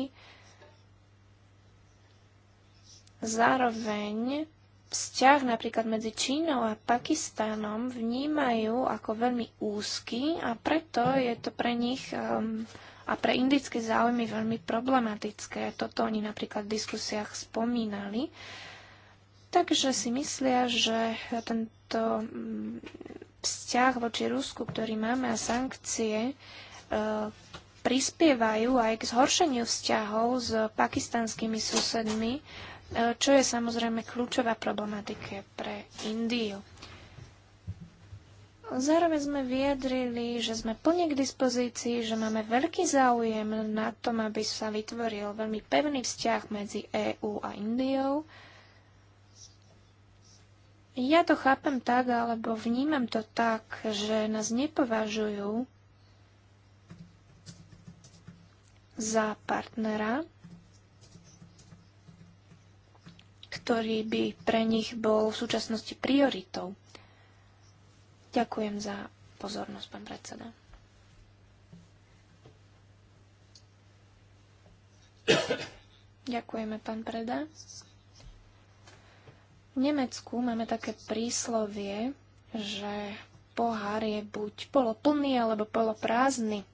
zároveň vzťah napríklad medzi Čínou a Pakistanom vnímajú ako veľmi úzky a preto je to pre nich um, a pre indické záujmy veľmi problematické. Toto oni napríklad v diskusiách spomínali. Uh, Takže si myslia, že tento mm, vzťah voči Rusku, ktorý máme a sankcie, e, prispievajú aj k zhoršeniu vzťahov s pakistanskými susedmi, e, čo je samozrejme kľúčová problematika pre Indiu. Zároveň sme vyjadrili, že sme plne k dispozícii, že máme veľký záujem na tom, aby sa vytvoril veľmi pevný vzťah medzi EÚ a Indiou. Ja to chápem tak, alebo vnímam to tak, že nás nepovažujú za partnera, ktorý by pre nich bol v súčasnosti prioritou. Ďakujem za pozornosť, pán predseda. Ďakujeme, pán predseda. Nemecku máme také príslovie, že pohár je buď poloplný alebo poloprázdny.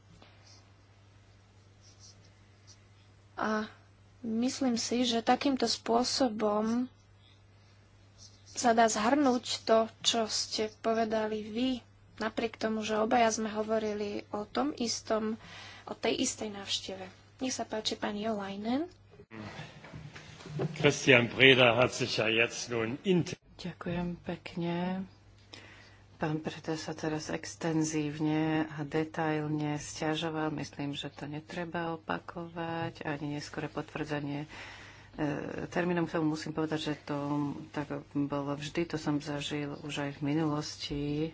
A myslím si, že takýmto spôsobom sa dá zhrnúť to, čo ste povedali vy, napriek tomu, že obaja sme hovorili o tom istom, o tej istej návšteve. Nech sa páči, pani Olajnen. Mm. Christian hat sich ja jetzt nun Ďakujem pekne. Pán Preda sa teraz extenzívne a detailne stiažoval. Myslím, že to netreba opakovať. Ani neskore potvrdzenie e, termínom k tomu musím povedať, že to tak bolo vždy, to som zažil už aj v minulosti. E,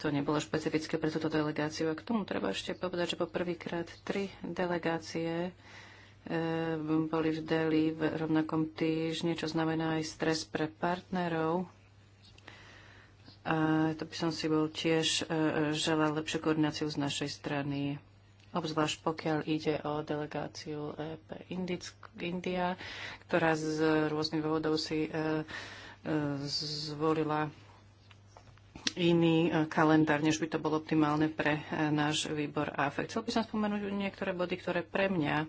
to nebolo špecifické pre túto delegáciu. A k tomu treba ešte povedať, že po prvýkrát tri delegácie Ehm, boli v Deli v rovnakom týždni, čo znamená aj stres pre partnerov. A to by som si bol tiež e, želal lepšiu koordináciu z našej strany, obzvlášť pokiaľ ide o delegáciu EP India, ktorá z rôznych dôvodov si e, e, zvolila iný kalendár, než by to bolo optimálne pre náš výbor AFE. Chcel by som spomenúť niektoré body, ktoré pre mňa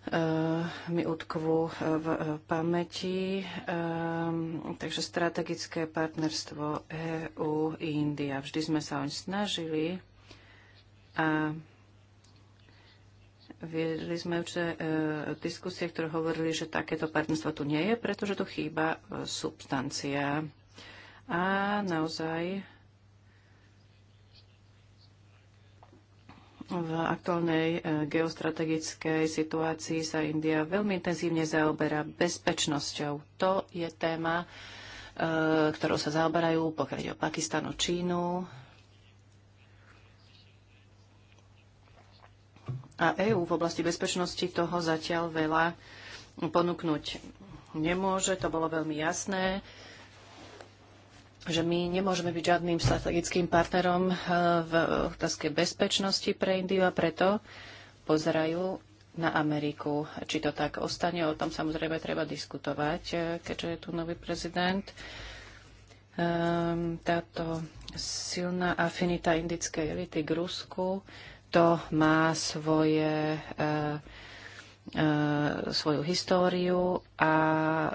Eh, mi utkvú eh, v eh, pamäti. Takže strategické partnerstvo EU i India. Vždy sme sa oň snažili a viedli sme v diskusie, ktoré hovorili, že takéto partnerstvo tu nie je, pretože tu chýba substancia. A naozaj V aktuálnej e, geostrategickej situácii sa India veľmi intenzívne zaoberá bezpečnosťou. To je téma, e, ktorou sa zaoberajú, pokiaľ o Pakistanu, Čínu. A EÚ v oblasti bezpečnosti toho zatiaľ veľa ponúknuť nemôže, to bolo veľmi jasné že my nemôžeme byť žiadnym strategickým partnerom eh, v otázke bezpečnosti pre Indiu a preto pozerajú na Ameriku. Či to tak ostane, o tom samozrejme treba diskutovať, eh, keďže je tu nový prezident. Ehm, táto silná afinita indickej elity k Rusku, to má svoje uh, E, svoju históriu a e,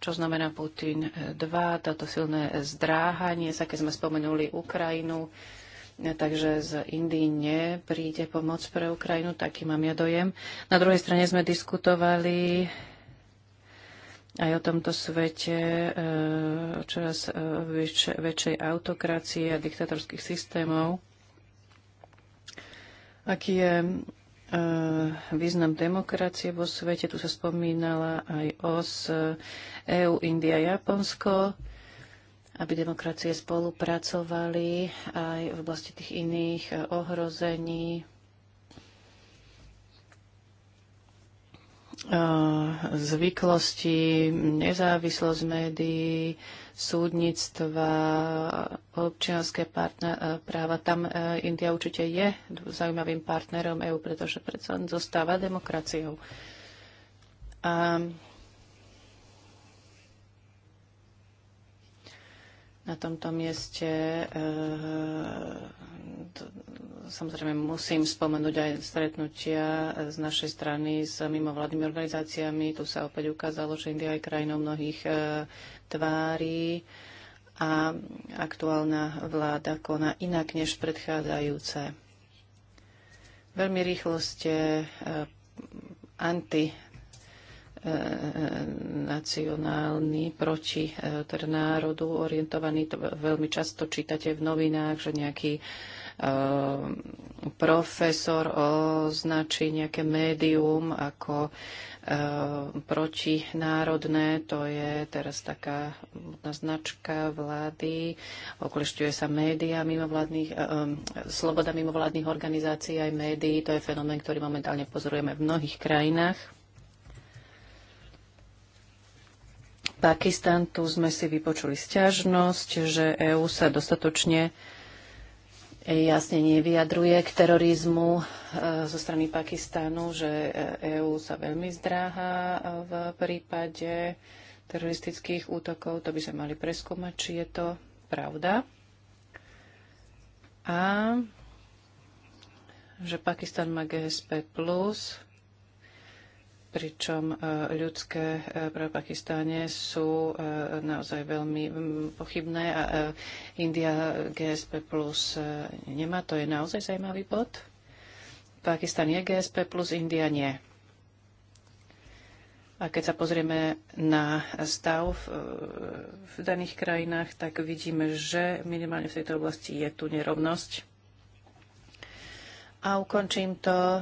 čo znamená Putin 2, toto silné zdráhanie, sa keď sme spomenuli Ukrajinu, e, takže z Indii nepríde pomoc pre Ukrajinu, taký mám ja dojem. Na druhej strane sme diskutovali aj o tomto svete čoraz väč- väčšej autokracie a diktatorských systémov. Aký je Eh, význam demokracie vo svete. Tu sa spomínala aj OS, EU, eh, e India, Japonsko, aby demokracie spolupracovali aj v oblasti tých iných eh, ohrození, zvyklosti, nezávislosť médií, súdnictva, občianské partner, e, práva. Tam e, India určite je zaujímavým partnerom EÚ, pretože predsa zostáva demokraciou. A na tomto mieste e, to, Samozrejme musím spomenúť aj stretnutia z našej strany s mimovládnymi organizáciami. Tu sa opäť ukázalo, že India je krajinou mnohých e, tvári a aktuálna vláda koná inak než predchádzajúce. Veľmi rýchlo ste e, anti e, e, nacionálny, proti e, teda národu orientovaný. To veľmi často čítate v novinách, že nejaký Ehm, profesor označí nejaké médium ako ehm, protinárodné, to je teraz taká značka vlády, okolišťuje sa média mimovládnych, ehm, sloboda mimovládnych organizácií aj médií, to je fenomén, ktorý momentálne pozorujeme v mnohých krajinách. Pakistan, tu sme si vypočuli sťažnosť, že EÚ sa dostatočne jasne nevyjadruje k terorizmu e, zo strany Pakistanu, že EÚ e sa veľmi zdráha e, v prípade teroristických útokov. To by sa mali preskúmať, či je to pravda. A že Pakistan má GSP+, plus pričom e, ľudské e, práva v Pakistáne sú e, naozaj veľmi pochybné a India GSP plus nemá. To je naozaj zaujímavý bod. Pakistan je GSP plus, India nie. A keď sa pozrieme na stav v, v daných krajinách, tak vidíme, že minimálne v tejto oblasti je tu nerovnosť. A ukončím to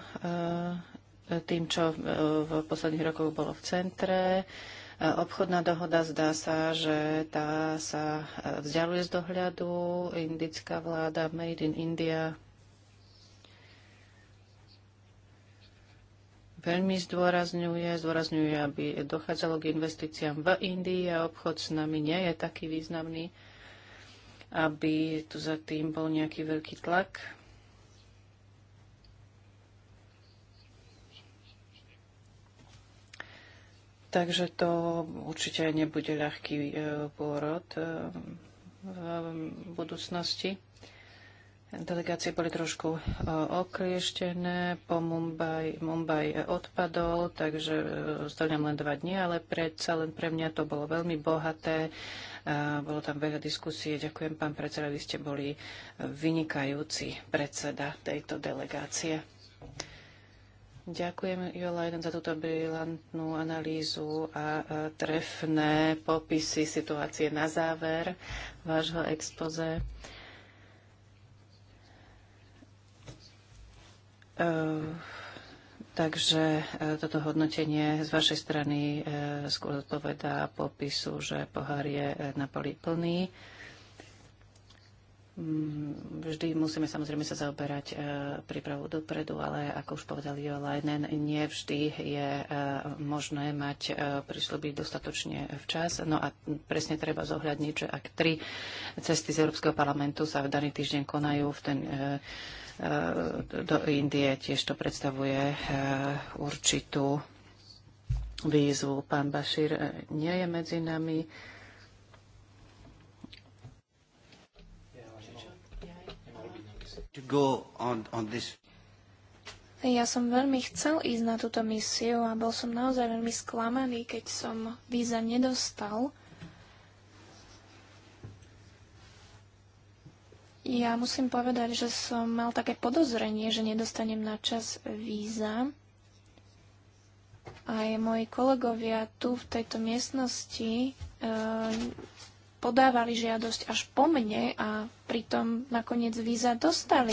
tým, čo e, v posledných rokoch bolo v centre. E, obchodná dohoda zdá sa, že tá sa e, vzdialuje z dohľadu. Indická vláda Made in India veľmi zdôrazňuje, zdôrazňuje, aby dochádzalo k investíciám v Indii a obchod s nami nie je taký významný, aby tu za tým bol nejaký veľký tlak. Takže to určite nebude ľahký e, pôrod e, v budúcnosti. Delegácie boli trošku e, oklieštené, po Mumbai, Mumbai odpadol, takže zostali len dva dni, ale predsa len pre mňa to bolo veľmi bohaté. Bolo tam veľa diskusie. Ďakujem, pán predseda, vy ste boli vynikajúci predseda tejto delegácie. Ďakujem, Jolajden, za túto brilantnú analýzu a e, trefné popisy situácie na záver vášho expoze. Takže e, toto hodnotenie z vašej strany e, skôr odpovedá popisu, že pohár je na poli plný. Mm, vždy musíme samozrejme sa zaoberať e, prípravu dopredu, ale ako už povedal Jo Leinen, nie vždy je e, možné mať e, prísľuby dostatočne včas. No a presne treba zohľadniť, že ak tri cesty z Európskeho parlamentu sa v daný týždeň konajú v ten do Indie tiež to predstavuje určitú výzvu. Pán Bašír nie je medzi nami. ja som veľmi chcel ísť na túto misiu a bol som naozaj veľmi sklamaný, keď som víza nedostal. Ja musím povedať, že som mal také podozrenie, že nedostanem na čas víza. Aj moji kolegovia tu v tejto miestnosti e, podávali žiadosť až po mne a pritom nakoniec víza dostali.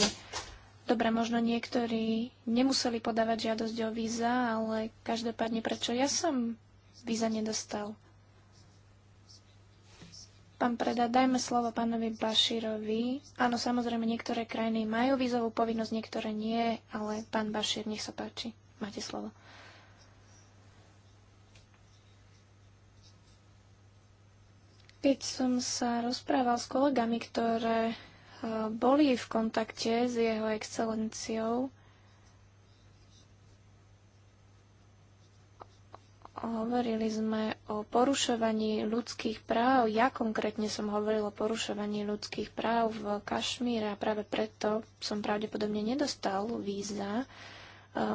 Dobre, možno niektorí nemuseli podávať žiadosť o víza, ale každopádne prečo ja som víza nedostal. Pán Preda, dajme slovo pánovi Bašírovi. Áno, samozrejme, niektoré krajiny majú vízovú povinnosť, niektoré nie, ale pán Bašír, nech sa páči. Máte slovo. Keď som sa rozprával s kolegami, ktoré eh, boli v kontakte s jeho excelenciou, hovorili sme o porušovaní ľudských práv. Ja konkrétne som hovoril o porušovaní ľudských práv v Kašmíre a práve preto som pravdepodobne nedostal víza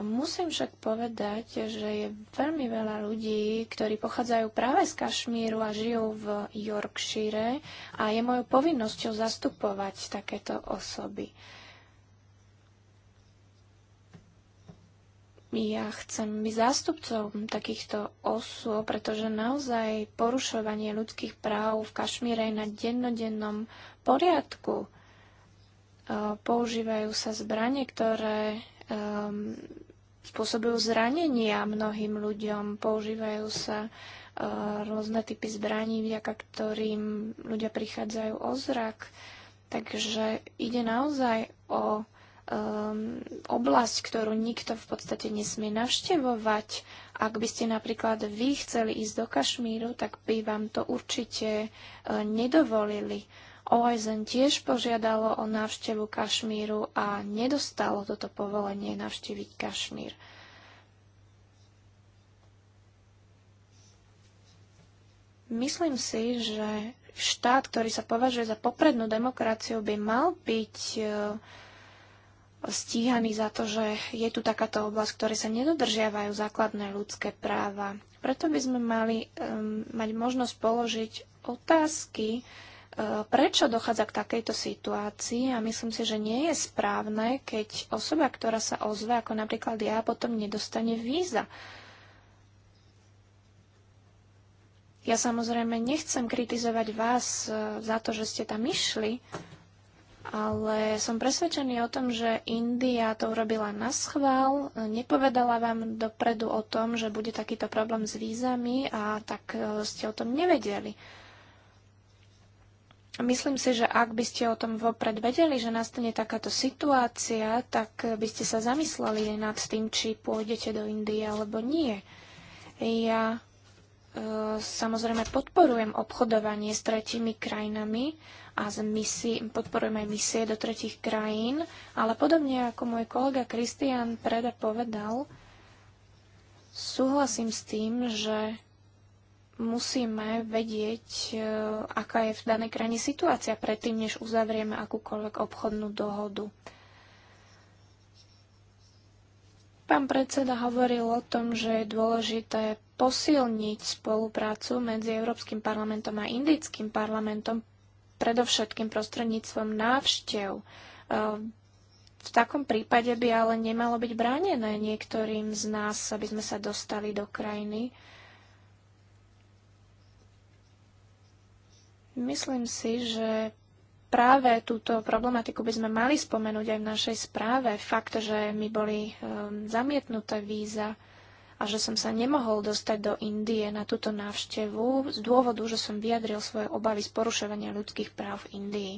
Musím však povedať, že je veľmi veľa ľudí, ktorí pochádzajú práve z Kašmíru a žijú v Yorkshire a je mojou povinnosťou zastupovať takéto osoby. Ja chcem byť zástupcom takýchto osôb, pretože naozaj porušovanie ľudských práv v Kašmíre je na dennodennom poriadku. Používajú sa zbranie, ktoré um, spôsobujú zranenia mnohým ľuďom, používajú sa uh, rôzne typy zbraní, vďaka ktorým ľudia prichádzajú o zrak. Takže ide naozaj o um, oblasť, ktorú nikto v podstate nesmie navštevovať. Ak by ste napríklad vy chceli ísť do Kašmíru, tak by vám to určite uh, nedovolili. OSN tiež požiadalo o návštevu Kašmíru a nedostalo toto povolenie navštíviť Kašmír. Myslím si, že štát, ktorý sa považuje za poprednú demokraciu, by mal byť e, stíhaný za to, že je tu takáto oblasť, ktoré sa nedodržiavajú základné ľudské práva. Preto by sme mali um, mať možnosť položiť otázky prečo dochádza k takejto situácii a myslím si, že nie je správne, keď osoba, ktorá sa ozve, ako napríklad ja, potom nedostane víza. Ja samozrejme nechcem kritizovať vás e, za to, že ste tam išli, ale som presvedčený o tom, že India to urobila na schvál, nepovedala vám dopredu o tom, že bude takýto problém s vízami a tak e, ste o tom nevedeli. Myslím si, že ak by ste o tom vopred vedeli, že nastane takáto situácia, tak by ste sa zamysleli nad tým, či pôjdete do Indie alebo nie. Ja e, samozrejme podporujem obchodovanie s tretími krajinami a z misi, podporujem aj misie do tretich krajín, ale podobne ako môj kolega Kristian Preda povedal, súhlasím s tým, že musíme vedieť, e, aká je v danej krajine situácia predtým, než uzavrieme akúkoľvek obchodnú dohodu. Pán predseda hovoril o tom, že je dôležité posilniť spoluprácu medzi Európskym parlamentom a Indickým parlamentom, predovšetkým prostredníctvom návštev. E, v takom prípade by ale nemalo byť bránené niektorým z nás, aby sme sa dostali do krajiny, Myslím si, že práve túto problematiku by sme mali spomenúť aj v našej správe. Fakt, že mi boli um, zamietnuté víza a že som sa nemohol dostať do Indie na túto návštevu z dôvodu, že som vyjadril svoje obavy z porušovania ľudských práv v Indii.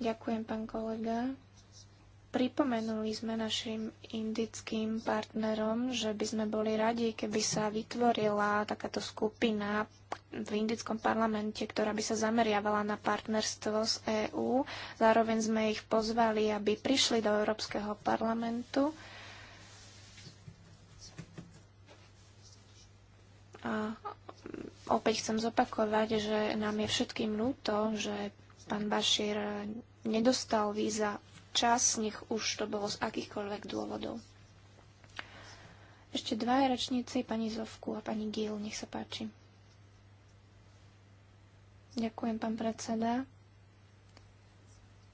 Ďakujem, pán kolega. Pripomenuli sme našim indickým partnerom, že by sme boli radi, keby sa vytvorila takáto skupina v indickom parlamente, ktorá by sa zameriavala na partnerstvo z EÚ. Zároveň sme ich pozvali, aby prišli do Európskeho parlamentu. A opäť chcem zopakovať, že nám je všetkým ľúto, že pán Bašír nedostal víza čas, nech už to bolo z akýchkoľvek dôvodov. Ešte dva rečníci, pani Zovku a pani Gil, nech sa páči. Ďakujem, pán predseda.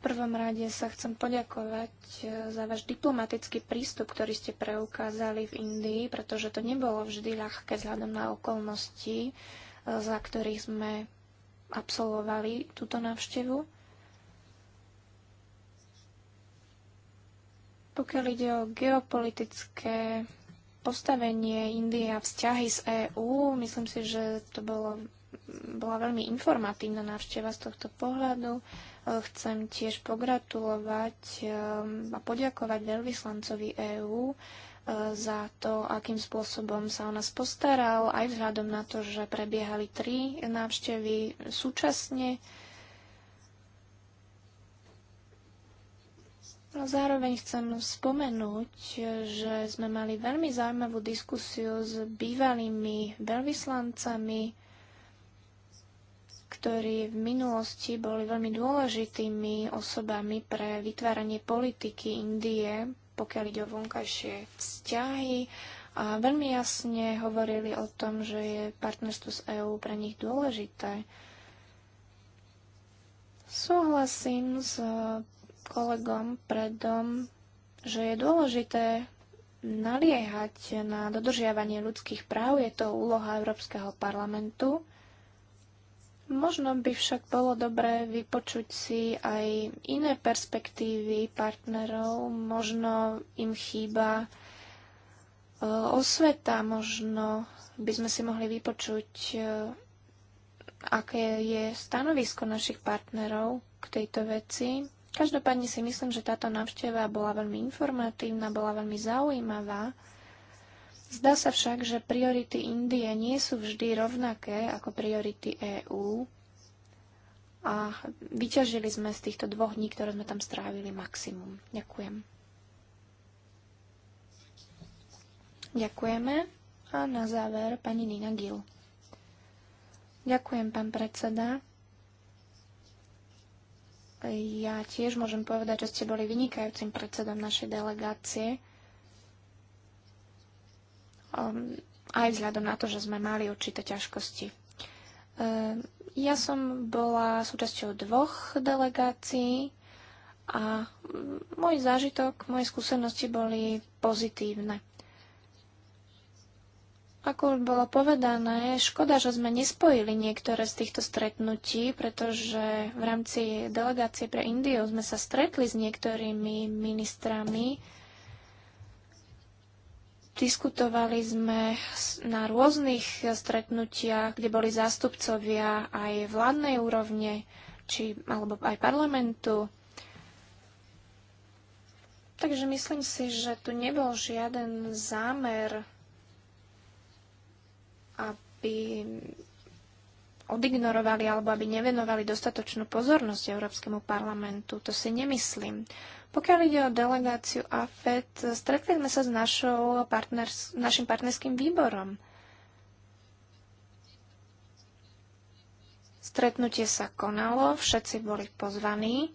V prvom rade sa chcem poďakovať eh, za váš diplomatický prístup, ktorý ste preukázali v Indii, pretože to nebolo vždy ľahké vzhľadom na okolnosti, eh, za ktorých sme absolvovali túto návštevu. Pokiaľ ide o geopolitické postavenie Indie a vzťahy z EÚ, myslím si, že to bolo, bola veľmi informatívna návšteva z tohto pohľadu. E, chcem tiež pogratulovať e, a poďakovať veľvyslancovi EÚ e, za to, akým spôsobom sa o nás postaral, aj vzhľadom na to, že prebiehali tri návštevy súčasne No zároveň chcem spomenúť, že sme mali veľmi zaujímavú diskusiu s bývalými veľvyslancami, ktorí v minulosti boli veľmi dôležitými osobami pre vytváranie politiky Indie, pokiaľ ide o vonkajšie vzťahy. A veľmi jasne hovorili o tom, že je partnerstvo s EÚ pre nich dôležité. Súhlasím s kolegom predom, že je dôležité naliehať na dodržiavanie ľudských práv. Je to úloha Európskeho parlamentu. Možno by však bolo dobré vypočuť si aj iné perspektívy partnerov. Možno im chýba e, osveta, možno by sme si mohli vypočuť, e, aké je stanovisko našich partnerov k tejto veci. Každopádne si myslím, že táto návšteva bola veľmi informatívna, bola veľmi zaujímavá. Zdá sa však, že priority Indie nie sú vždy rovnaké ako priority EÚ a vyťažili sme z týchto dvoch dní, ktoré sme tam strávili, maximum. Ďakujem. Ďakujeme. A na záver pani Nina Gil. Ďakujem, pán predseda. Ja tiež môžem povedať, že ste boli vynikajúcim predsedom našej delegácie. Um, aj vzhľadom na to, že sme mali určité ťažkosti. Um, ja som bola súčasťou dvoch delegácií a môj zážitok, moje skúsenosti boli pozitívne. Ako bolo povedané, škoda, že sme nespojili niektoré z týchto stretnutí, pretože v rámci delegácie pre Indiu sme sa stretli s niektorými ministrami. Diskutovali sme na rôznych stretnutiach, kde boli zástupcovia aj vládnej úrovne, či, alebo aj parlamentu. Takže myslím si, že tu nebol žiaden zámer aby odignorovali alebo aby nevenovali dostatočnú pozornosť Európskemu parlamentu. To si nemyslím. Pokiaľ ide o delegáciu AFED, stretli sme sa s našou partners, našim partnerským výborom. Stretnutie sa konalo, všetci boli pozvaní.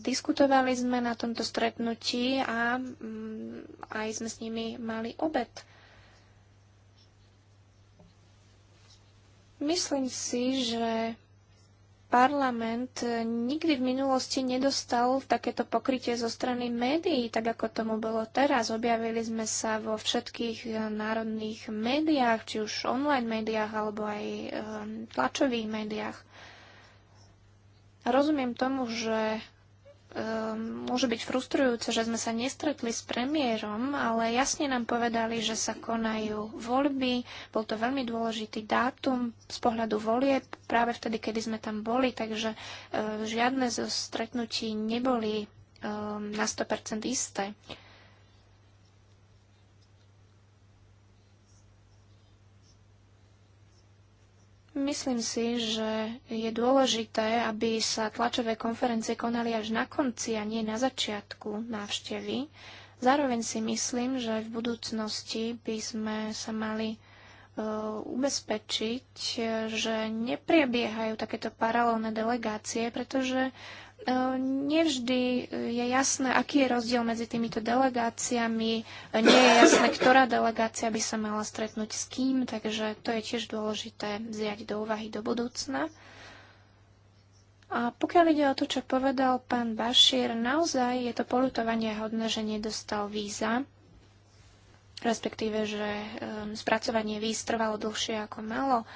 Diskutovali sme na tomto stretnutí a mm, aj sme s nimi mali obed. Myslím si, že parlament nikdy v minulosti nedostal takéto pokrytie zo strany médií, tak ako tomu bolo teraz. Objavili sme sa vo všetkých eh, národných médiách, či už online médiách alebo aj eh, tlačových médiách. Rozumiem tomu, že Ehm, môže byť frustrujúce, že sme sa nestretli s premiérom, ale jasne nám povedali, že sa konajú voľby. Bol to veľmi dôležitý dátum z pohľadu volieb, práve vtedy, kedy sme tam boli, takže eh, žiadne zo stretnutí neboli ehm, na 100% isté. Myslím si, že je dôležité, aby sa tlačové konferencie konali až na konci a nie na začiatku návštevy. Zároveň si myslím, že v budúcnosti by sme sa mali uh, ubezpečiť, že nepriebiehajú takéto paralelné delegácie, pretože E, nevždy je jasné, aký je rozdiel medzi týmito delegáciami. E, nie je jasné, ktorá delegácia by sa mala stretnúť s kým, takže to je tiež dôležité vziať do úvahy do budúcna. A pokiaľ ide o to, čo povedal pán Bašír, naozaj je to polutovanie hodné, že nedostal víza, respektíve, že e, spracovanie víz trvalo dlhšie ako malo.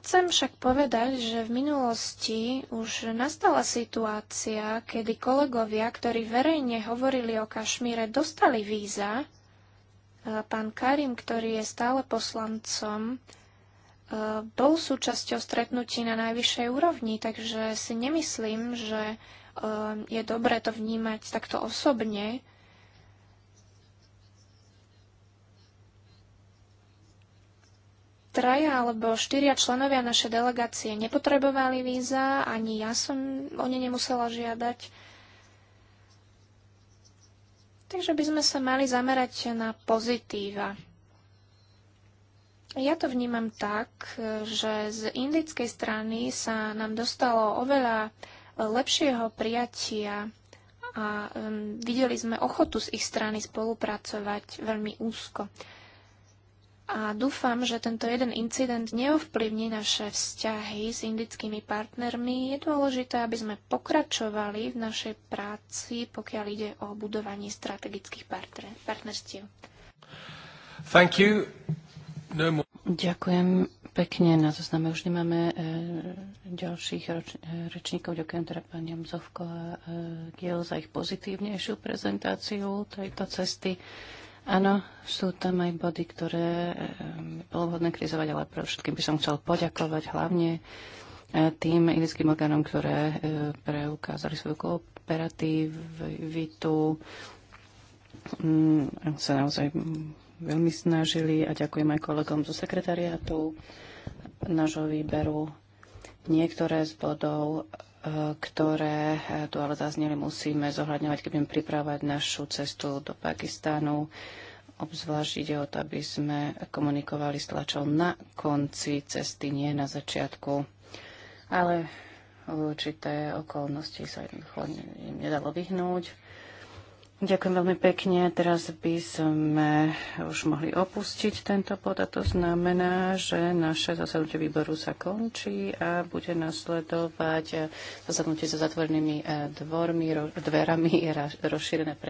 Chcem však povedať, že v minulosti už nastala situácia, kedy kolegovia, ktorí verejne hovorili o Kašmíre, dostali víza. E, pán Karim, ktorý je stále poslancom, e, bol súčasťou stretnutí na najvyššej úrovni, takže si nemyslím, že e, je dobré to vnímať takto osobne. traja alebo štyria členovia naše delegácie nepotrebovali víza, ani ja som o ne nemusela žiadať. Takže by sme sa mali zamerať na pozitíva. Ja to vnímam tak, že z indickej strany sa nám dostalo oveľa lepšieho prijatia a um, videli sme ochotu z ich strany spolupracovať veľmi úzko. A dúfam, že tento jeden incident neovplyvní naše vzťahy s indickými partnermi. Je dôležité, aby sme pokračovali v našej práci, pokiaľ ide o budovanie strategických partner- partnerstiev. Thank you. No more. Ďakujem pekne. Na zozname už nemáme e, ďalších roč- e, rečníkov. Ďakujem teda pani Amzovko a e, Giel za ich pozitívnejšiu prezentáciu tejto cesty. Áno, sú tam aj body, ktoré eh, bolo vhodné krizovať, ale pre všetkým by som chcel poďakovať hlavne eh, tým indickým orgánom, ktoré eh, preukázali svoju kooperatívitu, mm, sa naozaj veľmi snažili a ďakujem aj kolegom zo sekretariátu nášho výberu. Niektoré z bodov ktoré eh, tu ale zazneli, musíme zohľadňovať, keď budeme pripravať našu cestu do Pakistánu. Obzvlášť ide o to, aby sme komunikovali s tlačou na konci cesty, nie na začiatku. Ale určité okolnosti sa jednoducho nedalo vyhnúť. Ďakujem veľmi pekne. Teraz by sme už mohli opustiť tento bod a to znamená, že naše zasadnutie výboru sa končí a bude nasledovať zasadnutie so zatvorenými eh, dvormi, dverami rozšírené pre